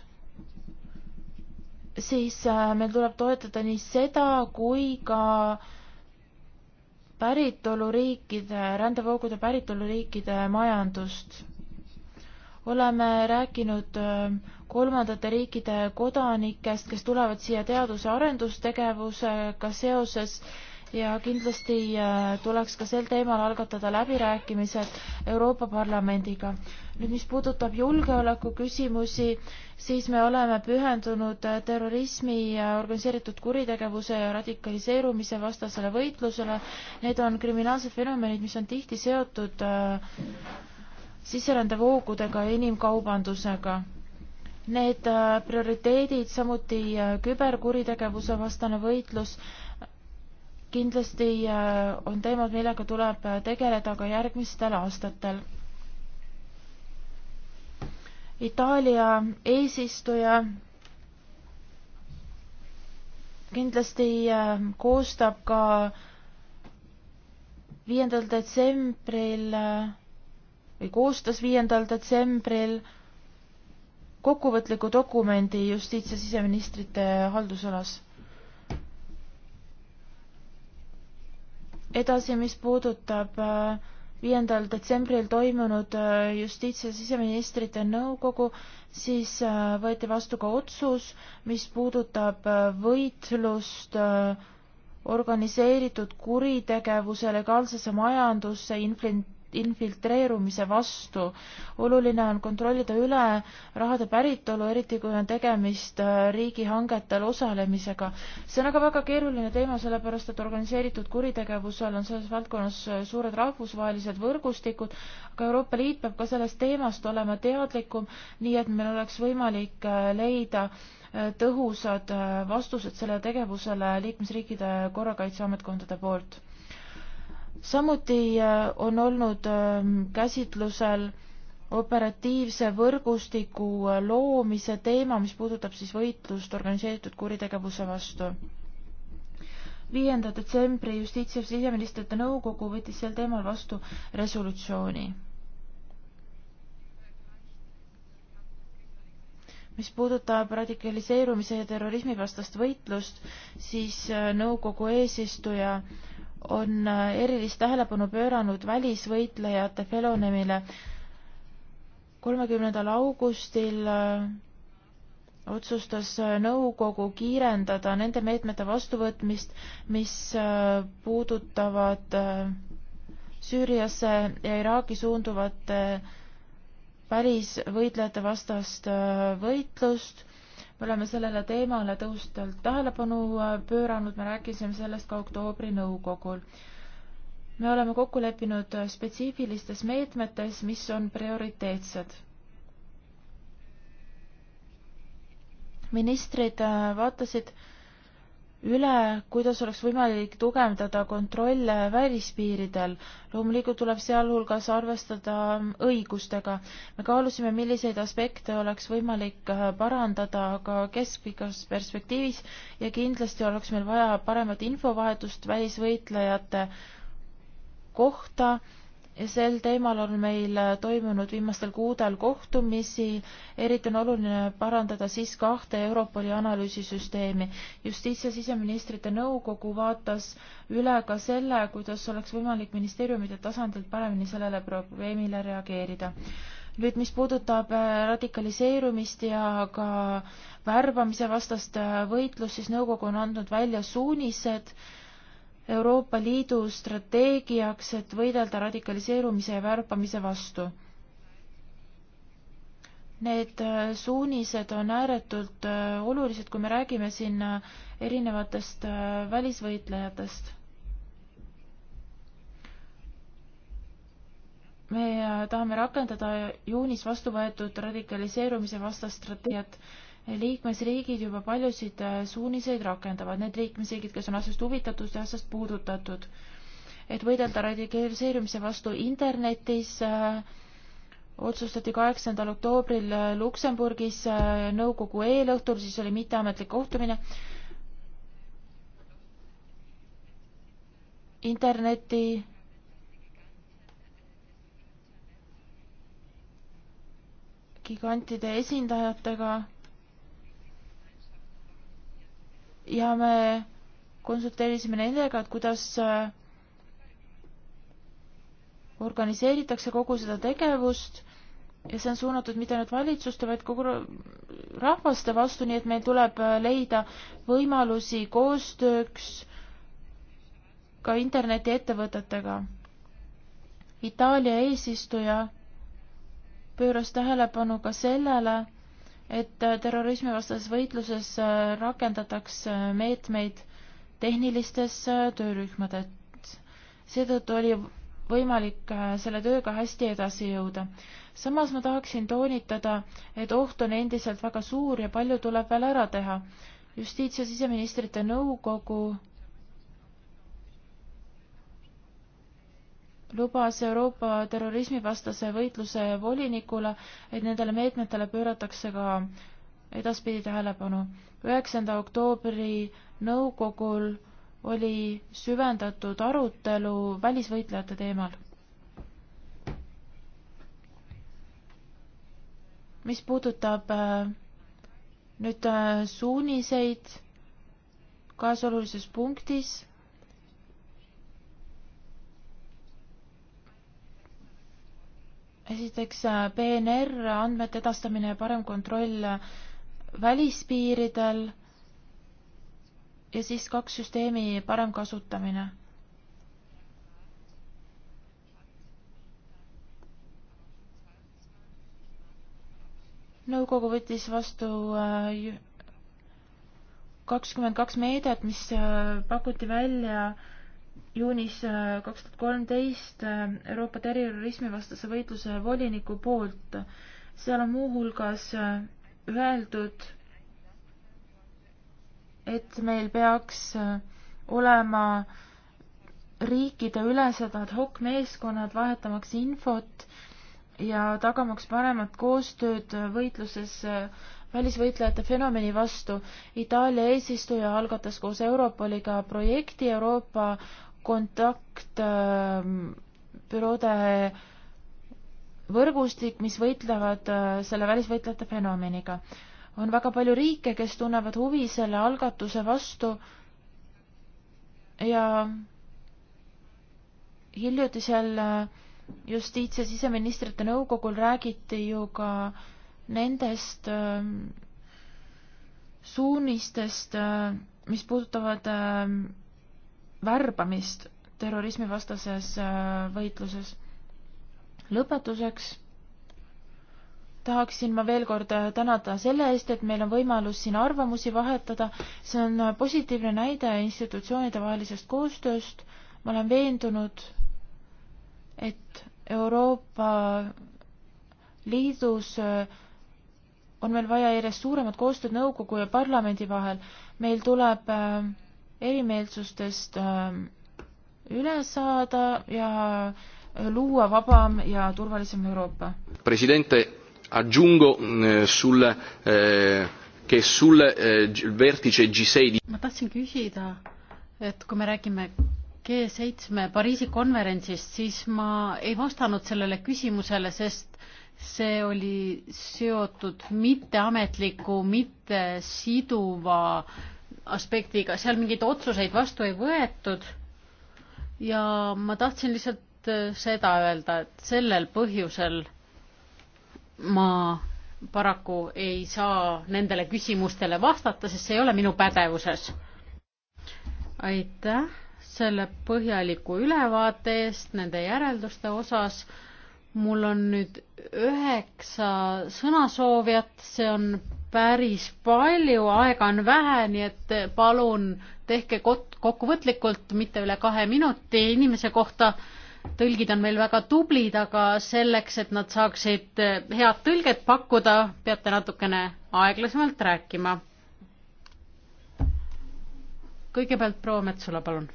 siis äh, meil tuleb toetada nii seda kui ka äh, päritoluriikide, rändevoogude päritoluriikide majandust. oleme rääkinud äh, kolmandate riikide kodanikest, kes tulevad siia teadus- ja arendustegevusega seoses ja kindlasti äh, tuleks ka sel teemal algatada läbirääkimised Euroopa Parlamendiga. nüüd, mis puudutab julgeoleku küsimusi, siis me oleme pühendunud äh, terrorismi, organiseeritud kuritegevuse ja radikaliseerumise vastasele võitlusele. Need on kriminaalsed fenomenid, mis on tihti seotud äh, sisserändevoogudega ja inimkaubandusega need prioriteedid, samuti küberkuritegevuse vastane võitlus kindlasti äh, on teemad, millega tuleb äh, tegeleda ka järgmistel aastatel. Itaalia eesistuja kindlasti äh, koostab ka viiendal detsembril või koostas viiendal detsembril kokkuvõtliku dokumendi justiits- ja siseministrite haldusalas edasi, mis puudutab äh, viiendal detsembril toimunud äh, justiits- ja siseministrite nõukogu, siis äh, võeti vastu ka otsus, mis puudutab võitlust organiseeritud kuritegevuse legaalsesse majandusse infl-, infiltreerumise vastu. oluline on kontrollida üle rahade päritolu, eriti kui on tegemist äh, riigihangetel osalemisega. see on aga väga keeruline teema, sellepärast et organiseeritud kuritegevusel on selles valdkonnas äh, suured rahvusvahelised võrgustikud, aga Euroopa Liit peab ka sellest teemast olema teadlikum, nii et meil oleks võimalik äh, leida tõhusad vastused sellele tegevusele liikmesriikide korrakaitseametkondade poolt samuti äh, on olnud ähm, käsitlusel operatiivse võrgustiku äh, loomise teema, mis puudutab siis võitlust organiseeritud kuritegevuse vastu. viienda detsembri justiits- ja siseministrite nõukogu võttis sel teemal vastu resolutsiooni. mis puudutab radikaliseerumise ja terrorismivastast võitlust, siis äh, nõukogu eesistuja äh, on äh, erilist tähelepanu pööranud välisvõitlejate felonemile. kolmekümnendal augustil äh, otsustas äh, nõukogu kiirendada nende meetmete vastuvõtmist, mis puudutavad Süüriasse ja Iraagi suunduvate välisvõitlejate vastast võitlust me oleme sellele teemale tõhusalt tähelepanu äh, pööranud, me rääkisime sellest ka oktoobri nõukogul. me oleme kokku leppinud äh, spetsiifilistes meetmetes, mis on prioriteetsed. ministrid äh, vaatasid üle, kuidas oleks võimalik tugevdada kontrolle välispiiridel. loomulikult tuleb sealhulgas arvestada õigustega. me kaalusime, milliseid aspekte oleks võimalik äh, parandada ka keskpikas perspektiivis ja kindlasti oleks meil vaja paremat infovahetust välisvõitlejate kohta sel teemal on meil äh, toimunud viimastel kuudel kohtumisi, eriti on oluline parandada siis kahte Europoli analüüsisüsteemi. justiits- ja siseministrite nõukogu vaatas üle ka selle, kuidas oleks võimalik ministeeriumide tasandil paremini sellele probleemile reageerida. nüüd, mis puudutab äh, radikaliseerumist ja ka värbamise vastast äh, võitlust, siis nõukogu on andnud välja suunised Euroopa Liidu strateegiaks, et võidelda radikaliseerumise ja värbamise vastu. Need äh, suunised on ääretult äh, olulised, kui me räägime siin äh, erinevatest välisvõitlejatest. me tahame rakendada juunis vastu võetud radikaliseerumise vastast strateegiat liikmesriigid juba paljusid äh, suuniseid rakendavad, need liikmesriigid, kes on asjast huvitatud ja asjast puudutatud. et võidelda radikaliseerimise vastu internetis äh, otsustati kaheksandal oktoobril äh, Luksemburgis äh, nõukogu eelõhtul, siis oli mitteametlik kohtumine. interneti gigantide esindajatega ja me konsulteerisime nendega, et kuidas äh, organiseeritakse kogu seda tegevust ja see on suunatud mitte ainult valitsuste, vaid kogu rahvaste vastu, nii et meil tuleb äh, leida võimalusi koostööks ka internetiettevõtetega. Itaalia eesistuja pööras tähelepanu ka sellele, et äh, terrorismivastases võitluses äh, rakendataks äh, meetmeid tehnilistes töörühmades. seetõttu oli võimalik selle tööga hästi edasi jõuda. samas ma tahaksin toonitada, et oht on endiselt väga suur ja palju tuleb veel ära teha. justiits- ja siseministrite nõukogu lubas Euroopa terrorismivastase võitluse volinikule, et nendele meetmetele pööratakse ka edaspidi tähelepanu. üheksanda oktoobri nõukogul oli süvendatud arutelu välisvõitlejate teemal. mis puudutab äh, nüüd äh, suuniseid kaasolulises punktis esiteks PNR, äh, andmete edastamine ja parem kontroll äh, välispiiridel ja siis kaks süsteemi parem kasutamine. nõukogu võttis vastu äh, kakskümmend kaks meedet, mis pakuti välja äh, juunis äh, kaks tuhat kolmteist äh, Euroopa terrorismivastase võitluse voliniku poolt. seal on muuhulgas äh, öeldud, et meil peaks olema riikide ülesed ad hoc meeskonnad vahetamaks infot ja tagamaks paremat koostööd võitluses välisvõitlejate fenomeni vastu. Itaalia eesistuja algatas koos Europoliga projekti Euroopa kontakt ähm, büroode võrgustik, mis võitlevad äh, selle välisvõitlejate fenomeniga. on väga palju riike, kes tunnevad huvi selle algatuse vastu ja hiljutisel äh, justiits- ja siseministrite nõukogul räägiti ju ka nendest ähm, suunistest, äh, mis puudutavad ähm, värbamist terrorismivastases äh, võitluses. lõpetuseks tahaksin ma veel kord äh, tänada selle eest, et meil on võimalus siin arvamusi vahetada. see on äh, positiivne näide institutsioonide vahelisest koostööst. ma olen veendunud, et Euroopa Liidus on meil vaja järjest suuremat koostööd nõukogu ja parlamendi vahel. meil tuleb äh, erimeelsustest ähm, üle saada ja luua vabam ja turvalisem Euroopa. Presidente, aggiungo mm, sul eh, che sul eh, vertice G6 di... ma tahtsin küsida, et kui me räägime G7 Pariisi konverentsist, siis ma ei vastanud sellele küsimusele, sest see oli seotud mitteametliku, mittesiduva äh, aspektiga, seal mingeid otsuseid vastu ei võetud. ja ma tahtsin lihtsalt äh, seda öelda, et sellel põhjusel ma paraku ei saa nendele küsimustele vastata, sest see ei ole minu pädevuses. aitäh selle põhjaliku ülevaate eest nende järelduste osas. mul on nüüd üheksa sõnasoovijat, see on päris palju, aega on vähe, nii et palun tehke kokkuvõtlikult, mitte üle kahe minuti inimese kohta. tõlgid on meil väga tublid, aga selleks, et nad saaksid head tõlget pakkuda, peate natukene aeglasemalt rääkima. kõigepealt proua Metsula, palun.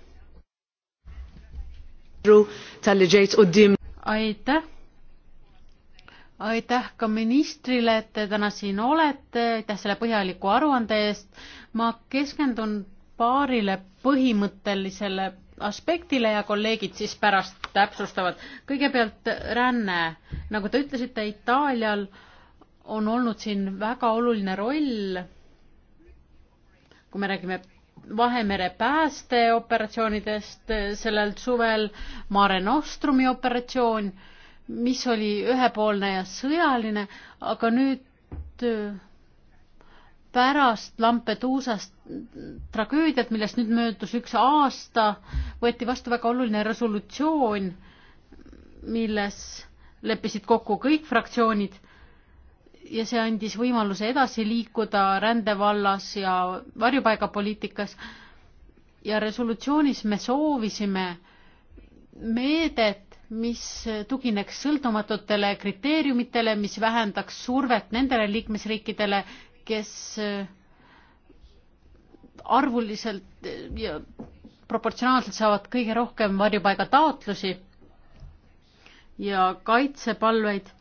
aitäh aitäh ka ministrile, et te täna siin olete, aitäh selle põhjaliku aruande eest. ma keskendun paarile põhimõttelisele aspektile ja kolleegid siis pärast täpsustavad. kõigepealt ränne, nagu te ütlesite, Itaalial on olnud siin väga oluline roll, kui me räägime Vahemere päästeoperatsioonidest sellel suvel, Mare Nostrumi operatsioon mis oli ühepoolne ja sõjaline, aga nüüd äh, pärast Lampeduusast tragöödiat, millest nüüd möödus üks aasta, võeti vastu väga oluline resolutsioon, milles leppisid kokku kõik fraktsioonid ja see andis võimaluse edasi liikuda rändevallas ja varjupaigapoliitikas. ja resolutsioonis me soovisime meedet, mis tugineks sõltumatutele kriteeriumitele, mis vähendaks survet nendele liikmesriikidele, kes eh, arvuliselt eh, ja proportsionaalselt saavad kõige rohkem varjupaigataotlusi ja kaitsepalveid.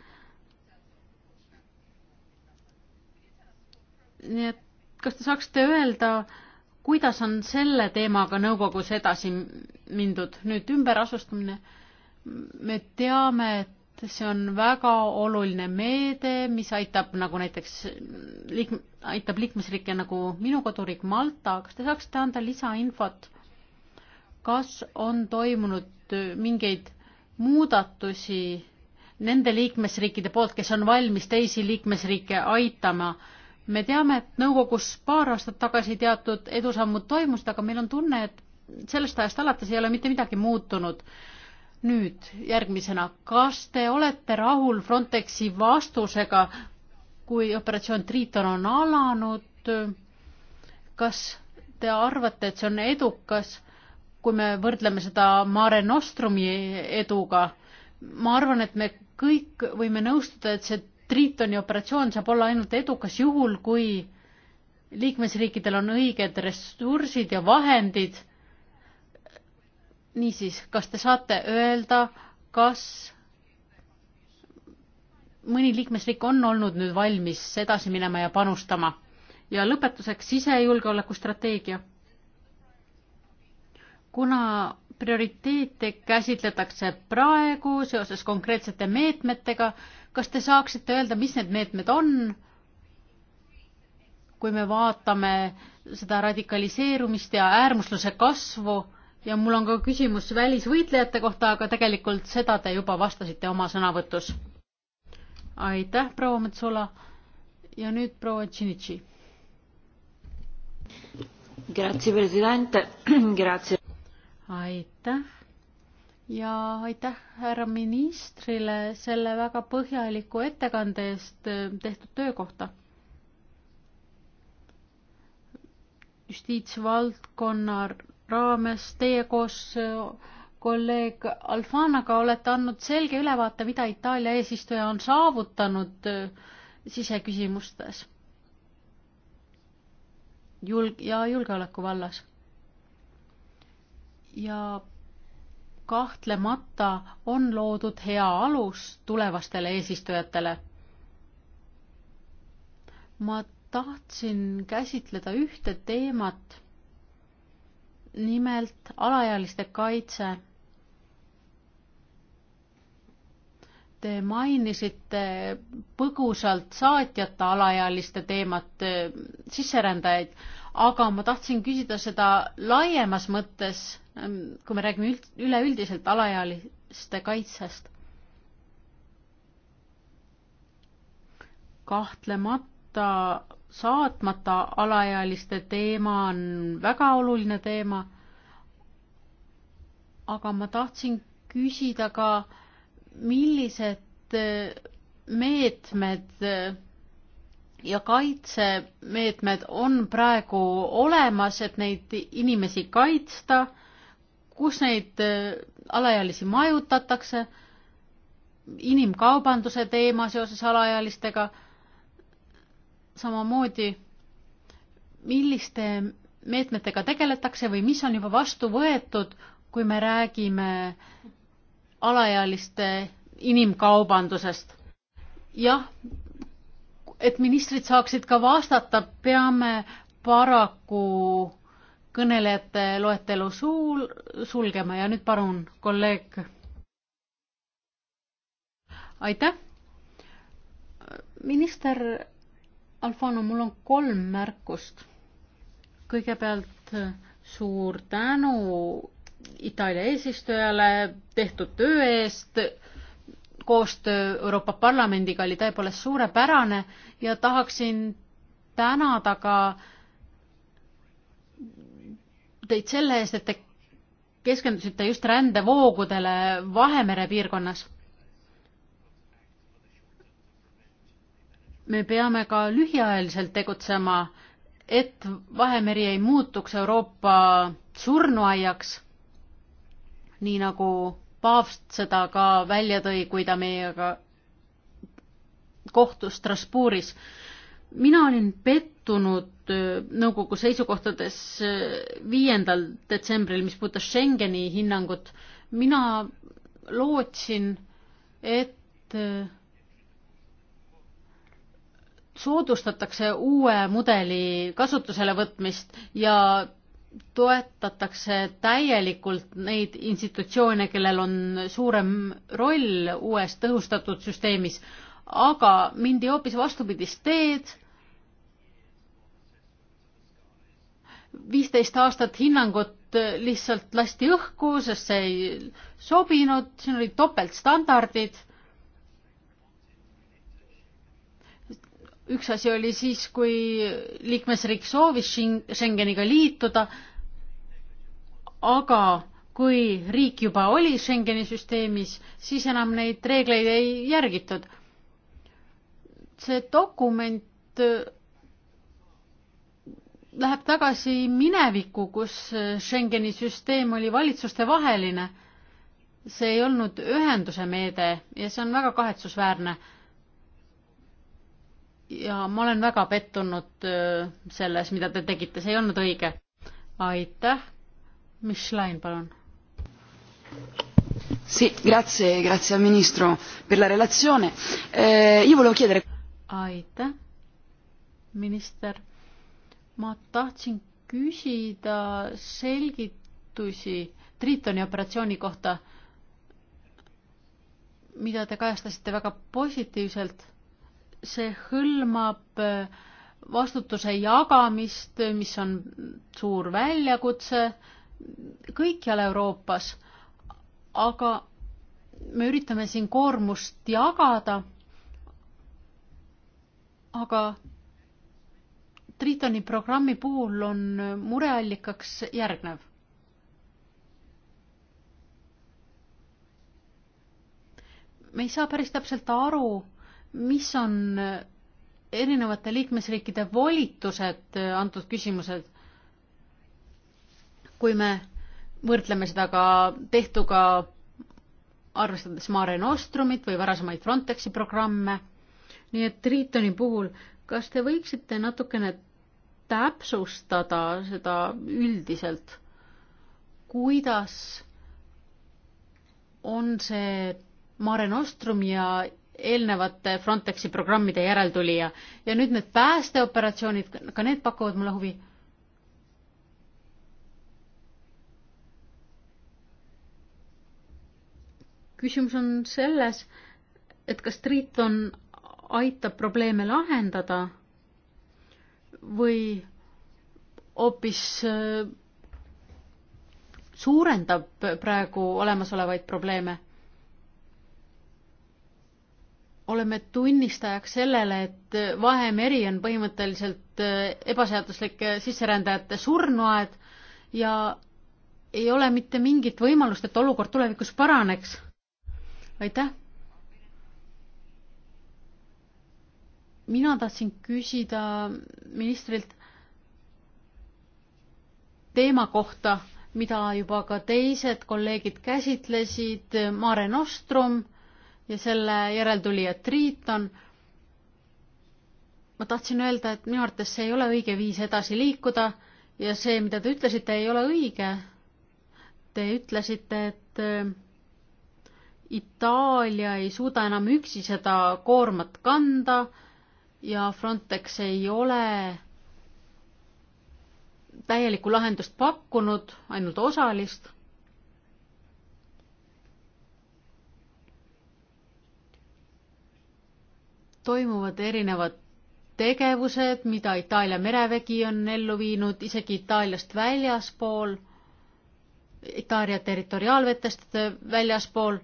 nii et kas te saaksite öelda, kuidas on selle teemaga nõukogus edasi mindud, nüüd ümberasustamine me teame, et see on väga oluline meede, mis aitab nagu näiteks liik-, aitab liikmesriike nagu minu koduriik Malta, kas te saaksite anda lisainfot, kas on toimunud mingeid muudatusi nende liikmesriikide poolt, kes on valmis teisi liikmesriike aitama? me teame, et nõukogus paar aastat tagasi teatud edusammud toimusid, aga meil on tunne, et sellest ajast alates ei ole mitte midagi muutunud nüüd järgmisena, kas te olete rahul Frontexi vastusega, kui operatsioon Triton on alanud? kas te arvate, et see on edukas, kui me võrdleme seda Mare Nostrumi eduga? ma arvan, et me kõik võime nõustuda, et see Tritoni operatsioon saab olla ainult edukas juhul, kui liikmesriikidel on õiged ressursid ja vahendid niisiis, kas te saate öelda, kas mõni liikmesriik on olnud nüüd valmis edasi minema ja panustama? ja lõpetuseks sisejulgeoleku strateegia. kuna prioriteete käsitletakse praegu seoses konkreetsete meetmetega, kas te saaksite öelda, mis need meetmed on? kui me vaatame seda radikaliseerumist ja äärmusluse kasvu ja mul on ka küsimus välisvõitlejate kohta, aga tegelikult seda te juba vastasite oma sõnavõtus. aitäh, proua Metsola. ja nüüd proua Tšinitši. Grazie, president. [clears throat] Grazie. aitäh ja aitäh härra ministrile selle väga põhjaliku ettekande eest eh, tehtud töö kohta. justiitsvaldkonna raames teie koos äh, kolleeg Alfanaga olete andnud selge ülevaate, mida Itaalia eesistuja on saavutanud äh, siseküsimustes julg- ja julgeoleku vallas. ja kahtlemata on loodud hea alus tulevastele eesistujatele. ma tahtsin käsitleda ühte teemat nimelt alaealiste kaitse. Te mainisite põgusalt saatjata alaealiste teemat, eh, sisserändajaid, aga ma tahtsin küsida seda laiemas mõttes, ehm, kui me räägime üld, üleüldiselt alaealiste kaitsest. kahtlemata saatmata alaealiste teema on väga oluline teema. aga ma tahtsin küsida ka, millised äh, meetmed äh, ja kaitsemeetmed on praegu olemas, et neid inimesi kaitsta, kus neid äh, alaealisi majutatakse, inimkaubanduse teema seoses alaealistega samamoodi, milliste meetmetega tegeletakse või mis on juba vastu võetud, kui me räägime alaealiste inimkaubandusest. jah, et ministrid saaksid ka vastata, peame paraku kõnelejate loetelu suul, sulgema ja nüüd palun, kolleeg. aitäh. minister Alfano, mul on kolm märkust. kõigepealt äh, suur tänu Itaalia eesistujale tehtud töö eest. koostöö Euroopa Parlamendiga oli tõepoolest suurepärane ja tahaksin tänada ka teid selle eest, et te keskendusite just rändevoogudele Vahemere piirkonnas me peame ka lühiajaliselt tegutsema, et Vahemeri ei muutuks Euroopa surnuaiaks, nii nagu paavst seda ka välja tõi, kui ta meiega kohtus Strasbourgis. mina olin pettunud äh, nõukogu seisukohtades äh, viiendal detsembril, mis puudutas Schengeni hinnangut. mina lootsin, et äh, soodustatakse uue mudeli kasutusele võtmist ja toetatakse täielikult neid institutsioone, kellel on suurem roll uues tõhustatud süsteemis, aga mindi hoopis vastupidist teed. viisteist aastat hinnangut lihtsalt lasti õhku, sest see ei sobinud, siin olid topeltstandardid üks asi oli siis, kui liikmesriik soovis Schengeniga liituda, aga kui riik juba oli Schengeni süsteemis, siis enam neid reegleid ei järgitud. see dokument äh, läheb tagasi minevikku, kus äh, Schengeni süsteem oli valitsustevaheline. see ei olnud ühenduse meede ja see on väga kahetsusväärne ja ma olen väga pettunud selles, mida te tegite, see ei olnud õige. aitäh. Miss Schlein, palun. Sì, grazie, grazie al Ministro per la relazione. Eh, io volevo chiedere... Aitäh, minister. Ma tahtsin küsida selgitusi Tritoni operatsiooni kohta, mida te kajastasite väga positiivselt see hõlmab äh, vastutuse jagamist, mis on suur väljakutse kõikjal Euroopas, aga me üritame siin koormust jagada, aga Tritoni programmi puhul on mureallikaks järgnev. me ei saa päris täpselt aru, mis on äh, erinevate liikmesriikide volitused äh, antud küsimused, kui me võrdleme seda ka tehtuga arvestades Mare Nostrumit või varasemaid Frontexi programme. nii et Tritoni puhul, kas te võiksite natukene täpsustada seda üldiselt, kuidas on see Mare Nostrum ja eelnevate Frontexi programmide järeltulija. ja nüüd need päästeoperatsioonid, ka need pakuvad mulle huvi. küsimus on selles, et kas Triton aitab probleeme lahendada või hoopis äh, suurendab praegu olemasolevaid probleeme oleme tunnistajaks sellele, et Vahemeri on põhimõtteliselt äh, ebaseaduslike sisserändajate surnuaed ja ei ole mitte mingit võimalust, et olukord tulevikus paraneks. aitäh. mina tahtsin küsida ministrilt teema kohta, mida juba ka teised kolleegid käsitlesid, Mare Nostrum ja selle järel tuli Triiton. ma tahtsin öelda, et minu arvates see ei ole õige viis edasi liikuda ja see, mida te ütlesite, ei ole õige. Te ütlesite, et äh, Itaalia ei suuda enam üksi seda koormat kanda ja Frontex ei ole täielikku lahendust pakkunud, ainult osalist toimuvad erinevad tegevused, mida Itaalia merevägi on ellu viinud, isegi Itaaliast väljaspool, Itaalia territoriaalvetest väljaspool.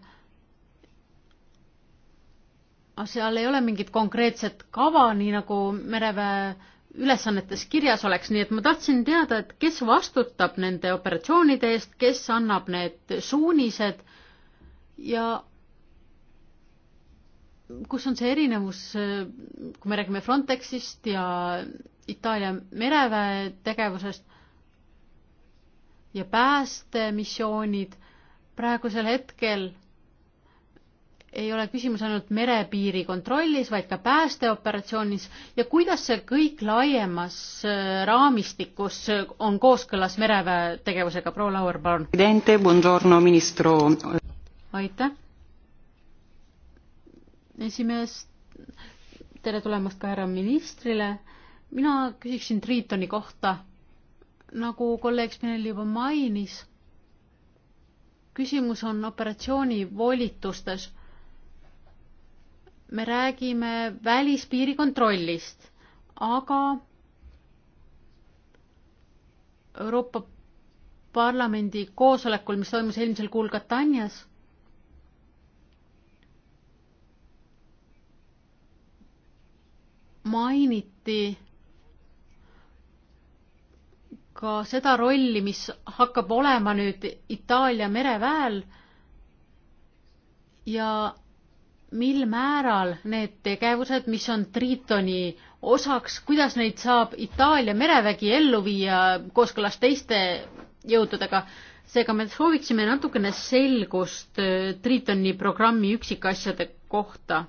seal ei ole mingit konkreetset kava, nii nagu mereväe ülesannetes kirjas oleks, nii et ma tahtsin teada, et kes vastutab nende operatsioonide eest, kes annab need suunised ja kus on see erinevus, kui me räägime Frontexist ja Itaalia mereväe tegevusest ja päästemissioonid, praegusel hetkel ei ole küsimus ainult merepiiri kontrollis, vaid ka päästeoperatsioonis ja kuidas see kõik laiemas äh, raamistikus on kooskõlas mereväe tegevusega, proua Laur, palun. aitäh esimees, tere tulemast ka härra ministrile. mina küsiksin Triitoni kohta. nagu kolleeg Spinelli juba mainis, küsimus on operatsiooni volitustes. me räägime välispiiri kontrollist, aga Euroopa Parlamendi koosolekul, mis toimus eelmisel kuul Katanias mainiti ka seda rolli, mis hakkab olema nüüd Itaalia mereväel ja mil määral need tegevused, mis on Tritoni osaks, kuidas neid saab Itaalia merevägi ellu viia kooskõlas teiste jõududega. seega me sooviksime natukene selgust äh, Tritoni programmi üksikasjade kohta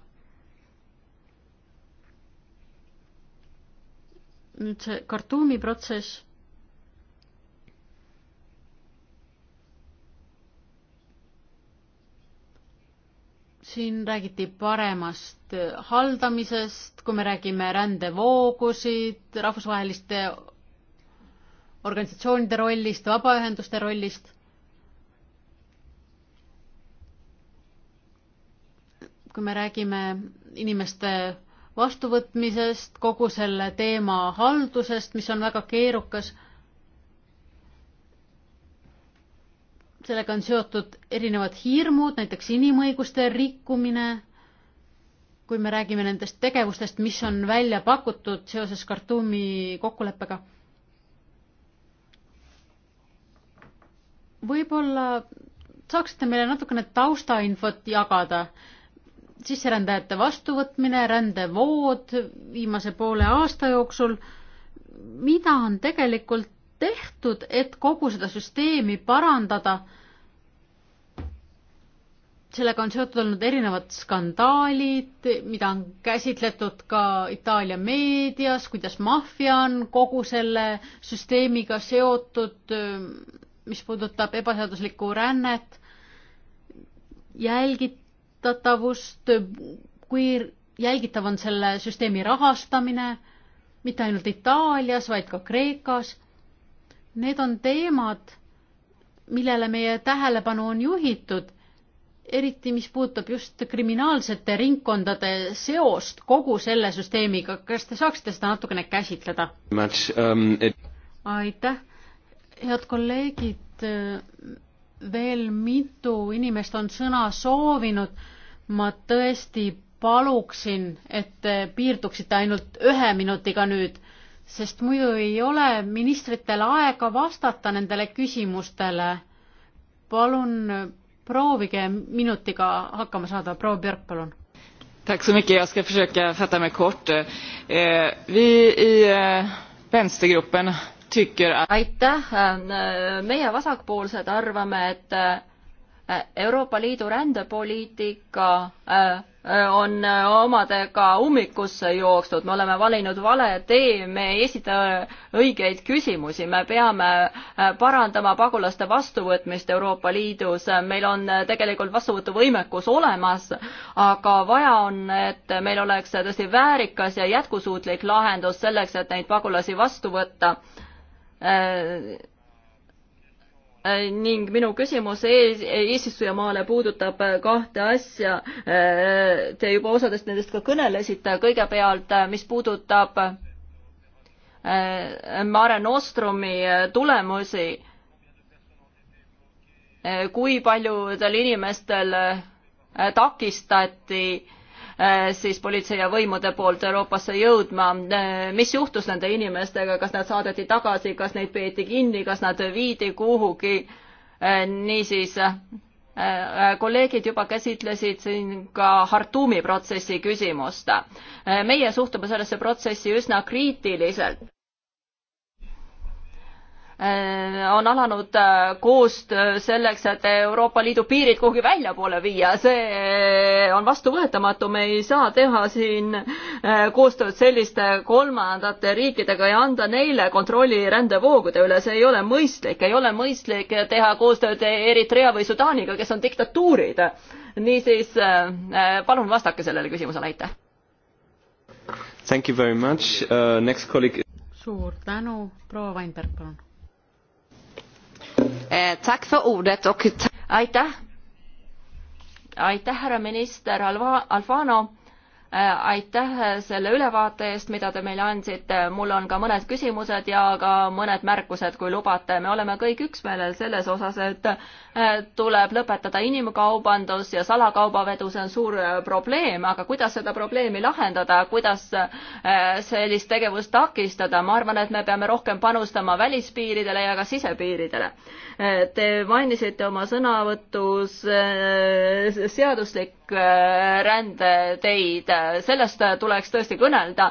nüüd see Khartoumi protsess. siin räägiti paremast haldamisest, kui me räägime rändevoogusid, rahvusvaheliste organisatsioonide rollist, vabaühenduste rollist. kui me räägime inimeste vastuvõtmisest, kogu selle teema haldusest, mis on väga keerukas. sellega on seotud erinevad hirmud, näiteks inimõiguste rikkumine. kui me räägime nendest tegevustest, mis on välja pakutud seoses Khartoumi kokkuleppega. võib-olla saaksite meile natukene taustainfot jagada sisserändajate vastuvõtmine, rändevood viimase poole aasta jooksul. mida on tegelikult tehtud, et kogu seda süsteemi parandada? sellega on seotud olnud erinevad skandaalid, mida on käsitletud ka Itaalia meedias, kuidas maffia on kogu selle süsteemiga seotud, mis puudutab ebaseaduslikku rännet. jälgit-, kasutatavust, kui jälgitav on selle süsteemi rahastamine, mitte ainult Itaalias, vaid ka Kreekas. Need on teemad, millele meie tähelepanu on juhitud, eriti mis puudutab just kriminaalsete ringkondade seost kogu selle süsteemiga. kas te saaksite seda natukene käsitleda? Um, it... aitäh, head kolleegid veel mitu inimest on sõna soovinud ma tõesti paluksin, et te piirduksite ainult ühe minutiga nüüd, sest muidu ei ole ministritel aega vastata nendele küsimustele. palun proovige minutiga hakkama saada, proua Björk, palun. Tack så mycket. Jag ska försöka fatta mig kort. Eh, vi i eh, vänstergruppen tycker att... Aitäh! Eh, meie vasakpoolsed arvame, et eh, Euroopa Liidu rändepoliitika äh, on äh, omadega ummikusse jooksnud, me oleme valinud vale tee, me ei esita õigeid küsimusi, me peame äh, parandama pagulaste vastuvõtmist Euroopa Liidus, meil on tegelikult vastuvõtuvõimekus olemas, aga vaja on, et meil oleks tõesti väärikas ja jätkusuutlik lahendus selleks, et neid pagulasi vastu võtta Äh, ning minu küsimus eesistujamaale puudutab äh, kahte asja. Äh, te juba osadest nendest ka kõnelesite, kõigepealt, mis puudutab Mare Nostrumi tulemusi, kui paljudel inimestel takistati Äh, siis politsei ja võimude poolt Euroopasse jõudma. Äh, mis juhtus nende inimestega, kas nad saadeti tagasi, kas neid peeti kinni, kas nad viidi kuhugi? Äh, niisiis, kolleegid juba käsitlesid siin ka Hartumi protsessi küsimust. meie suhtume sellesse protsessi üsna kriitiliselt Äh, on alanud äh, koostöö selleks, et Euroopa Liidu piirid kuhugi väljapoole viia, see äh, on vastuvõetamatu, me ei saa teha siin koostööd selliste kolmandate riikidega ja anda neile kontrolli rändevoogude üle, see ei ole mõistlik, ei ole mõistlik teha koostööd Eritrea või Sudaaniga, kes on diktatuurid. niisiis palun vastake sellele küsimusele, aitäh. Thank you very much uh,, next colleague. suur tänu, proua Weinberg, palun Eh, aitäh, aitäh, härra minister Alva-, Alfano Äh, aitäh selle ülevaate eest, mida te meile andsite. mul on ka mõned küsimused ja ka mõned märkused, kui lubate. me oleme kõik üksmeelel selles osas, et äh, tuleb lõpetada inimkaubandus ja salakaubavedu, see on suur äh, probleem, aga kuidas seda probleemi lahendada, kuidas sellist tegevust takistada? ma arvan, et me peame rohkem panustama välispiiridele ja ka sisepiiridele. Te mainisite oma sõnavõtus seaduslik Äh, rändeteid, sellest äh, tuleks tõesti kõnelda.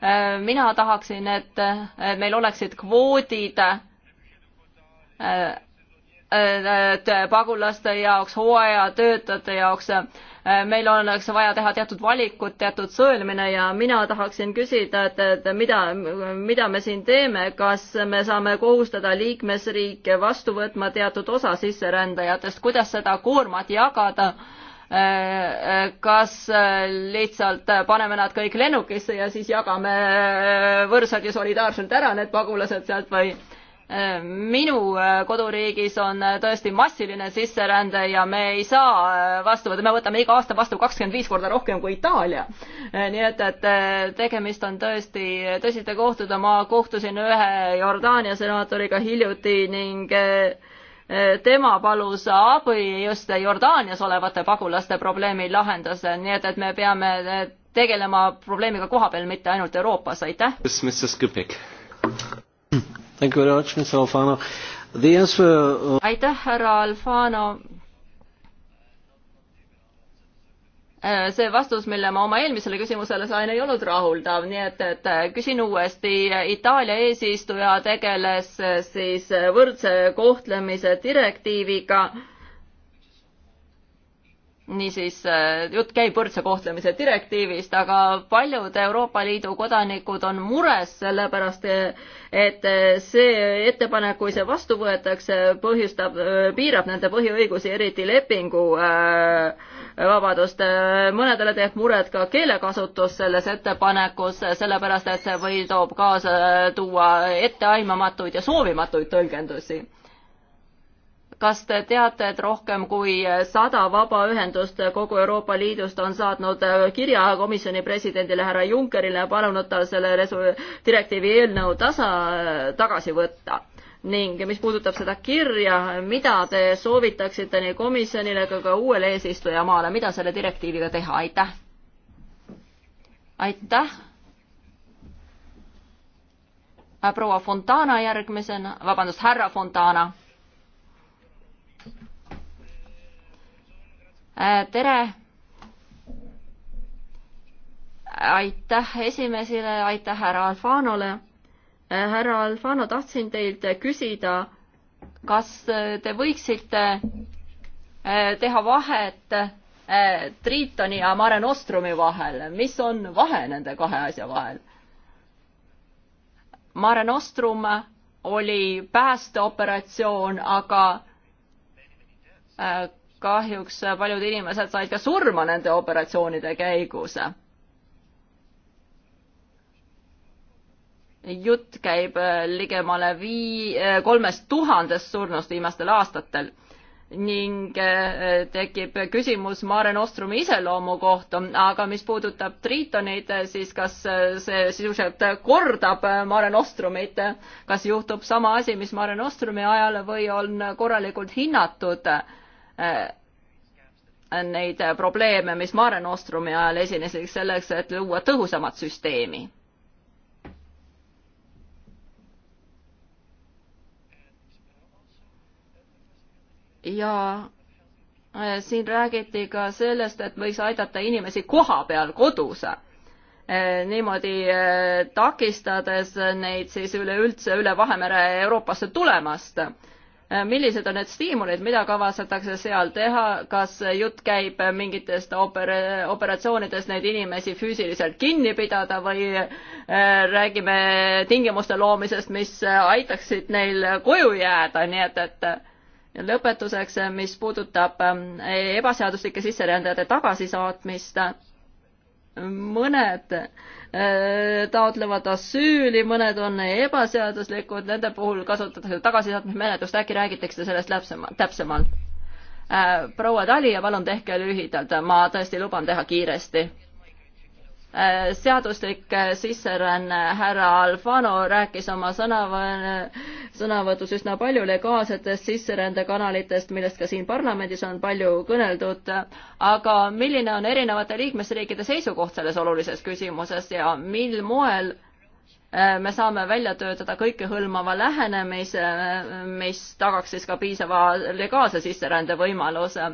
Äh, mina tahaksin, et meil oleksid kvoodid pagulaste jaoks, hooajatöötajate jaoks, meil oleks vaja teha teatud valikud, teatud sõelmine ja mina tahaksin küsida, et, et mida, mida me siin teeme, kas me saame kohustada liikmesriike vastu võtma teatud osa sisserändajatest, kuidas seda koormat jagada äh, Äh, äh, kas äh, lihtsalt paneme nad kõik lennukisse ja siis jagame võrsad ja solidaarselt ära need pagulased sealt või minu koduriigis on tõesti massiline sisserände ja me ei saa vastu võtta, me võtame iga aasta vastu kakskümmend viis korda rohkem kui Itaalia. nii et, et tegemist on tõesti tõsiste kohtadega, ma kohtusin ühe Jordaania senaatoriga hiljuti ning äh, tema palus abi just Jordaanias olevate pagulaste probleemi lahendas, nii et, et me peame tegelema probleemiga koha peal, mitte ainult Euroopas, aitäh. Uh, aitäh, härra Alfano Äh, see vastus, mille ma oma eelmisele küsimusele sain, ei olnud rahuldav, nii et, et äh, küsin uuesti. Itaalia eesistuja tegeles äh, siis võrdse kohtlemise direktiiviga. niisiis, jutt käib võrdse kohtlemise direktiivist, aga paljud Euroopa Liidu kodanikud on mures sellepärast, et see ettepanek, kui see vastu võetakse, põhjustab, piirab nende põhiõigusi, eriti lepingu äh, vabadust. mõnedele teeb muret ka keelekasutus selles ettepanekus, sellepärast et see või toob kaasa tuua etteaimamatuid ja soovimatuid tõlgendusi. kas te teate, et rohkem kui sada vabaühendust kogu Euroopa Liidust on saatnud kirja komisjoni presidendile härra Junckerile ja palunud tal selle direktiivi eelnõu tasa, tagasi võtta? ning mis puudutab seda kirja, mida te soovitaksite nii komisjonile kui ka uuele eesistujamaale, mida selle direktiiviga teha, aitäh! aitäh! proua Fontana järgmisena, vabandust, härra Fontana. Äh, tere. aitäh esimesele, aitäh härra Alfanole Äh, härra Alfano, tahtsin teilt küsida, kas äh, te võiksite äh, teha vahet Tritoni ja Mare Nostrumi vahel, mis on vahe nende kahe asja vahel? Mare Nostrum oli päästeoperatsioon, aga kahjuks paljud inimesed said ka surma nende operatsioonide käigus jutt käib äh, ligemale vii-, äh, kolmest tuhandest surnust viimastel aastatel ning äh, tekib küsimus Mare Nostrumi iseloomu kohta, aga mis puudutab Tritonit, siis kas see sisuliselt kordab Mare Nostrumit, kas juhtub sama asi, mis Mare Nostrumi ajal või on korralikult hinnatud neid probleeme, mis Mare Nostrumi ajal esinesid, selleks, et luua tõhusamat süsteemi ja äh, siin räägiti ka sellest, et võiks aidata inimesi koha peal kodus, äh, niimoodi äh, takistades neid siis üleüldse üle Vahemere Euroopasse tulemast. millised on need stiimulid, mida kavatsetakse seal teha, kas jutt käib mingitest oper-, operatsioonidest neid inimesi füüsiliselt kinni pidada või räägime tingimuste loomisest, mis aitaksid neil koju jääda, nii et, et lõpetuseks, eh, mis puudutab eh, ebaseaduslike sisserändajate tagasisaatmist, mõned eh, taotlevad asüüli, mõned on ebaseaduslikud, nende puhul kasutatakse tagasisaatmismenetlust, äkki räägitakse sellest läpsema, täpsemalt? proua Tali ja palun tehke lühidalt, ma tõesti luban teha kiiresti Äh, seaduslik äh, sisseränne, härra Alfano rääkis oma sõnavõ-, sõnavõtus üsna palju legaalsetest sisserändekanalitest, millest ka siin parlamendis on palju kõneldud, aga milline on erinevate liikmesriikide seisukoht selles olulises küsimuses ja mil moel äh, me saame välja töötada kõikehõlmava lähenemise, mis tagaks siis ka piisava legaalse sisserände võimaluse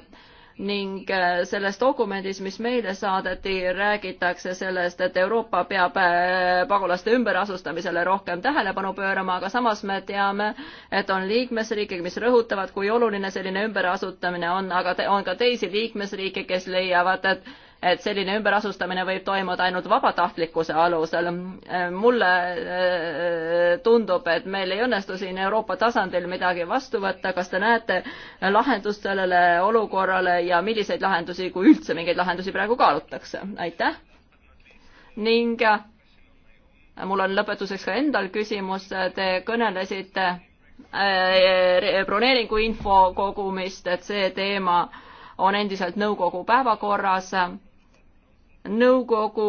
ning äh, selles dokumendis, mis meile saadeti, räägitakse sellest, et Euroopa peab äh, pagulaste ümberasustamisele rohkem tähelepanu pöörama, aga samas me teame, et on liikmesriike, mis rõhutavad, kui oluline selline ümberasutamine on, aga on ka teisi liikmesriike, kes leiavad, et et selline ümberasustamine võib toimuda ainult vabatahtlikkuse alusel. Äh, mulle äh, tundub, et meil ei õnnestu siin Euroopa tasandil midagi vastu võtta, kas te näete lahendust sellele olukorrale ja milliseid lahendusi, kui üldse mingeid lahendusi praegu kaalutakse? aitäh! ning äh, mul on lõpetuseks ka endal küsimus, te kõnelesite broneeringu info kogumist, et see teema on endiselt nõukogu päevakorras nõukogu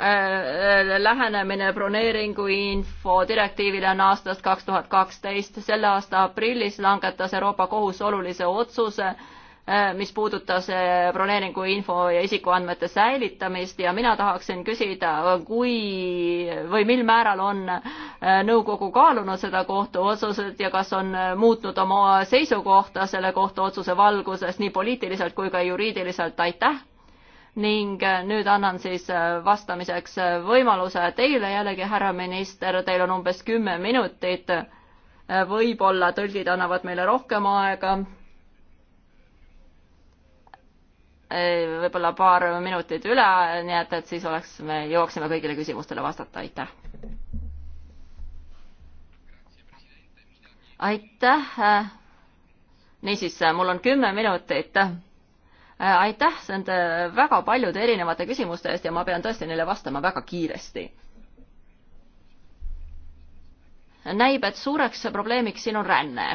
äh, äh, lähenemine broneeringu info direktiivile on aastast kaks tuhat kaksteist. selle aasta aprillis langetas Euroopa Kohus olulise otsuse, äh, mis puudutas broneeringu info ja isikuandmete säilitamist ja mina tahaksin küsida, kui või mil määral on nõukogu kaalunud seda kohtuotsuselt ja kas on muutnud oma seisukohta selle kohtuotsuse valguses nii poliitiliselt kui ka juriidiliselt, aitäh ning äh, nüüd annan siis äh, vastamiseks äh, võimaluse teile jällegi, härra minister, teil on umbes kümme minutit. võib-olla tõlgid annavad meile rohkem aega. võib-olla paar minutit üle, nii et, et siis oleks, me jõuaksime kõigile küsimustele vastata, aitäh. aitäh. niisiis, mul on kümme minutit Äh, aitäh nende väga paljude erinevate küsimuste eest ja ma pean tõesti neile vastama väga kiiresti. näib, et suureks probleemiks siin on ränne.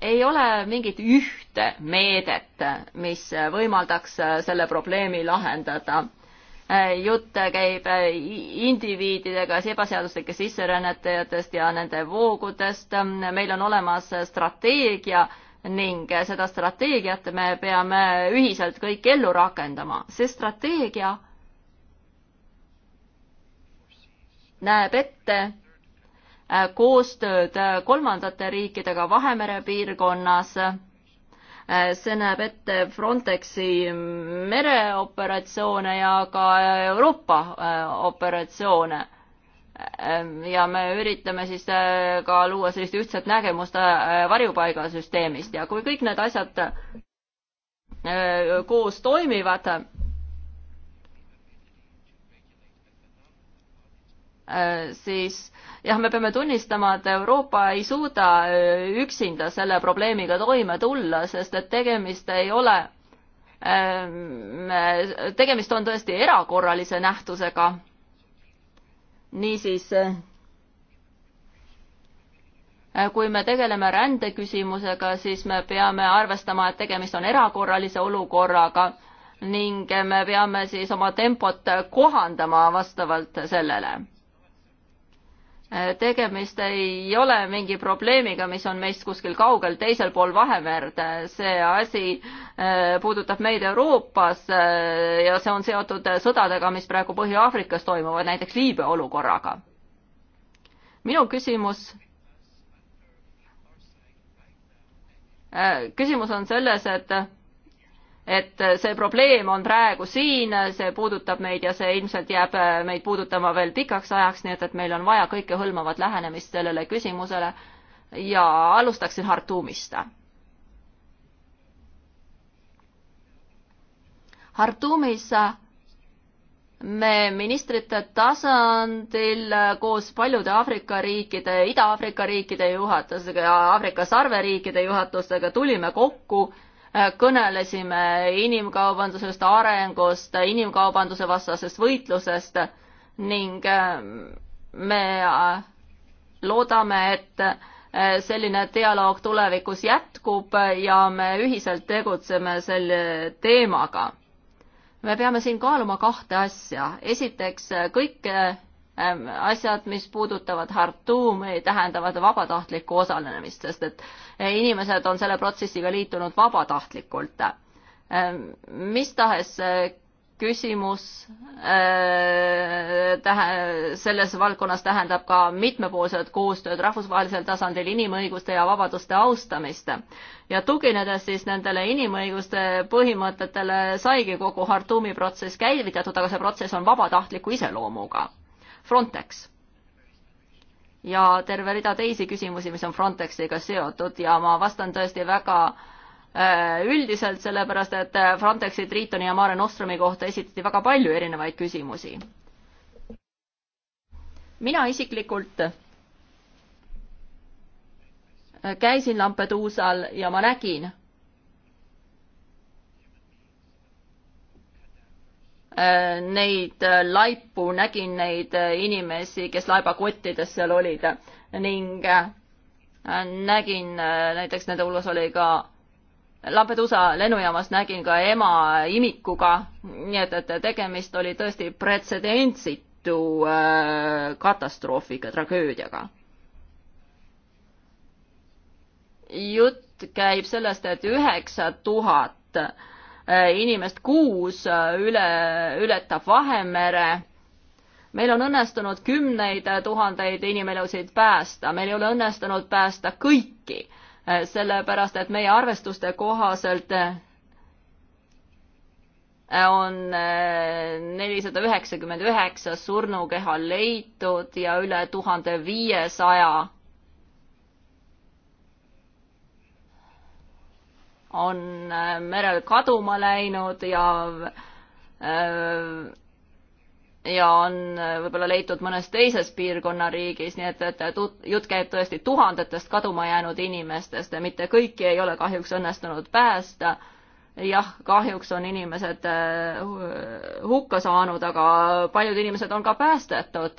ei ole mingit ühte meedet, mis võimaldaks selle probleemi lahendada Äh, jutt käib äh, indiviididega, ebaseaduslikest sisserännajatest ja nende voogudest. meil on olemas strateegia ning seda strateegiat me peame ühiselt kõik ellu rakendama. see strateegia näeb ette äh, koostööd kolmandate riikidega Vahemere piirkonnas Äh, see näeb ette Frontexi mereoperatsioone ja ka Euroopa äh, operatsioone. Äh, ja me üritame siis ka luua sellist ühtset nägemust varjupaigasüsteemist ja kui kõik need asjad koos toimivad, Äh, siis jah, me peame tunnistama, et Euroopa ei suuda äh, üksinda selle probleemiga toime tulla, sest et tegemist ei ole, äh, tegemist on tõesti erakorralise nähtusega. niisiis, kui me tegeleme rändeküsimusega, siis me peame arvestama, et tegemist on erakorralise olukorraga ning me peame siis oma tempot kohandama vastavalt sellele Äh, tegemist ei ole mingi probleemiga, mis on meist kuskil kaugel teisel pool Vahemerd. Äh, see asi äh, puudutab meid Euroopas ja see on seotud sõdadega, mis praegu Põhja-Aafrikas toimuvad, näiteks Liibüa olukorraga. minu küsimus küsimus on selles, et et äh, see probleem on praegu siin, see puudutab meid ja see ilmselt jääb äh, meid puudutama veel pikaks ajaks, nii et, et meil on vaja kõikehõlmavat lähenemist sellele küsimusele ja alustaksin Hartumist. Hartumis me ministrite tasandil koos paljude Aafrika riikide, Ida-Aafrika riikide juhatusega ja Aafrika sarveriikide juhatustega tulime kokku äh, Äh, kõnelesime inimkaubandusest, arengust, inimkaubanduse vastasest võitlusest ning äh, me äh, loodame, et selline dialoog tulevikus jätkub ja me ühiselt tegutseme selle teemaga. me peame siin kaaluma kahte asja. esiteks, kõik asjad, mis puudutavad Hartumi, tähendavad vabatahtlikku osalemist, sest et inimesed on selle protsessiga liitunud vabatahtlikult. Ehm, mis tahes e, küsimus e, tähe-, selles valdkonnas tähendab ka mitmepoolset koostööd rahvusvahelisel tasandil inimõiguste ja vabaduste austamist. ja tuginedes siis nendele inimõiguste põhimõtetele saigi kogu Hartumi protsess käivitatud, aga see protsess on vabatahtliku iseloomuga. Frontex ja terve rida teisi küsimusi, mis on Frontexiga seotud ja ma vastan tõesti väga äh, üldiselt, sellepärast et äh, Frontexi, Tritoni ja Mare Nostrumi kohta esitati väga palju erinevaid küsimusi. mina isiklikult äh, käisin Lampeduusal ja ma nägin, Äh, neid äh, laipu, nägin neid äh, inimesi, kes laebakottides seal olid ning nägin, näiteks nende hulgas oli ka Lampedusa lennujaamas nägin ka ema imikuga, nii et, et tegemist oli tõesti pretsedentsitu katastroofiga, tragöödiaga. jutt käib sellest, et üheksa tuhat Äh, inimest kuus äh, üle, ületab Vahemere. meil on õnnestunud kümneid äh, tuhandeid inimelusid päästa, meil ei ole õnnestunud päästa kõiki, sellepärast et meie arvestuste kohaselt on nelisada üheksakümmend üheksa surnukeha leitud ja üle tuhande viiesaja on äh, merel kaduma läinud ja äh, ja on äh, võib-olla leitud mõnes teises piirkonna riigis, nii et, et jutt käib tõesti tuhandetest kaduma jäänud inimestest ja mitte kõiki ei ole kahjuks õnnestunud päästa. jah, kahjuks on inimesed hukka saanud, aga paljud inimesed on ka päästetud.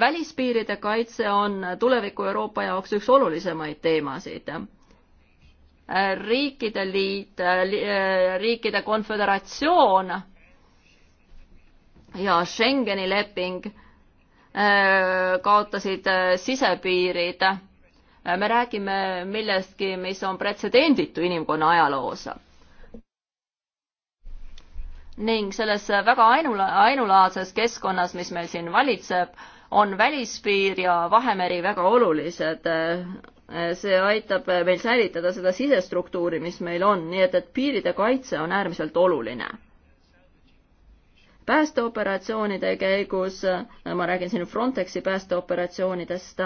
välispiiride kaitse on tuleviku Euroopa jaoks üks olulisemaid teemasid riikide liit, äh, riikide konföderatsioon ja Schengeni leping äh, kaotasid äh, sisepiirid. me räägime millestki, mis on pretsedenditu inimkonna ajaloos. ning selles väga ainula-, ainulaadses keskkonnas, mis meil siin valitseb, on välispiir ja Vahemeri väga olulised see aitab meil säilitada seda sisestruktuuri, mis meil on, nii et, et piiride kaitse on äärmiselt oluline. päästeoperatsioonide käigus, ma räägin siin Frontexi päästeoperatsioonidest,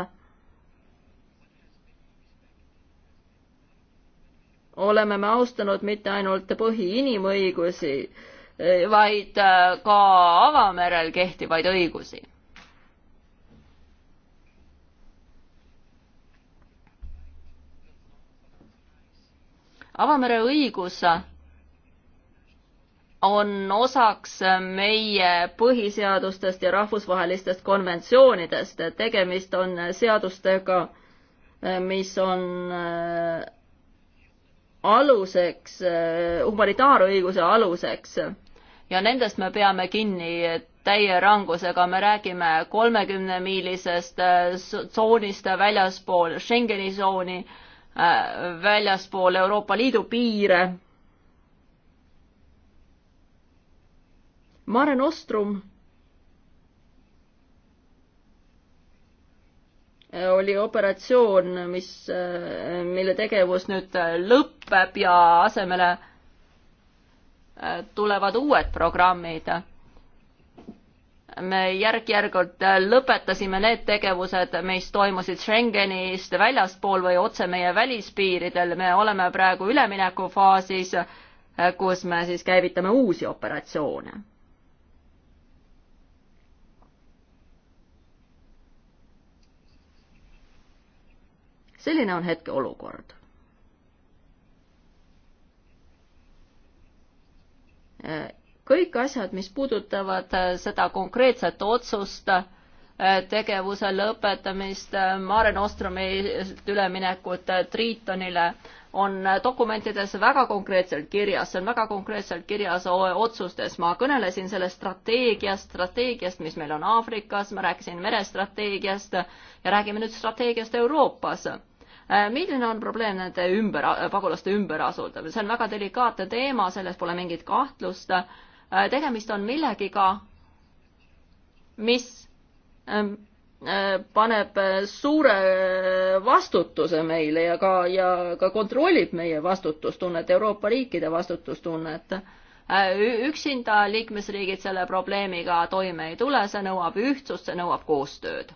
oleme me austanud mitte ainult põhiinimõigusi, vaid ka avamerel kehtivaid õigusi avamere õigus on osaks meie põhiseadustest ja rahvusvahelistest konventsioonidest. tegemist on seadustega, mis on äh, aluseks, äh, humanitaarõiguse aluseks ja nendest me peame kinni täie rangusega, me räägime kolmekümnemiilisest äh, tsoonist väljaspool Schengeni tsooni Äh, väljaspool Euroopa Liidu piire. Mare Nostrum oli operatsioon, mis, äh, mille tegevus nüüd äh, lõpeb ja asemele tulevad uued programmid me järk-järgult äh, lõpetasime need tegevused, mis toimusid Schengenist väljaspool või otse meie välispiiridel, me oleme praegu üleminekufaasis, äh, kus me siis käivitame uusi operatsioone. selline on hetkeolukord äh, kõik asjad, mis puudutavad äh, seda konkreetset otsust, äh, tegevuse lõpetamist, äh, Mare Nostrumilt üleminekut Tritonile, on dokumentides väga konkreetselt kirjas, see on väga konkreetselt kirjas otsustes, ma kõnelesin sellest strateegiast, strateegiast, mis meil on Aafrikas, ma rääkisin merestrateegiast ja räägime nüüd strateegiast Euroopas. milline on probleem nende ümber, pagulaste ümberasudamisel, see on väga delikaatne teema, selles pole mingit kahtlust Äh, tegemist on millegiga, mis ähm, äh, paneb äh, suure vastutuse meile ja ka, ja ka kontrollib meie vastutustunnet, Euroopa riikide vastutustunnet üksinda liikmesriigid selle probleemiga toime ei tule, see nõuab ühtsust, see nõuab koostööd.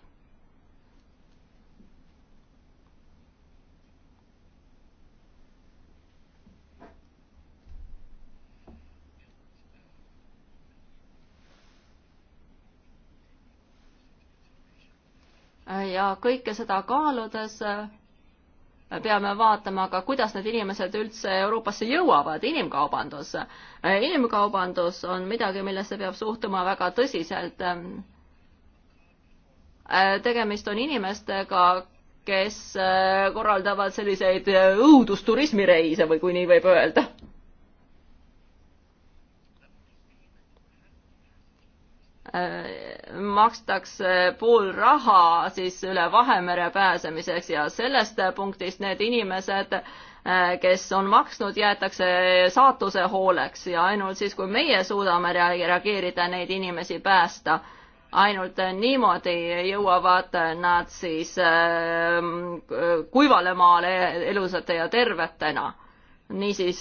ja kõike seda kaaludes äh, peame vaatama ka, kuidas need inimesed üldse Euroopasse jõuavad, inimkaubandus. Äh, inimkaubandus on midagi, millesse peab suhtuma väga tõsiselt. Äh, tegemist on inimestega, kes korraldavad selliseid õudusturismireise või kui nii võib öelda makstakse pool raha siis üle Vahemere pääsemiseks ja sellest punktist need inimesed, eh, kes on maksnud, jäetakse saatuse hooleks ja ainult siis, kui meie suudame reageerida, neid inimesi päästa, ainult niimoodi jõuavad nad siis eh, kuivale maale elusate ja tervetena. niisiis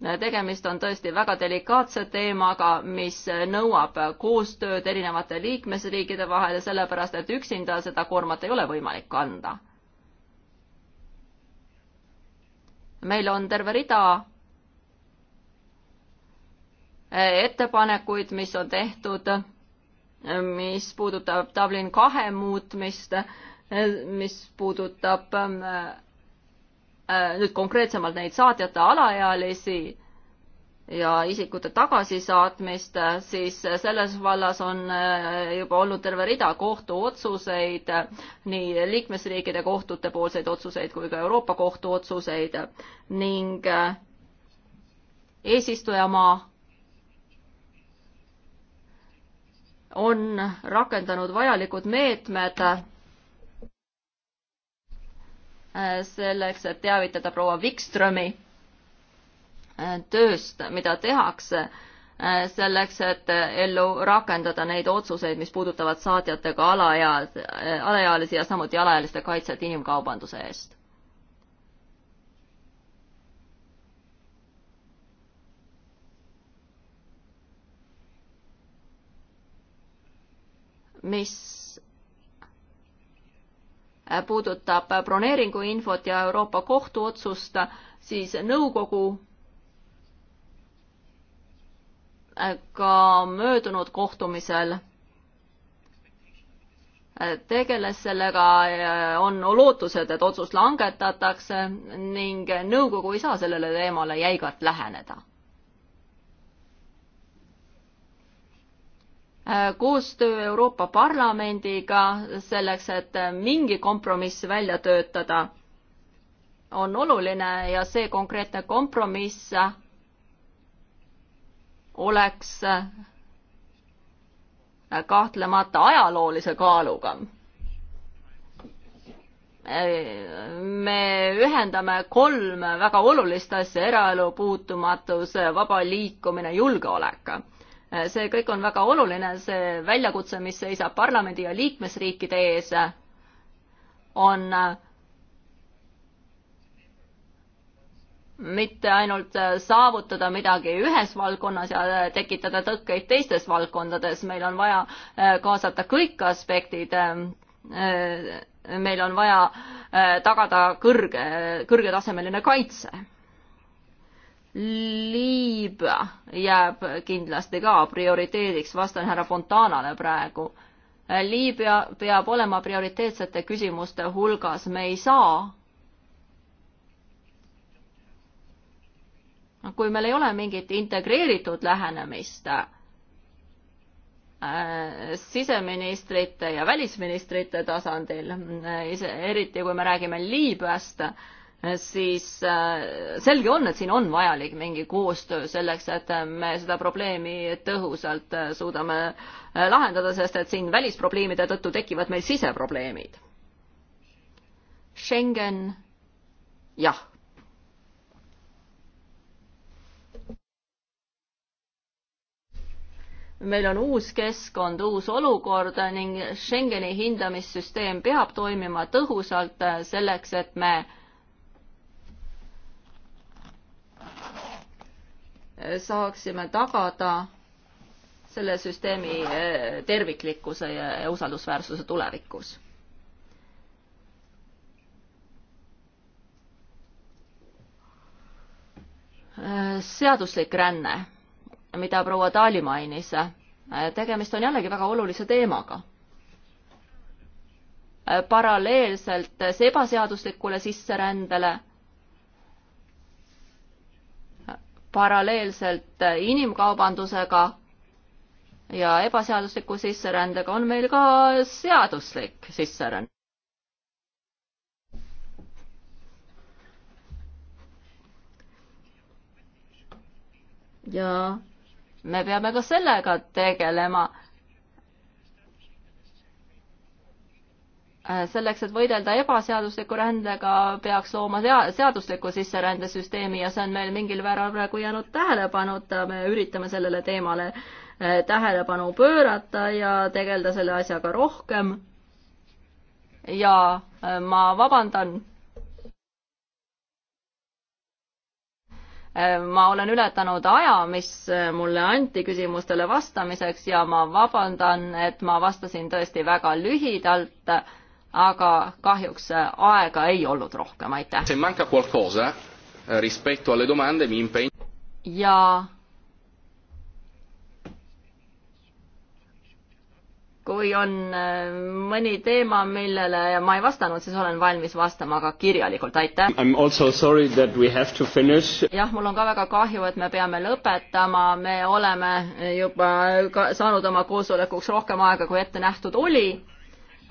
tegemist on tõesti väga delikaatse teemaga, mis nõuab koostööd erinevate liikmesriikide vahel, sellepärast et üksinda seda koormat ei ole võimalik kanda. meil on terve rida ettepanekuid, mis on tehtud, mis puudutab Dublin kahe muutmist, mis puudutab Äh, nüüd konkreetsemalt neid saatjate alaealisi ja isikute tagasisaatmist, äh, siis selles vallas on äh, juba olnud terve rida kohtuotsuseid, nii liikmesriikide kohtute poolseid otsuseid kui ka Euroopa Kohtu otsuseid ning eesistujamaa on rakendanud vajalikud meetmed Äh, selleks, et teavitada proua Wikströmi äh, tööst, mida tehakse, äh, selleks, et ellu rakendada neid otsuseid, mis puudutavad saatjatega alaeal-, alaealisi ja samuti alaealiste kaitset inimkaubanduse eest. mis puudutab broneeringuinfot ja Euroopa Kohtu otsust, siis nõukogu ka möödunud kohtumisel tegeles sellega, on lootused, et otsus langetatakse ning nõukogu ei saa sellele teemale jäigalt läheneda Äh, koostöö Euroopa Parlamendiga selleks, et äh, mingi kompromiss välja töötada, on oluline ja see konkreetne kompromiss oleks äh, kahtlemata ajaloolise kaaluga. me ühendame kolm väga olulist asja, eraelu puutumatus, vaba liikumine, julgeolek see kõik on väga oluline, see väljakutse, mis seisab parlamendi ja liikmesriikide ees, on mitte ainult saavutada midagi ühes valdkonnas ja tekitada tõkkeid teistes valdkondades, meil on vaja äh, kaasata kõik aspektid. Äh, äh, meil on vaja tagada kõrge, kõrgetasemeline kaitse Liibüa jääb kindlasti ka prioriteediks, vastan härra Fontanale praegu. Liibüa peab olema prioriteetsete küsimuste hulgas, me ei saa kui meil ei ole mingit integreeritud lähenemist äh, siseministrite ja välisministrite tasandil, äh, eriti kui me räägime Liibüast, siis äh, selge on, et siin on vajalik mingi koostöö selleks, et me seda probleemi tõhusalt äh, suudame äh, lahendada, sest et siin välisprobleemide tõttu tekivad meil siseprobleemid. Schengen, jah. meil on uus keskkond, uus olukord ning Schengeni hindamissüsteem peab toimima tõhusalt selleks, et me saaksime tagada selle süsteemi eh, terviklikkuse ja usaldusväärsuse tulevikus. Eh, seaduslik ränne, mida proua Taali mainis, eh, tegemist on jällegi väga olulise teemaga. paralleelselt ebaseaduslikule sisserändele paralleelselt inimkaubandusega ja ebaseadusliku sisserändega on meil ka seaduslik sisseränne. ja me peame ka sellega tegelema Äh, selleks, et võidelda ebaseadusliku rändega, peaks looma seadusliku sisserändesüsteemi ja see on meil mingil määral praegu jäänud tähelepanuta, me üritame sellele teemale äh, tähelepanu pöörata ja tegeleda selle asjaga rohkem. ja äh, ma vabandan. ma olen ületanud aja, mis mulle anti küsimustele vastamiseks ja ma vabandan, et ma vastasin tõesti väga lühidalt aga kahjuks äh, aega ei olnud rohkem, aitäh. Eh, ja kui on äh, mõni teema, millele ma ei vastanud, siis olen valmis vastama ka kirjalikult, aitäh. jah, mul on ka väga kahju, et me peame lõpetama, me oleme juba saanud oma koosolekuks rohkem aega, kui ette nähtud oli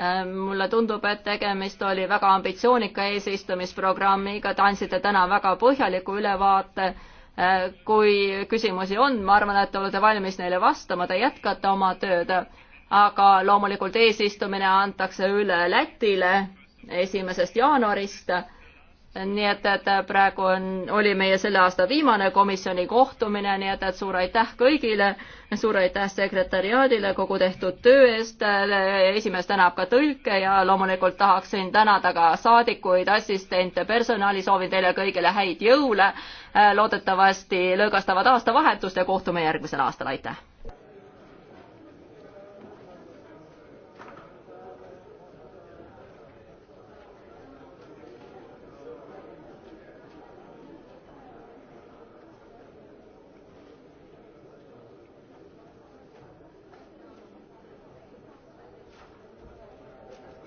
Äh, mulle tundub, et tegemist oli väga ambitsioonika eesistumisprogrammiga, te andsite täna väga põhjaliku ülevaate. Äh, kui küsimusi on, ma arvan, et te olete valmis neile vastama, te jätkate oma tööd, aga loomulikult eesistumine antakse üle Lätile esimesest jaanuarist nii et, et praegu on, oli meie selle aasta viimane komisjoni kohtumine, nii et, et suur aitäh kõigile, suur aitäh sekretäriaadile kogu tehtud töö eest, esimees tänab ka tõlke ja loomulikult tahaksin tänada ka saadikuid, assistente, personali, soovin teile kõigile häid jõule, loodetavasti lõõgastavat aastavahetust ja kohtume järgmisel aastal, aitäh!